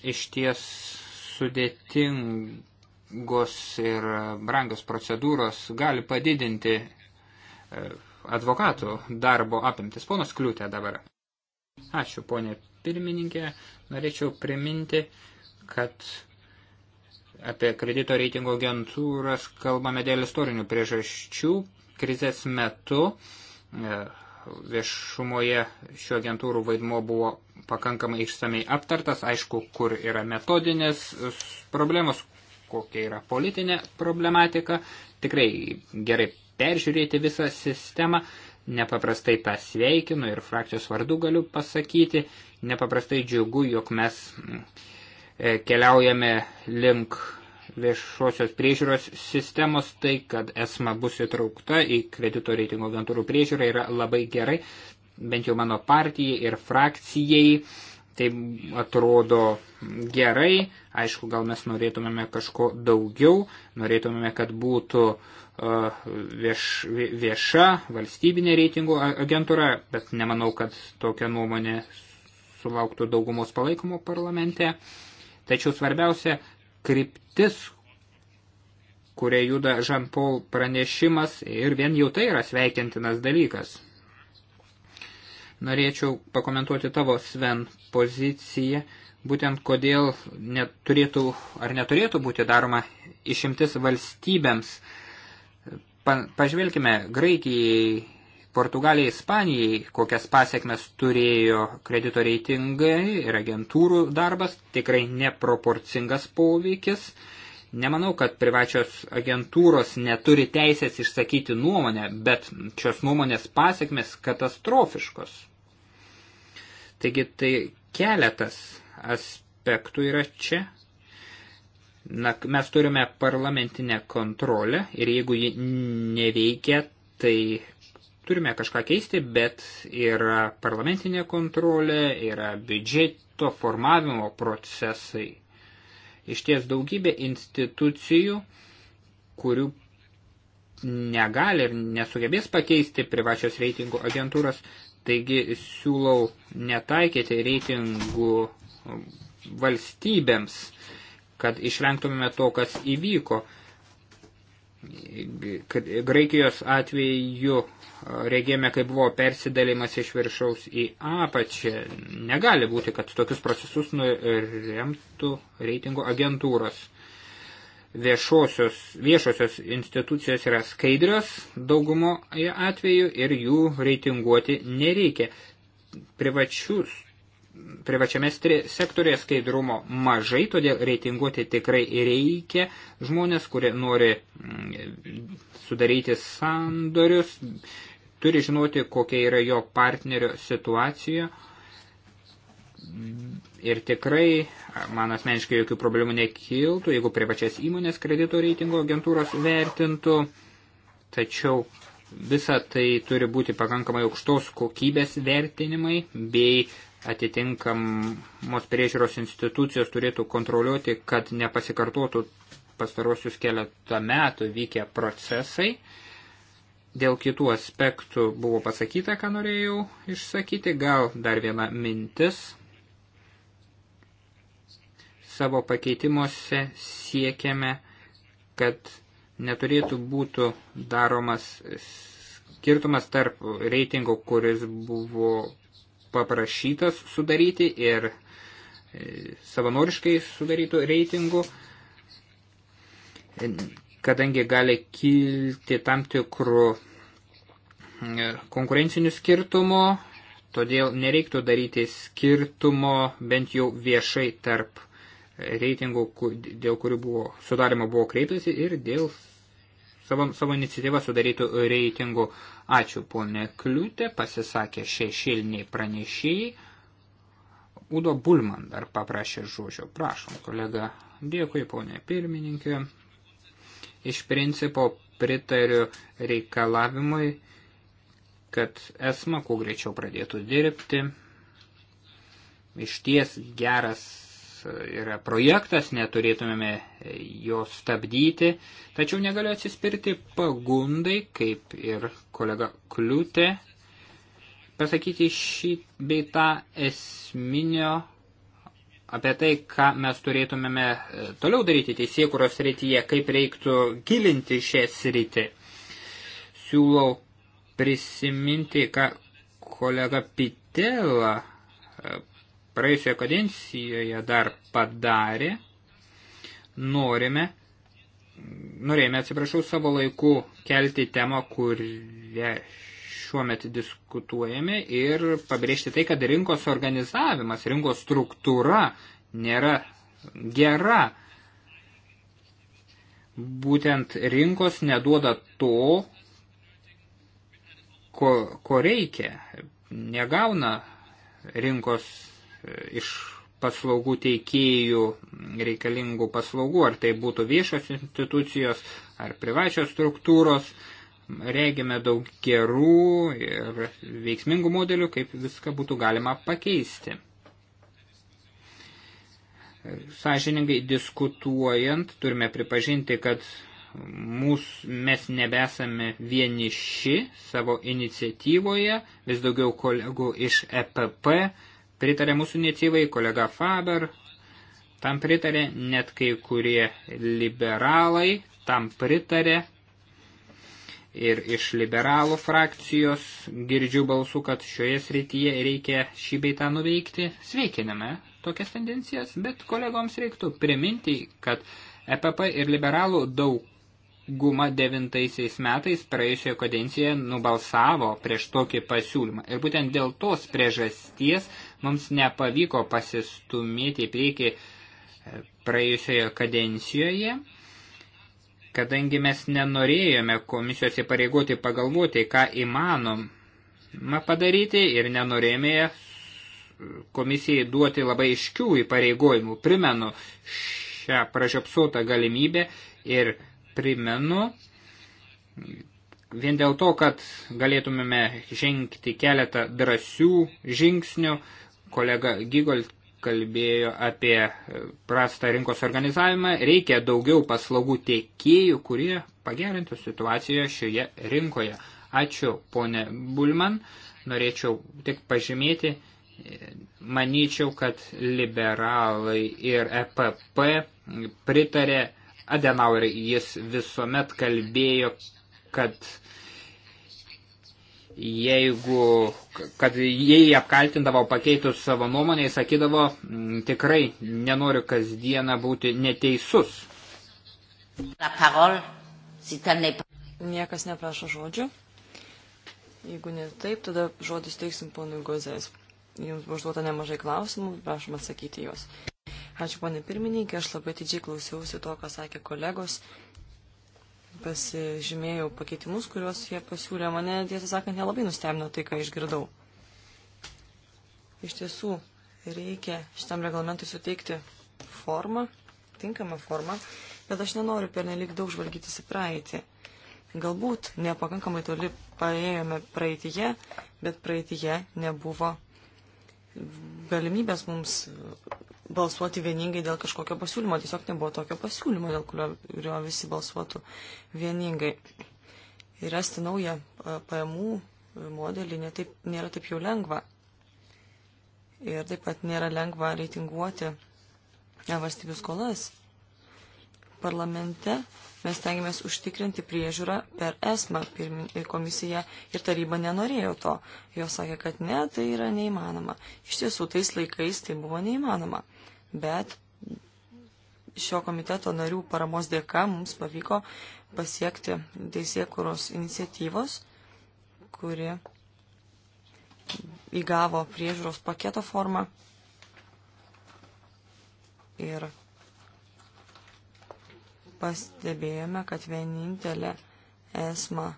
Speaker 2: Iš ties sudėtingos ir brangios procedūros gali padidinti e, advokatų darbo apimtis. Ponas Kliūtė dabar. Ačiū, ponė pirmininkė. Norėčiau priminti, kad apie kredito reitingo agentūras kalbame dėl istorinių priežasčių. Krizės metu e, viešumoje šio agentūrų vaidmo buvo pakankamai išsamei aptartas, aišku, kur yra metodinės problemos, kokia yra politinė problematika, tikrai gerai peržiūrėti visą sistemą, nepaprastai tą sveikinu ir frakcijos vardu galiu pasakyti, nepaprastai džiugu, jog mes mm, e, keliaujame link viešosios priežiūros sistemos, tai kad ESMA bus įtraukta į kredito reitingo agentūrų priežiūrą yra labai gerai, bent jau mano partijai ir frakcijai. Tai atrodo gerai, aišku, gal mes norėtumėme kažko daugiau, norėtumėme, kad būtų uh, vieš, vieša valstybinė reitingų agentūra, bet nemanau, kad tokia nuomonė sulauktų daugumos palaikomo parlamente. Tačiau svarbiausia, kryptis, kuria juda Žanpol pranešimas ir vien jau tai yra sveikintinas dalykas. Norėčiau pakomentuoti tavo Sven poziciją, būtent kodėl neturėtų ar neturėtų būti daroma išimtis valstybėms. Pažvelkime Graikijai, Portugalijai, Ispanijai, kokias pasiekmes turėjo kredito reitingai ir agentūrų darbas, tikrai neproporcingas poveikis. Nemanau, kad privačios agentūros neturi teisės išsakyti nuomonę, bet šios nuomonės pasiekmes katastrofiškos. Taigi tai keletas aspektų yra čia. Na, mes turime parlamentinę kontrolę ir jeigu ji neveikia, tai turime kažką keisti, bet yra parlamentinė kontrolė, yra biudžeto formavimo procesai. Iš ties daugybė institucijų, kurių negali ir nesugebės pakeisti privačios reitingų agentūros, taigi siūlau netaikyti reitingų valstybėms, kad išvengtumėme to, kas įvyko. Graikijos atveju regėjome, kaip buvo persidalimas iš viršaus į apačią. Negali būti, kad tokius procesus remtų reitingo agentūros. Viešosios, viešosios institucijos yra skaidrios daugumo atveju ir jų reitinguoti nereikia. Privačius privačiame sektorėje skaidrumo mažai, todėl reitinguoti tikrai reikia žmonės, kurie nori mm, sudaryti sandorius, turi žinoti, kokia yra jo partnerio situacija. Ir tikrai, man asmeniškai jokių problemų nekiltų, jeigu privačias įmonės kredito reitingo agentūros vertintų, tačiau visa tai turi būti pakankamai aukštos kokybės vertinimai bei uh, atitinkamos priežiūros institucijos turėtų kontroliuoti, kad nepasikartotų pastarosius keletą metų vykę procesai. Dėl kitų aspektų buvo pasakyta, ką norėjau išsakyti. Gal dar viena mintis. Savo pakeitimuose siekiame, kad neturėtų būtų daromas skirtumas tarp reitingo, kuris buvo paprašytas sudaryti ir e, savanoriškai sudarytų reitingų, e, kadangi gali kilti tam tikrų e, konkurencinių skirtumų, todėl nereiktų daryti skirtumo bent jau viešai tarp reitingų, dėl kurių buvo, sudarimo buvo kreiptasi ir dėl savo, savo iniciatyvą sudarytų reitingų. Ačiū ponė Kliūtė, pasisakė šešilniai pranešėjai. Udo Bulman dar paprašė žodžio. Prašom, kolega. Dėkui, ponė pirmininkė. Iš principo pritariu reikalavimui, kad esma kuo greičiau pradėtų dirbti. Iš ties geras yra projektas, neturėtumėme jos stabdyti, tačiau negaliu atsispirti pagundai, kaip ir kolega Kliūtė, pasakyti šį bei tą esminio apie tai, ką mes turėtumėme e, toliau daryti teisėkuros srityje, kaip reiktų gilinti šią sritį. Siūlau prisiminti, ką kolega Pitela e, praėjusioje kadencijoje dar padarė, norime, norėjome, atsiprašau, savo laiku kelti temą, kurią šiuo metu diskutuojame ir pabrėžti tai, kad rinkos organizavimas, rinkos struktūra nėra gera. Būtent rinkos neduoda to, ko, ko reikia. Negauna rinkos E, iš paslaugų teikėjų reikalingų paslaugų, ar tai būtų viešos institucijos ar privačios struktūros. Regime daug gerų ir veiksmingų modelių, kaip viską būtų galima pakeisti. Sąžiningai diskutuojant, turime pripažinti, kad mūs, mes nebesame vieniši savo iniciatyvoje, vis daugiau kolegų iš EPP pritarė mūsų iniciatyvai kolega Faber, tam pritarė net kai kurie liberalai, tam pritarė ir iš liberalų frakcijos girdžiu balsų, kad šioje srityje reikia šį beitą nuveikti. Sveikiname tokias tendencijas, bet kolegoms reiktų priminti, kad EPP ir liberalų dauguma devintaisiais metais praėjusioje kadencijoje nubalsavo prieš tokį pasiūlymą. Ir būtent dėl tos priežasties Mums nepavyko pasistumėti į priekį e, praėjusioje kadencijoje, kadangi mes nenorėjome komisijos įpareigoti pagalvoti, ką įmanoma padaryti ir nenorėjome komisijai duoti labai iškių įpareigojimų. Primenu šią pražiopsuotą galimybę ir primenu, vien dėl to, kad galėtumėme žengti keletą drąsių žingsnių, kolega Gigolt kalbėjo apie prastą rinkos organizavimą, reikia daugiau paslaugų tiekėjų, kurie pagerintų situaciją šioje rinkoje. Ačiū, ponė Bulman. Norėčiau tik pažymėti, manyčiau, kad liberalai ir EPP pritarė Adenauerį. Jis visuomet kalbėjo, kad jeigu, kad jei apkaltindavo pakeitus savo nuomonę, jis sakydavo, mm, tikrai nenoriu kasdieną būti neteisus.
Speaker 3: Niekas neprašo žodžių. Jeigu ne taip, tada žodis teiksim ponui Gozės. Jums buvo užduota nemažai klausimų, prašom atsakyti juos. Ačiū, ponė pirmininkė, aš labai didžiai klausiausi to, ką sakė kolegos pasižymėjau pakeitimus, kuriuos jie pasiūlė. Mane, tiesą sakant, nelabai nustebino tai, ką išgirdau. Iš tiesų, reikia šitam reglamentui suteikti formą, tinkamą formą, bet aš nenoriu pernelik daug žvalgytis į praeitį. Galbūt nepakankamai toli paėjome praeitįje, bet praeitįje nebuvo galimybės mums balsuoti vieningai dėl kažkokio pasiūlymo. Tiesiog nebuvo tokio pasiūlymo, dėl kurio, kurio visi balsuotų vieningai. Ir rasti naują e, pajamų modelį netaip, nėra taip jau lengva. Ir taip pat nėra lengva reitinguoti valstybių skolas. Parlamente mes tengiamės užtikrinti priežiūrą per esmą ir komisiją ir taryba nenorėjo to. Jo sakė, kad ne, tai yra neįmanoma. Iš tiesų, tais laikais tai buvo neįmanoma bet šio komiteto narių paramos dėka mums pavyko pasiekti teisėkuros iniciatyvos, kuri įgavo priežiūros paketo formą ir pastebėjome, kad vienintelė esma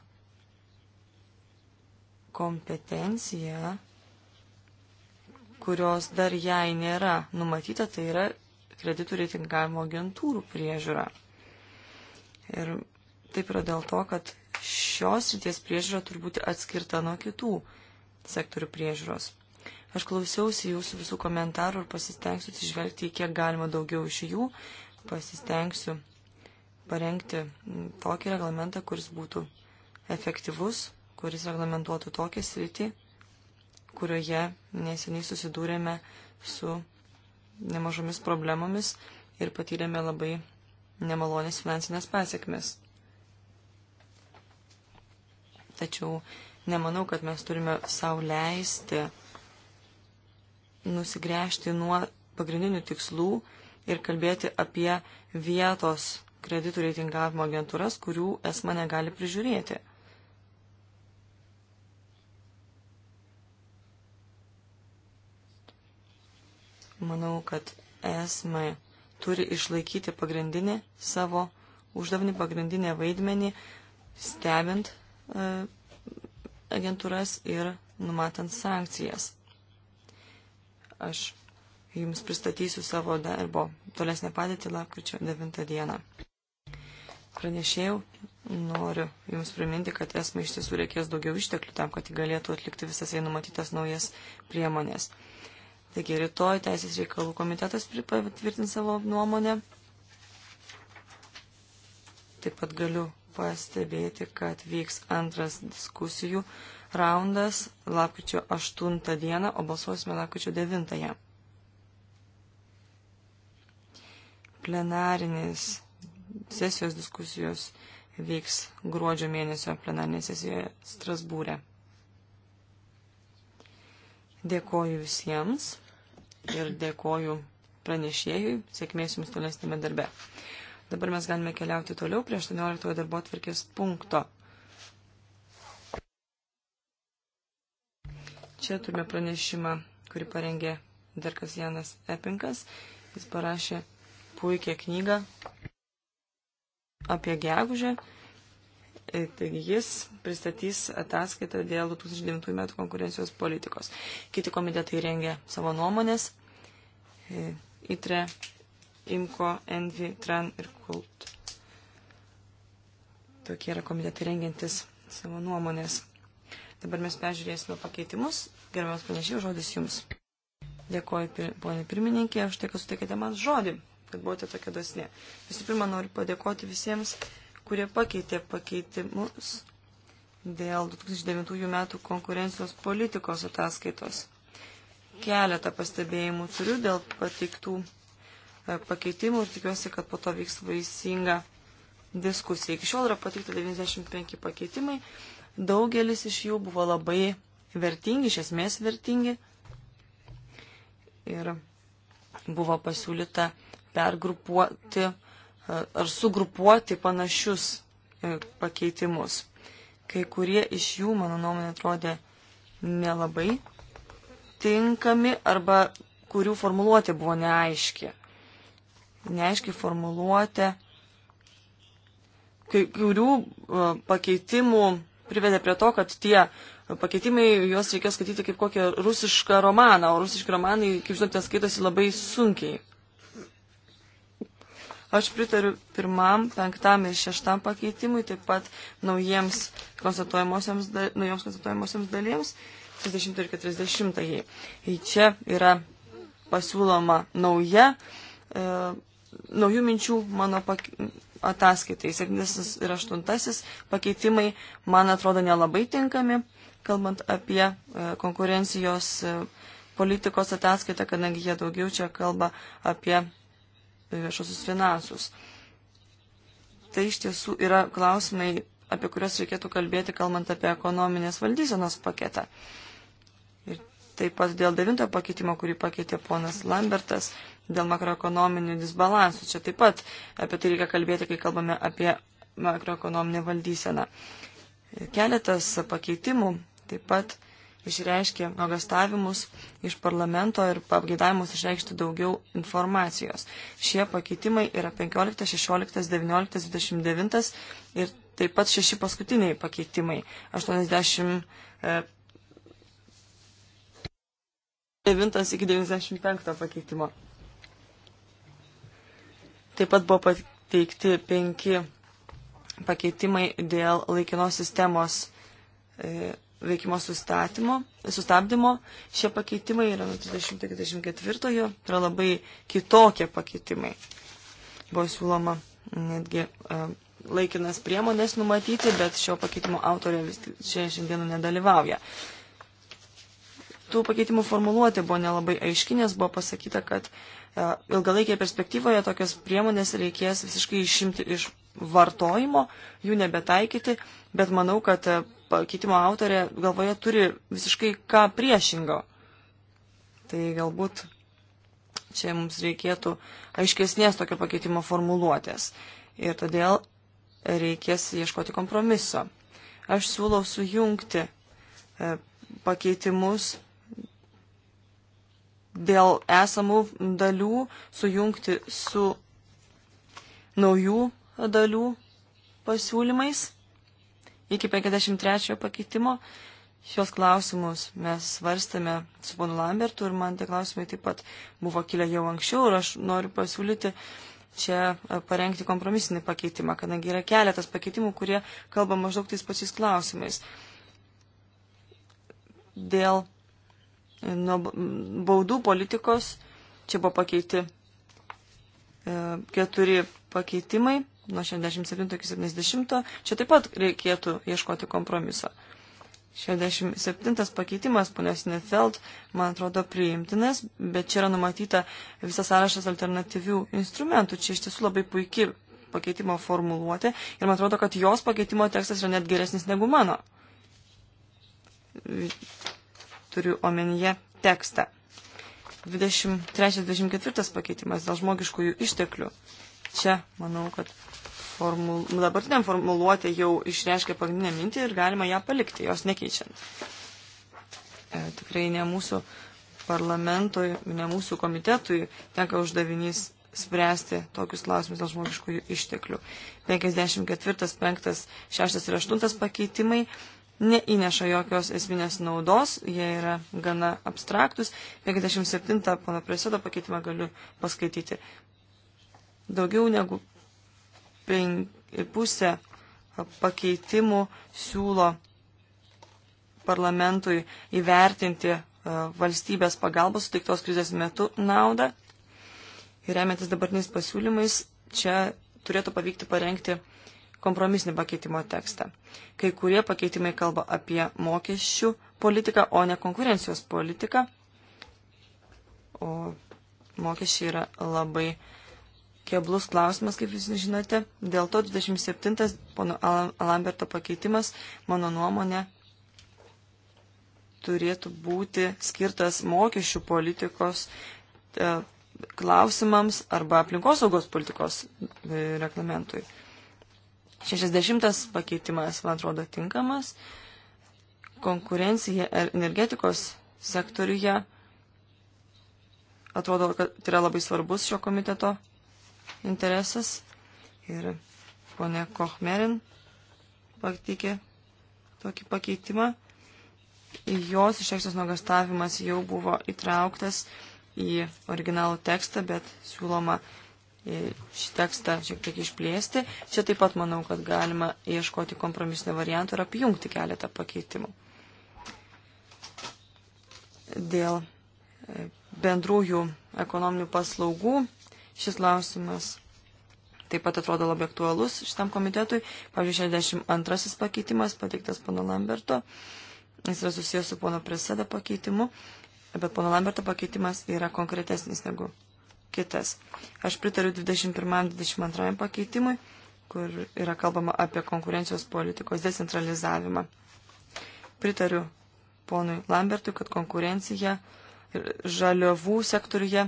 Speaker 3: kompetencija kurios dar jai nėra numatyta, tai yra kreditų reitingavimo agentūrų priežiūra. Ir taip yra dėl to, kad šios ryties priežiūra turi būti atskirta nuo kitų sektorių priežiūros. Aš klausiausi jūsų visų komentarų ir pasistengsiu atsižvelgti į kiek galima daugiau iš jų, pasistengsiu parengti tokį reglamentą, kuris būtų efektyvus, kuris reglamentuotų tokią sritį, kurioje neseniai susidūrėme su nemažomis problemomis ir patyrėme labai nemalonės finansinės pasiekmes. Tačiau nemanau, kad mes turime savo leisti nusigręžti nuo pagrindinių tikslų ir kalbėti apie vietos kreditų reitingavimo agentūras, kurių esma negali prižiūrėti. manau, kad esmai turi išlaikyti pagrindinį savo uždavinį, pagrindinę vaidmenį, stebint e, agentūras ir numatant sankcijas. Aš jums pristatysiu savo darbo tolesnę padėtį lapkričio 9 dieną. Pranešėjau, noriu Jums priminti, kad esmai iš tiesų reikės daugiau išteklių tam, kad galėtų atlikti visas jai numatytas naujas priemonės. Taigi rytoj Teisės reikalų komitetas patvirtins savo nuomonę. Taip pat galiu pastebėti, kad vyks antras diskusijų raundas lapkričio 8 dieną, o balsuosime lapkričio 9. -ąją. Plenarinės sesijos diskusijos vyks gruodžio mėnesio plenarinėje sesijoje Strasbūrė. Dėkoju visiems ir dėkoju pranešėjui. Sėkmės jums tolesnėme darbe. Dabar mes galime keliauti toliau prie 18 darbo atvirkės punkto. Čia turime pranešimą, kurį parengė Darkas Janas Epinkas. Jis parašė puikią knygą apie gegužę. E, taigi jis pristatys ataskaitą dėl 2009 metų konkurencijos politikos. Kiti komitetai rengia savo nuomonės. E, ITRE, IMCO, ENVI, TRAN ir KULT. Tokie yra komitetai rengiantis savo nuomonės. Dabar mes peržiūrėsime pakeitimus. Gerbiamas pranešėjau, žodis jums. Dėkoju, ponė pirmininkė, už tai, kad suteikėte man žodį, kad buvote tokia dosnė. Visų pirma, noriu padėkoti visiems, kurie pakeitė pakeitimus dėl 2009 metų konkurencijos politikos ataskaitos keletą pastebėjimų turiu dėl pateiktų e, pakeitimų ir tikiuosi, kad po to vyks vaisinga diskusija. Iki šiol yra pateikta 95 pakeitimai, daugelis iš jų buvo labai vertingi, iš esmės vertingi ir buvo pasiūlyta pergrupuoti e, ar sugrupuoti panašius e, pakeitimus. Kai kurie iš jų, mano nuomonė, atrodė nelabai tinkami arba kurių formuluotė buvo neaiški. Neaiški formuluotė, kurių e, pakeitimų privedė prie to, kad tie pakeitimai, juos reikės skaityti kaip kokią rusišką romaną, o rusiški romanai, kaip žinote, skaitosi labai sunkiai. Aš pritariu pirmam, penktam ir šeštam pakeitimui, taip pat naujiems konstatuojamosiams, naujoms konstatuojamosiams dalims. Uh, 30 ir 40. Tai čia yra pasiūloma nauja, e, naujų minčių mano pak, ataskaitai. 7 ir 8 pakeitimai man atrodo nelabai tinkami, kalbant apie e, konkurencijos e, politikos ataskaitą, kadangi jie daugiau čia kalba apie e, viešosius finansus. Tai iš tiesų yra klausimai, apie kuriuos reikėtų kalbėti, kalbant apie ekonominės valdysenos paketą. E, Taip pat dėl devinto pakeitimo, kurį pakeitė ponas Lambertas, dėl makroekonominių disbalansų. Čia taip pat apie tai reikia kalbėti, kai kalbame apie makroekonominę valdyseną. Keletas pakeitimų taip pat išreiškė nuogastavimus iš parlamento ir pageidavimus išreikšti daugiau informacijos. Šie pakeitimai yra 15, 16, 19, 29 ir taip pat šeši paskutiniai pakeitimai. 80. E, 9 iki 95 pakeitimo. Taip pat buvo pateikti penki pakeitimai dėl laikinos sistemos e, veikimo sustabdymo. Šie pakeitimai yra nuo 30-34, yra labai kitokie pakeitimai. Buvo siūloma netgi e, laikinas priemonės numatyti, bet šio pakeitimo autorė vis čia šiandieną nedalyvauja. E, tų pakeitimų formuluotė buvo nelabai aiški, nes buvo pasakyta, kad e, ilgalaikėje perspektyvoje tokias priemonės reikės visiškai išimti iš vartojimo, jų nebetaikyti, bet manau, kad e, pakeitimo autorė galvoje turi visiškai ką priešingo. Tai galbūt čia mums reikėtų aiškesnės tokio pakeitimo formuluotės. Ir todėl reikės ieškoti kompromiso. Aš siūlau sujungti e, pakeitimus dėl esamų dalių sujungti su naujų dalių pasiūlymais iki 53 pakeitimo. Šios klausimus mes svarstėme su ponu Lambertu ir man tie klausimai taip pat buvo kilę jau anksčiau ir aš noriu pasiūlyti čia e, parengti kompromisinį pakeitimą, kadangi yra keletas pakeitimų, kurie kalba maždaug tais pačiais klausimais. Dėl nuo baudų politikos čia buvo pakeiti e, keturi pakeitimai nuo 67 iki 70. Čia taip pat reikėtų ieškoti kompromiso. 67 pakeitimas, ponios Nefeld, man atrodo priimtinas, bet čia yra numatyta visas sąrašas alternatyvių instrumentų. Čia iš tiesų labai puikiai pakeitimo formuluoti ir man atrodo, kad jos pakeitimo tekstas yra net geresnis negu mano turiu omenyje tekstą. 23-24 pakeitimas dėl žmogiškųjų išteklių. Čia manau, kad formul... dabartiniam formuluotė jau išreiškia pagrindinę mintį ir galima ją palikti, jos nekeičiant. E, tikrai ne mūsų parlamentoj, ne mūsų komitetui tenka uždavinys spręsti tokius klausimus dėl žmogiškųjų išteklių. 54, 5, 6 ir 8 pakeitimai neįneša jokios esminės naudos, jie yra gana abstraktus. 57 pono presėdo pakeitimą galiu paskaityti. Daugiau negu penk, pusė pakeitimų siūlo parlamentui įvertinti e, valstybės pagalbos suteiktos krizės metu naudą. Ir remiantis dabartiniais pasiūlymais, čia turėtų pavykti parengti uh, kompromisinį pakeitimo tekstą. Kai kurie pakeitimai kalba apie mokesčių politiką, o ne konkurencijos politiką. O mokesčiai yra labai keblus klausimas, kaip jūs žinote. Dėl to 27 pono Lamberto pakeitimas, mano nuomonė, turėtų būti skirtas mokesčių politikos e, klausimams arba aplinkosaugos politikos e, reglamentui. 60 pakeitimas, man atrodo, tinkamas. Konkurencija er- energetikos sektoriuje atrodo, kad tai yra labai svarbus šio komiteto interesas. Ir ponė Kochmerin patikė tokį pakeitimą. Jos išreikštas nuogastavimas jau buvo įtrauktas į originalų tekstą, bet siūloma šį tekstą šiek tiek išplėsti. Čia taip pat manau, kad galima ieškoti kompromisinio varianto ir apjungti keletą pakeitimų. Dėl e, bendrųjų ekonominių paslaugų šis klausimas taip pat atrodo labai aktualus šitam komitetui. Pavyzdžiui, 62 pakeitimas pateiktas pono Lamberto. Jis yra susijęs su pono Preseda pakeitimu, bet pono Lamberto pakeitimas yra konkretesnis negu kitas. Aš pritariu 21-22 pakeitimui, kur yra kalbama apie konkurencijos politikos decentralizavimą. Pritariu ponui Lambertui, kad konkurencija žaliovų sektoriuje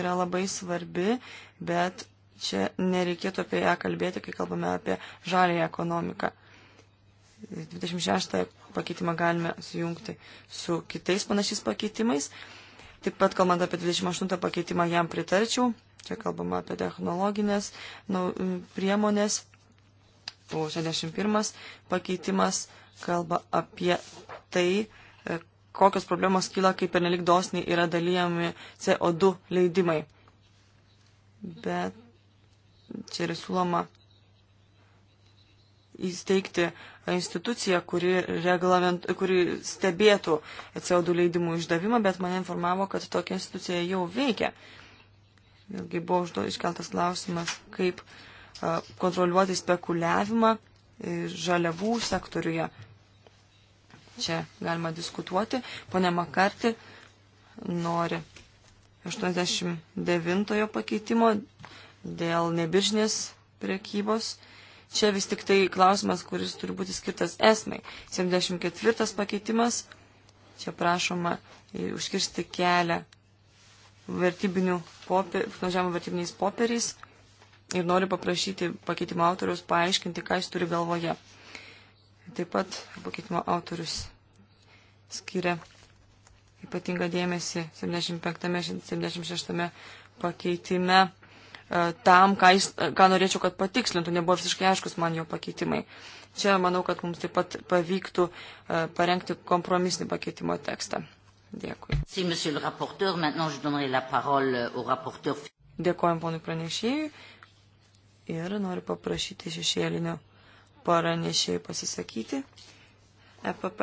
Speaker 3: yra labai svarbi, bet čia nereikėtų apie ją kalbėti, kai kalbame apie žalėją ekonomiką. 26 pakeitimą galime sujungti su kitais panašiais pakeitimais Taip pat, kalbant apie 28 pakeitimą, jam pritarčiau. Čia kalbama apie technologinės nau, priemonės. O 61 pakeitimas kalba apie tai, e, kokios problemos kyla, kai pernelik dosniai yra dalyjami CO2 leidimai. Bet čia yra siūloma įsteigti instituciją, kuri, reglament, kuri stebėtų CO2 leidimų išdavimą, bet mane informavo, kad tokia institucija jau veikia. Vėlgi buvo užduo, iškeltas klausimas, kaip a, kontroliuoti spekuliavimą žaliavų sektoriuje. Čia galima diskutuoti. Pone Makarti nori 89 pakeitimo dėl nebiržinės priekybos Čia vis tik tai klausimas, kuris turi būti skirtas esmai. 74 pakeitimas. Čia prašoma e, užkirsti kelią vertybinių popier, vertybiniais popieriais ir noriu paprašyti pakeitimo autorius paaiškinti, ką jis turi galvoje. Taip pat pakeitimo autorius skiria ypatingą dėmesį 75-76 pakeitime E, tam, ką, jis, e, ką norėčiau, kad patikslintų, nebuvo visiškai aiškus man jo pakeitimai. Čia manau, kad mums taip pat pavyktų e, parengti kompromisinį pakeitimo tekstą. Dėkui. Euh, Dėkojom ponui pranešėjui ir noriu paprašyti šešėlinio pranešėjų pasisakyti. EPP.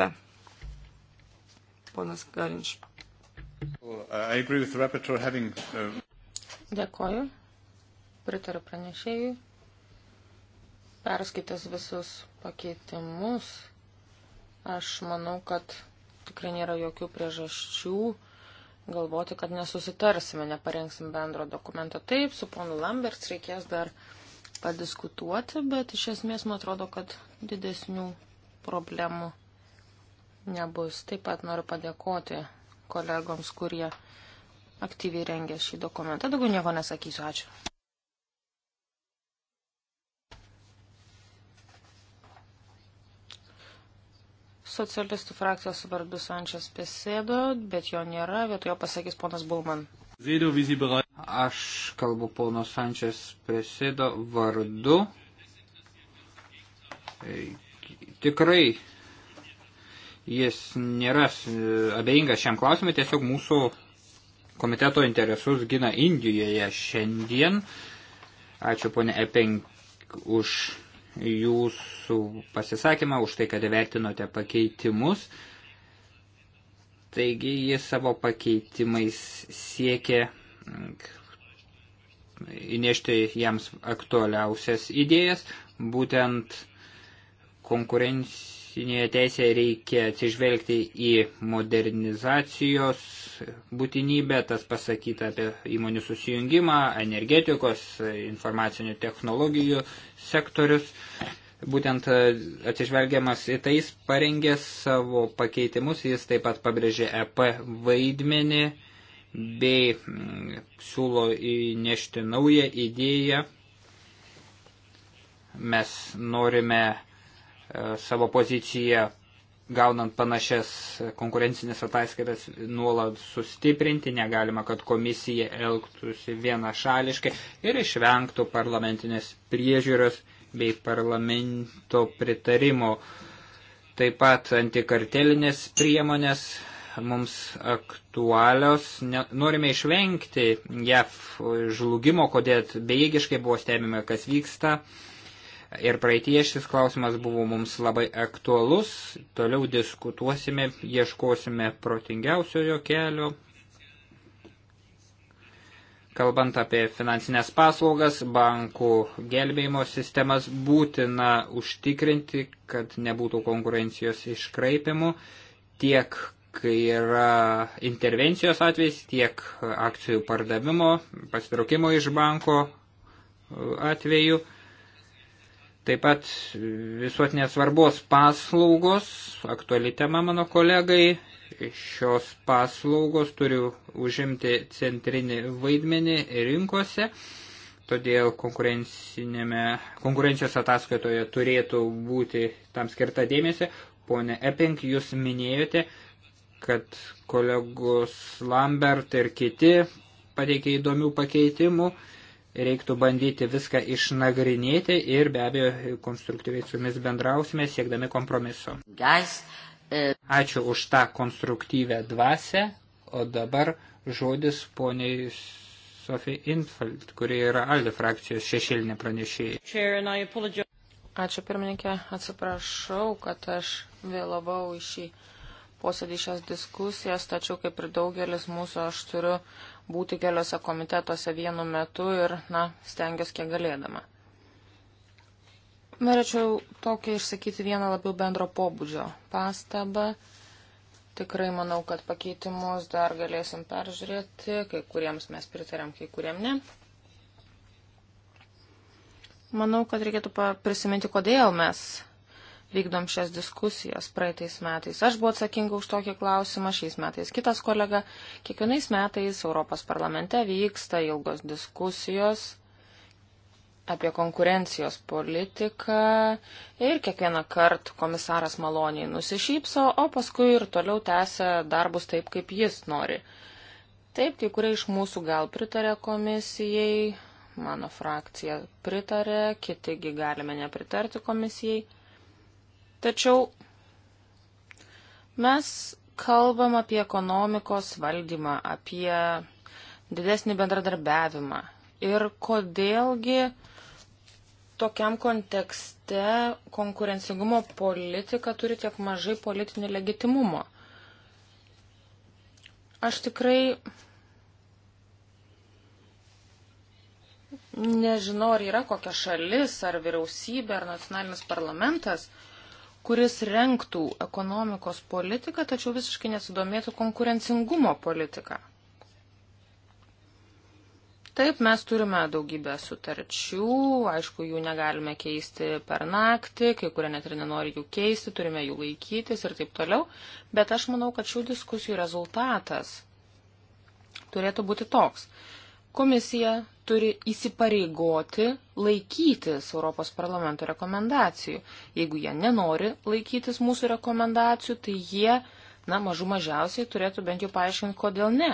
Speaker 3: Ponas Garinš. Uh, Dėkoju
Speaker 1: pritariu pranešėjui, perskaitęs visus pakeitimus, aš manau, kad tikrai nėra jokių priežasčių galvoti, kad nesusitarsime, neparengsim bendro dokumento. Taip, su ponu Lamberts reikės dar padiskutuoti, bet iš esmės man atrodo, kad didesnių problemų nebus. Taip pat noriu padėkoti kolegoms, kurie aktyviai rengė šį dokumentą. Daugiau nieko nesakysiu. Ačiū. Socialistų frakcijos vardu Sančias Pesėdo, bet jo nėra, vietojo pasakys ponas Bulman.
Speaker 2: Aš kalbu pono Sančias Pesėdo vardu. E, tikrai jis nėra abejingas šiam klausimui, tiesiog mūsų komiteto interesus gina Indijoje šiandien. Ačiū ponė Epink už jūsų pasisakymą, už tai, kad vertinote pakeitimus. Taigi jis savo pakeitimais siekė mm, įnešti jiems aktualiausias idėjas, būtent konkurencija tarptautinėje teisėje reikia atsižvelgti į modernizacijos būtinybę, tas pasakyta apie įmonių susijungimą, energetikos, informacinių technologijų sektorius. Būtent e, atsižvelgiamas į tais parengė savo pakeitimus, jis taip pat pabrėžė EP vaidmenį bei mm, siūlo įnešti naują idėją. Mes norime E, savo poziciją, gaunant panašias konkurencinės ataskaitas nuolat sustiprinti, negalima, kad komisija elgtųsi vienašališkai ir išvengtų parlamentinės priežiūros bei parlamento pritarimo. Taip pat antikartelinės priemonės mums aktualios. Ne, norime išvengti JAV žlugimo, kodėl bejėgiškai buvo stebime, kas vyksta. Uh, Ir praeitie šis klausimas buvo mums labai aktualus, toliau diskutuosime, ieškosime protingiausiojo kelio. Kalbant apie finansinės paslaugas, bankų gelbėjimo sistemas būtina užtikrinti, kad nebūtų konkurencijos iškraipimų tiek kai yra intervencijos atvejs, tiek akcijų pardavimo, pasitraukimo iš banko e, atveju. Taip pat visuotinės svarbos paslaugos, aktuali tema mano kolegai, šios paslaugos turi užimti centrinį vaidmenį rinkose, todėl konkurencijos ataskaitoje turėtų būti tam skirta dėmesį. Pone Epink, jūs minėjote, kad kolegos Lambert ir kiti pateikė įdomių pakeitimų reiktų bandyti viską išnagrinėti ir be abejo konstruktyviai su jumis bendrausime, siekdami kompromiso. E, Ačiū už tą konstruktyvę dvasę, o dabar žodis poniai Sofija Infeld, kuri yra Aldi frakcijos šešėlinė
Speaker 1: pranešėja. Ačiū pirmininkė, atsiprašau, kad aš vėlavau į šį. Iš posėdį šias diskusijas, tačiau kaip ir daugelis mūsų aš turiu būti keliose komitetuose vienu metu ir, na, stengiuosi kiek galėdama. Norėčiau tokia išsakyti vieną labiau bendro pobūdžio pastabą. Tikrai manau, kad pakeitimus dar galėsim peržiūrėti, kai kuriems mes pritarėm, kai kuriem ne. Manau, kad reikėtų prisiminti, kodėl mes vykdom šias diskusijas praeitais metais. Aš buvau atsakinga už tokį klausimą, šiais metais kitas kolega. Kiekvienais metais Europos parlamente vyksta ilgos diskusijos apie konkurencijos politiką ir kiekvieną kartą komisaras maloniai nusišypso, o paskui ir toliau tęsia darbus taip, kaip jis nori. Taip, kai kurie iš mūsų gal pritarė komisijai, mano frakcija pritarė, kitigi galime nepritarti komisijai. Tačiau mes kalbam apie ekonomikos valdymą, apie didesnį bendradarbiavimą. Ir kodėlgi tokiam kontekste konkurencingumo politika turi tiek mažai politinį legitimumo. Aš tikrai nežinau, ar yra kokia šalis, ar vyriausybė, ar nacionalinis parlamentas, kuris renktų ekonomikos politiką, tačiau visiškai nesidomėtų konkurencingumo politiką. Taip, mes turime daugybę sutarčių, aišku, jų negalime keisti per naktį, kai kurie net ir nenori jų keisti, turime jų laikytis ir taip toliau, bet aš manau, kad šių diskusijų rezultatas turėtų būti toks. Komisija turi įsipareigoti laikytis Europos parlamento rekomendacijų. Jeigu jie nenori laikytis mūsų rekomendacijų, tai jie, na, mažų mažiausiai turėtų bent jau paaiškinti, kodėl ne.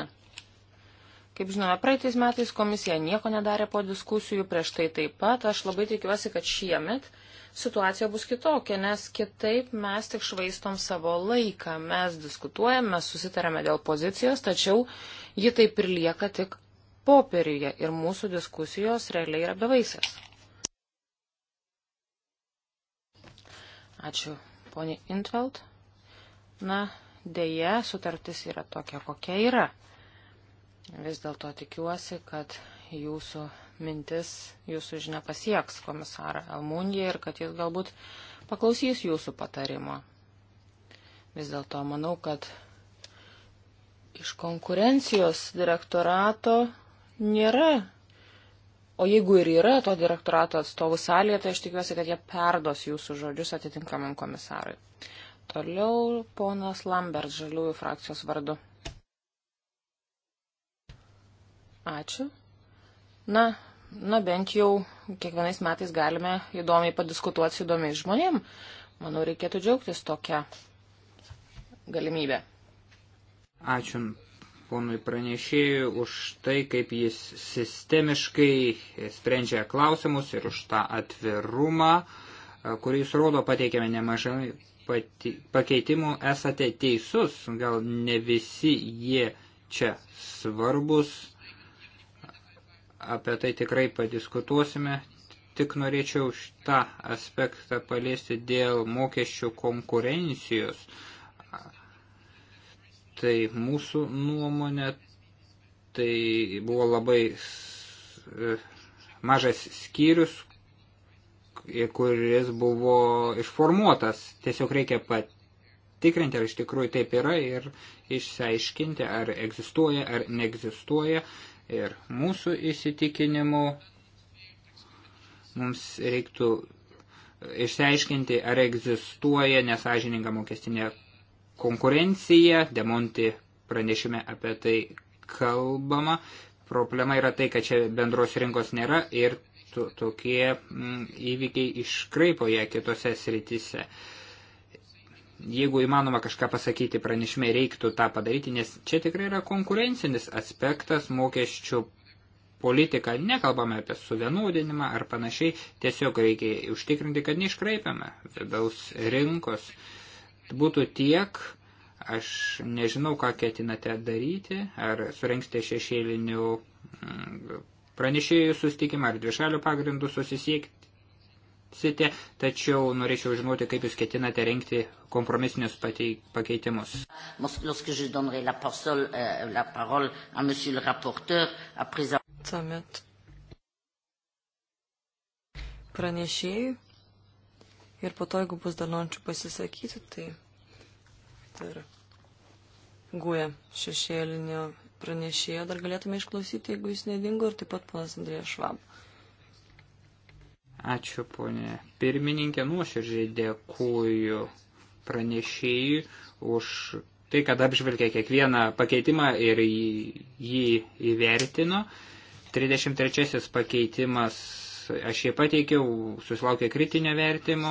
Speaker 1: Kaip žinome, praeitais metais komisija nieko nedarė po diskusijų, prieš tai taip pat. Aš labai tikiuosi, kad šiemet situacija bus kitokia, nes kitaip mes tik švaistom savo laiką. Mes diskutuojam, mes susitarėme dėl pozicijos, tačiau ji taip ir lieka tik popieriuje ir mūsų diskusijos realiai yra bevaisės. Ačiū, poni Intveld. Na, dėje, sutartis yra tokia, kokia yra. Vis dėlto tikiuosi, kad jūsų mintis, jūsų žinia pasieks komisarą Almuniją ir kad jis galbūt paklausys jūsų patarimo. Vis dėlto manau, kad iš konkurencijos direktorato nėra. O jeigu ir yra to direktorato atstovų salėje, tai aš tikiuosi, kad jie perdos jūsų žodžius atitinkamam komisarui. Toliau ponas Lambert žaliųjų frakcijos vardu. Ačiū. Na, na bent jau kiekvienais metais galime įdomiai padiskutuoti su įdomiais žmonėm. Manau, reikėtų džiaugtis tokią
Speaker 2: galimybę. Ačiū ponui pranešėjui už tai, kaip jis sistemiškai sprendžia klausimus ir už tą atvirumą, e, kurį jis rodo, pateikėme nemažai pati, pakeitimų. Esate teisus, gal ne visi jie čia svarbus. Apie tai tikrai padiskutuosime. Tik norėčiau šitą aspektą paliesti dėl mokesčių konkurencijos. Uh, Tai mūsų nuomonė tai buvo labai e, mažas skyrius, kuris buvo išformuotas. Tiesiog reikia patikrinti, ar iš tikrųjų taip yra ir išsiaiškinti, ar egzistuoja, ar neegzistuoja. Ir mūsų įsitikinimu mums reiktų išsiaiškinti, ar egzistuoja nesažininga mokestinė konkurencija, Demonti pranešime apie tai kalbama. Problema yra tai, kad čia bendros rinkos nėra ir to, tokie m, mm, įvykiai iškraipo ją kitose sritise. Jeigu įmanoma kažką pasakyti pranešime, reiktų tą padaryti, nes čia tikrai yra konkurencinis aspektas mokesčių politika. Nekalbame apie suvienodinimą ar panašiai, tiesiog reikia užtikrinti, kad neiškraipiame vidaus rinkos. Uh, būtų tiek, aš nežinau, ką ketinate daryti, ar surenksite šešėlinių mm, pranešėjų sustikimą, ar dvišalių pagrindų susisiekti, tačiau norėčiau žinoti, kaip jūs ketinate renkti kompromisinius pakeitimus.
Speaker 1: Euh,
Speaker 3: Tuomet pranešėjų Ir po to, jeigu bus dar norinčių pasisakyti, tai dar guė šešėlinio pranešėjo dar galėtume išklausyti, jeigu jis nedingo, ir taip pat ponas Andrėjas Švab.
Speaker 2: Ačiū, ponė. Pirmininkė, nuoširdžiai dėkuoju pranešėjui už tai, kad apžvelgė kiekvieną pakeitimą ir jį įvertino. 33 pakeitimas Aš jį pateikiau, susilaukė kritinio vertimo,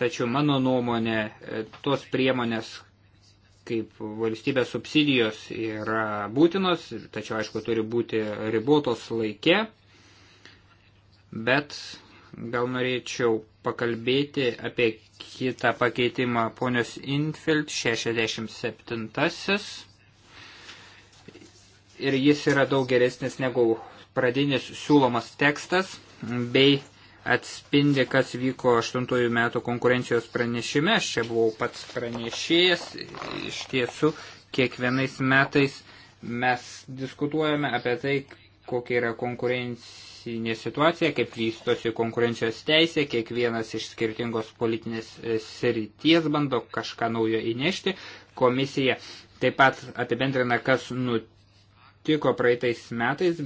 Speaker 2: tačiau mano nuomonė, e, tos priemonės kaip valstybės subsidijos yra būtinos, tačiau aišku turi būti ribotos laike, bet gal norėčiau pakalbėti apie kitą pakeitimą ponios Infeld 67. Ir jis yra daug geresnis negu pradinis siūlomas tekstas bei atspindi, kas vyko 8 metų konkurencijos pranešime. Aš čia buvau pats pranešėjas. Iš tiesų, kiekvienais metais mes diskutuojame apie tai, kokia yra konkurencinė situacija, kaip vystosi konkurencijos teisė, kiekvienas iš skirtingos politinės e, srities bando kažką naujo įnešti. Komisija taip pat apibendrina, kas nutinka nutiko praeitais metais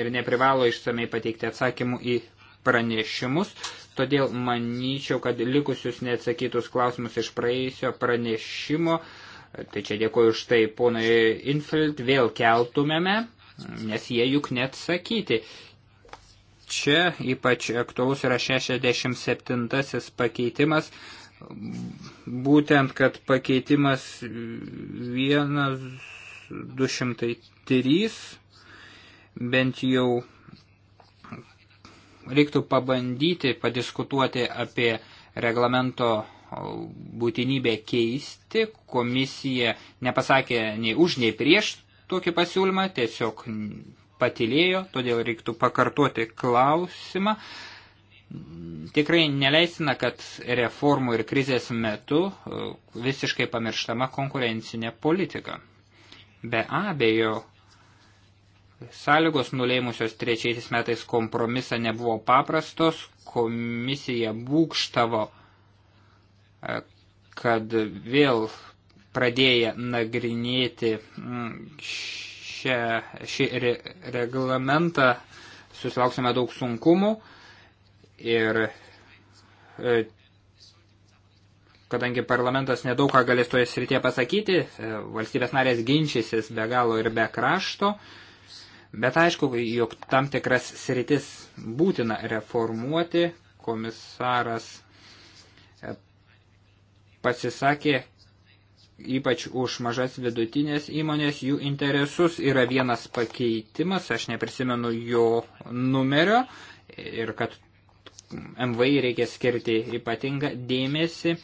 Speaker 2: ir neprivalo išsamei pateikti atsakymų į pranešimus, todėl manyčiau, kad likusius neatsakytus klausimus iš praėjusio pranešimo, tai čia dėkuoju už tai ponui Infield, vėl keltumėme, nes jie juk neatsakyti. Čia ypač aktualus yra 67 pakeitimas, būtent, kad pakeitimas vienas 203, bent jau reiktų pabandyti padiskutuoti apie reglamento būtinybę keisti. Komisija nepasakė nei už, nei prieš tokį pasiūlymą, tiesiog patilėjo, todėl reiktų pakartoti klausimą. Tikrai neleisina, kad reformų ir krizės metu e, visiškai pamirštama konkurencinė politika. Be abejo, sąlygos nulėmusios trečiaisiais metais kompromisą nebuvo paprastos, komisija būkštavo, e, kad vėl pradėję nagrinėti mm, šią, šį re, reglamentą susilauksime daug sunkumų ir e, kadangi parlamentas nedaug ką galės toje srityje pasakyti, e, valstybės narės ginčysis be galo ir be krašto, bet aišku, jog tam tikras sritis būtina reformuoti, komisaras e, pasisakė ypač už mažas vidutinės įmonės, jų interesus yra vienas pakeitimas, aš neprisimenu jo numerio ir kad MVI reikia skirti ypatingą dėmesį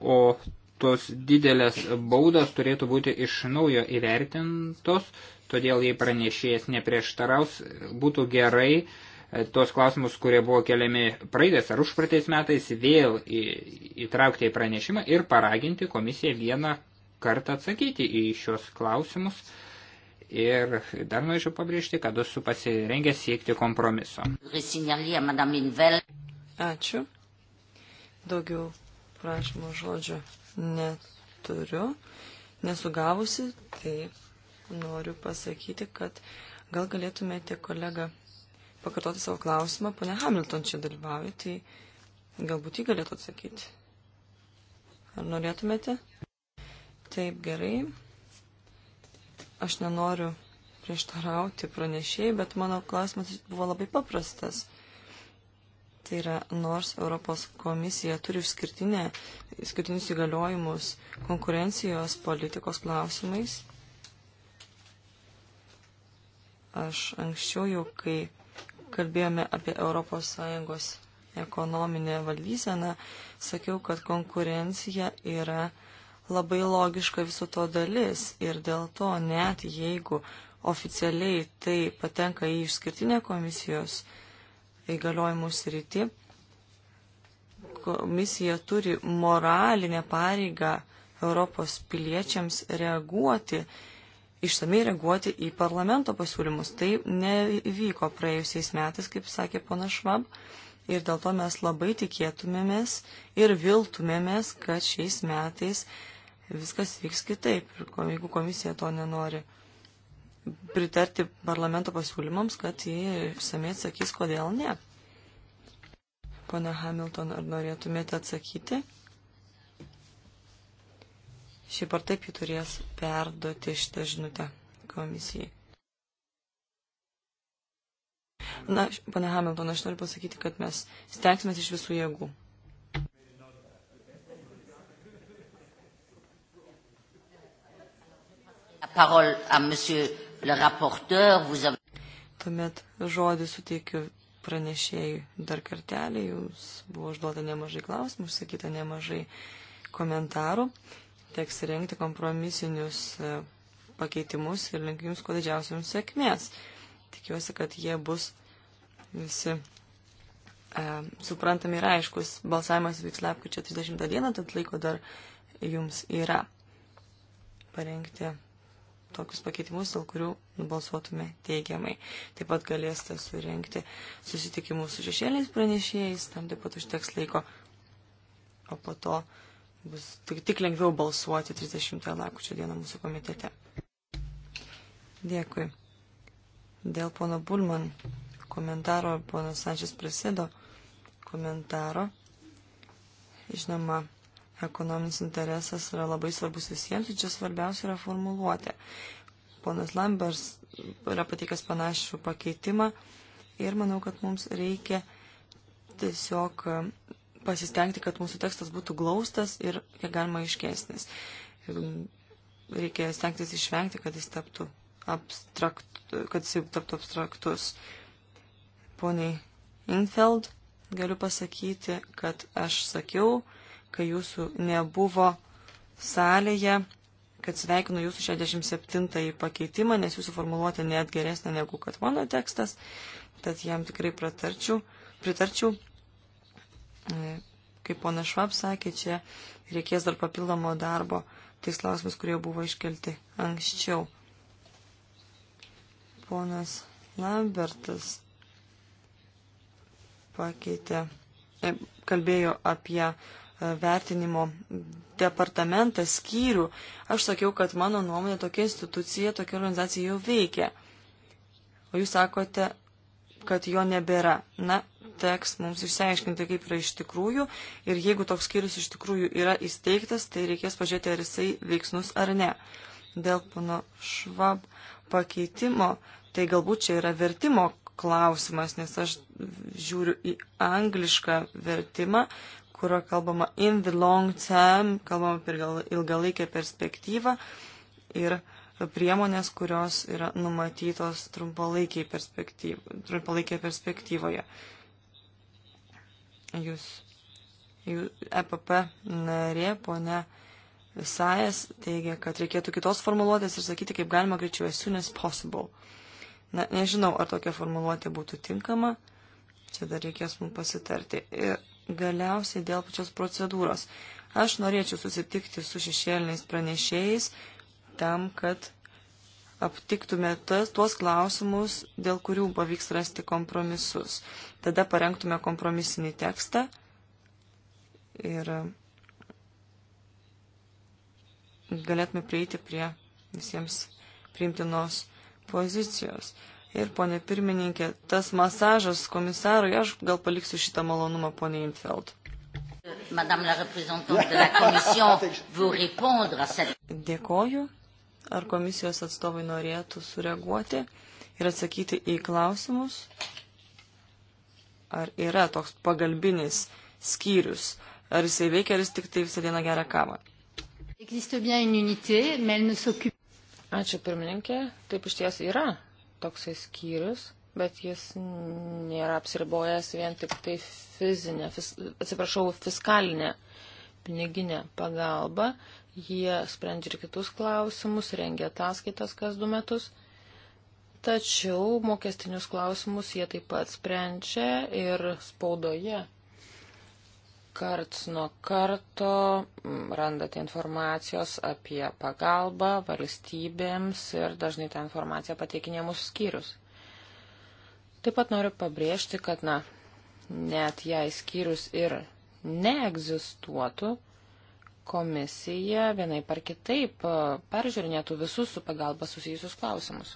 Speaker 2: o tos didelės baudos turėtų būti iš naujo įvertintos, todėl jei pranešėjas neprieštaraus, būtų gerai e, tuos klausimus, kurie buvo keliami praeidės ar užpraeitais metais, vėl įtraukti į pranešimą ir paraginti komisiją vieną kartą atsakyti į šios klausimus. Ir dar norėčiau pabrėžti, kad esu pasirengęs siekti kompromiso.
Speaker 3: Ačiū. Daugiau prašymo žodžio neturiu, nesugavusi, tai noriu pasakyti, kad gal galėtumėte kolega pakartoti savo klausimą. Pone Hamilton čia dalyvauja, tai galbūt jį galėtų atsakyti. Ar norėtumėte? Taip gerai. Aš nenoriu prieštarauti pranešėjai, bet mano klausimas buvo labai paprastas. Tai yra, nors Europos komisija turi išskirtinius įgaliojimus konkurencijos politikos klausimais, aš anksčiau jau, kai kalbėjome apie ES ekonominę valdyseną, sakiau, kad konkurencija yra labai logiška viso to dalis ir dėl to net jeigu oficialiai tai patenka į išskirtinę komisijos įgaliojimų srity, komisija turi moralinę pareigą Europos piliečiams reaguoti, išsamei reaguoti į parlamento pasiūlymus. Tai nevyko praėjusiais metais, kaip sakė pana Švab, ir dėl to mes labai tikėtumėmės ir viltumėmės, kad šiais metais viskas vyks kitaip, jeigu komisija to nenori pritarti parlamento pasiūlymams, kad jį išsamei atsakys, kodėl ne. Pone Hamilton, ar norėtumėte atsakyti? Šiaip ar taip jį turės perduoti šitą žinutę komisijai. Na, pane Hamilton, aš noriu pasakyti, kad mes stengsime iš visų jėgų. parole à Monsieur le rapporteur, vous avez. Tuomet žodį suteikiu pranešėjai dar kartelį, jūs buvo užduota nemažai klausimų, užsakyta nemažai komentarų, teks rengti kompromisinius e, pakeitimus ir linkiu jums kuo didžiausiams sėkmės. Tikiuosi, kad jie bus visi e, suprantami ir aiškus. Balsavimas vyks lapkričio 30 dieną, tad laiko dar jums yra parengti tokius pakeitimus, dėl kurių balsuotume teigiamai. Taip pat galėsite surenkti susitikimus su šešėliais pranešėjais, tam taip pat užteks laiko, o po to bus tik, tik lengviau balsuoti 30 lakučio dieną mūsų komitete. Dėkui. Dėl pono Bulman komentaro, pono Sančias Prasėdo komentaro, žinoma, ekonominis interesas yra labai svarbus visiems ir čia svarbiausia yra formuluoti. Ponas Lambers yra pateikęs panašų pakeitimą ir manau, kad mums reikia tiesiog e, pasistengti, kad mūsų tekstas būtų glaustas ir kiek galima iškesnis. Reikia stengtis išvengti, kad jis taptų, abstrakt, kad jis taptų abstraktus. Poniai Infeld galiu pasakyti, kad aš sakiau, kai jūsų nebuvo salėje, kad sveikinu jūsų 67-ąjį pakeitimą, nes jūsų formuluotė net geresnė negu kad mano tekstas, tad jam tikrai pritarčiau. pritarčiau. E, kaip pona Švab sakė, čia reikės dar papildomo darbo tais klausimais, kurie buvo iškelti anksčiau. Ponas Lambertas pakeitė, e, kalbėjo apie vertinimo departamentą, skyrių, aš sakiau, kad mano nuomonė tokia institucija, tokia organizacija jau veikia. O jūs sakote, kad jo nebėra. Na, teks mums išsiaiškinti, kaip yra iš tikrųjų. Ir jeigu toks skyrius iš tikrųjų yra įsteigtas, tai reikės pažiūrėti, ar jisai veiksnus ar ne. Dėl pono Švab pakeitimo, tai galbūt čia yra vertimo klausimas, nes aš žiūriu į anglišką vertimą, kurio kalbama in the long term, kalbama per ilgalaikę perspektyvą ir priemonės, kurios yra numatytos trumpalaikėje perspektyvo, trumpalaikė perspektyvoje. Jūs, jūs EPP narė, ponia Sajas, teigia, kad reikėtų kitos formuluotės ir sakyti, kaip galima greičiau as soon as possible. Na, nežinau, ar tokia formuluotė būtų tinkama, čia dar reikės mums pasitarti. Ir Galiausiai dėl pačios procedūros. Aš norėčiau susitikti su šešėliniais pranešėjais tam, kad aptiktume tas, tuos klausimus, dėl kurių pavyks rasti kompromisus. Tada parengtume kompromisinį tekstą ir galėtume prieiti prie visiems priimtinos pozicijos. Ir, ponė pirmininkė, tas masažas komisarui, aš gal paliksiu šitą malonumą, ponė Infeld. Dėkoju. Ar komisijos atstovai norėtų sureaguoti ir atsakyti į klausimus? Ar yra toks pagalbinis skyrius? Ar jisai veikia, ar jis tik tai visą dieną gerą kavą?
Speaker 1: Ačiū pirmininkė, taip iš ties yra toksai skyrius, bet jis nėra apsiribojęs vien tik tai fizinė, fis, atsiprašau, fiskalinė piniginė pagalba. Jie sprendžia ir kitus klausimus, rengia ataskaitas kas du metus. Tačiau mokestinius klausimus jie taip pat sprendžia ir spaudoje karts nuo karto mm, randate informacijos apie pagalbą valstybėms ir dažnai tą informaciją pateikinė mūsų skyrius. Taip pat noriu pabrėžti, kad, na, net jei skyrius ir neegzistuotų, komisija vienai par kitaip e, peržiūrinėtų visus su pagalba susijusius klausimus.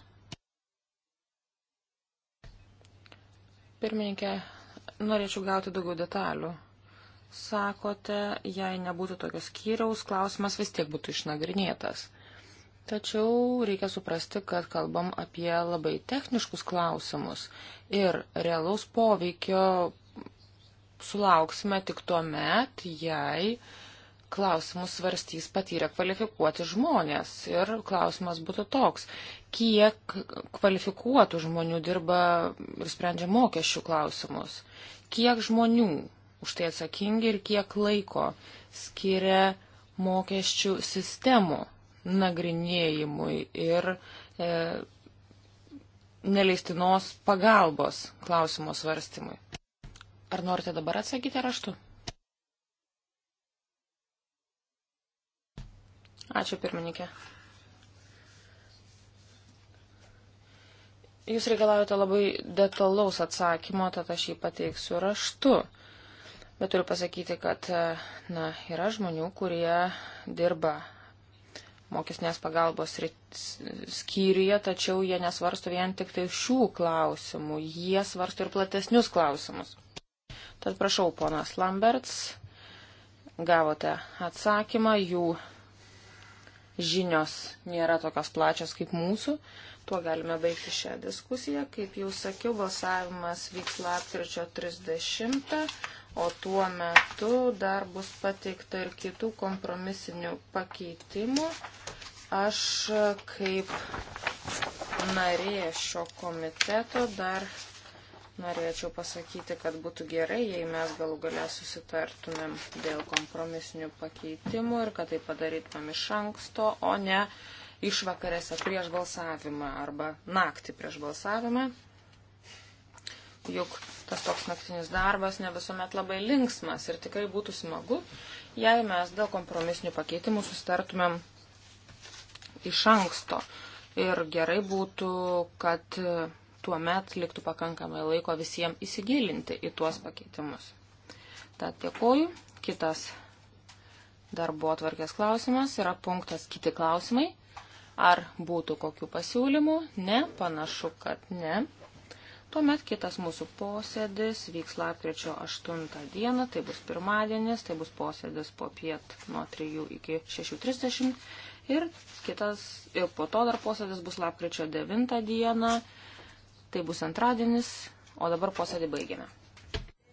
Speaker 1: Pirmininkė, norėčiau gauti daugiau detalių sakote, jei nebūtų tokios skyriaus, klausimas vis tiek būtų išnagrinėtas. Tačiau reikia suprasti, kad kalbam apie labai techniškus klausimus ir realaus poveikio sulauksime tik tuo met, jei klausimus svarstys patyrę kvalifikuoti žmonės. Ir klausimas būtų toks, kiek kvalifikuotų žmonių dirba ir sprendžia mokesčių klausimus, kiek žmonių už tai atsakingi ir kiek laiko skiria mokesčių sistemų nagrinėjimui ir e, neleistinos pagalbos klausimo svarstymui. Ar norite dabar atsakyti raštu? Ačiū pirmininkė. Jūs reikalaujate labai detalaus atsakymo, tad aš jį pateiksiu raštu. Bet turiu pasakyti, kad na, yra žmonių, kurie dirba mokesnės pagalbos skyriuje, tačiau jie nesvarsto vien tik tai šių klausimų, jie svarsto ir platesnius klausimus. Tad prašau, ponas Lamberts, gavote atsakymą, jų žinios nėra tokios plačios kaip mūsų. Tuo galime baigti šią diskusiją. Kaip jau sakiau, balsavimas vyks lapkričio 30 o tuo metu dar bus pateikta ir kitų kompromisinių pakeitimų. Aš kaip narė šio komiteto dar norėčiau pasakyti, kad būtų gerai, jei mes galų galę susitartumėm dėl kompromisinių pakeitimų ir kad tai padarytumėm iš anksto, o ne išvakarėse prieš balsavimą arba naktį prieš balsavimą juk tas toks naktinis darbas ne visuomet labai linksmas ir tikrai būtų smagu, jei mes dėl kompromisinių pakeitimų sustartumėm iš anksto. Ir gerai būtų, kad tuo met liktų pakankamai laiko visiems įsigilinti į tuos pakeitimus. Tad dėkoju. Kitas darbo atvarkės klausimas yra punktas kiti klausimai. Ar būtų kokių pasiūlymų? Ne, panašu, kad ne. Tuomet kitas mūsų posėdis vyks lapkričio 8 dieną, tai bus pirmadienis, tai bus posėdis po piet nuo 3 iki 6.30 ir kitas, ir po to dar posėdis bus lapkričio 9 dieną, tai bus antradienis, o dabar posėdį baigėme.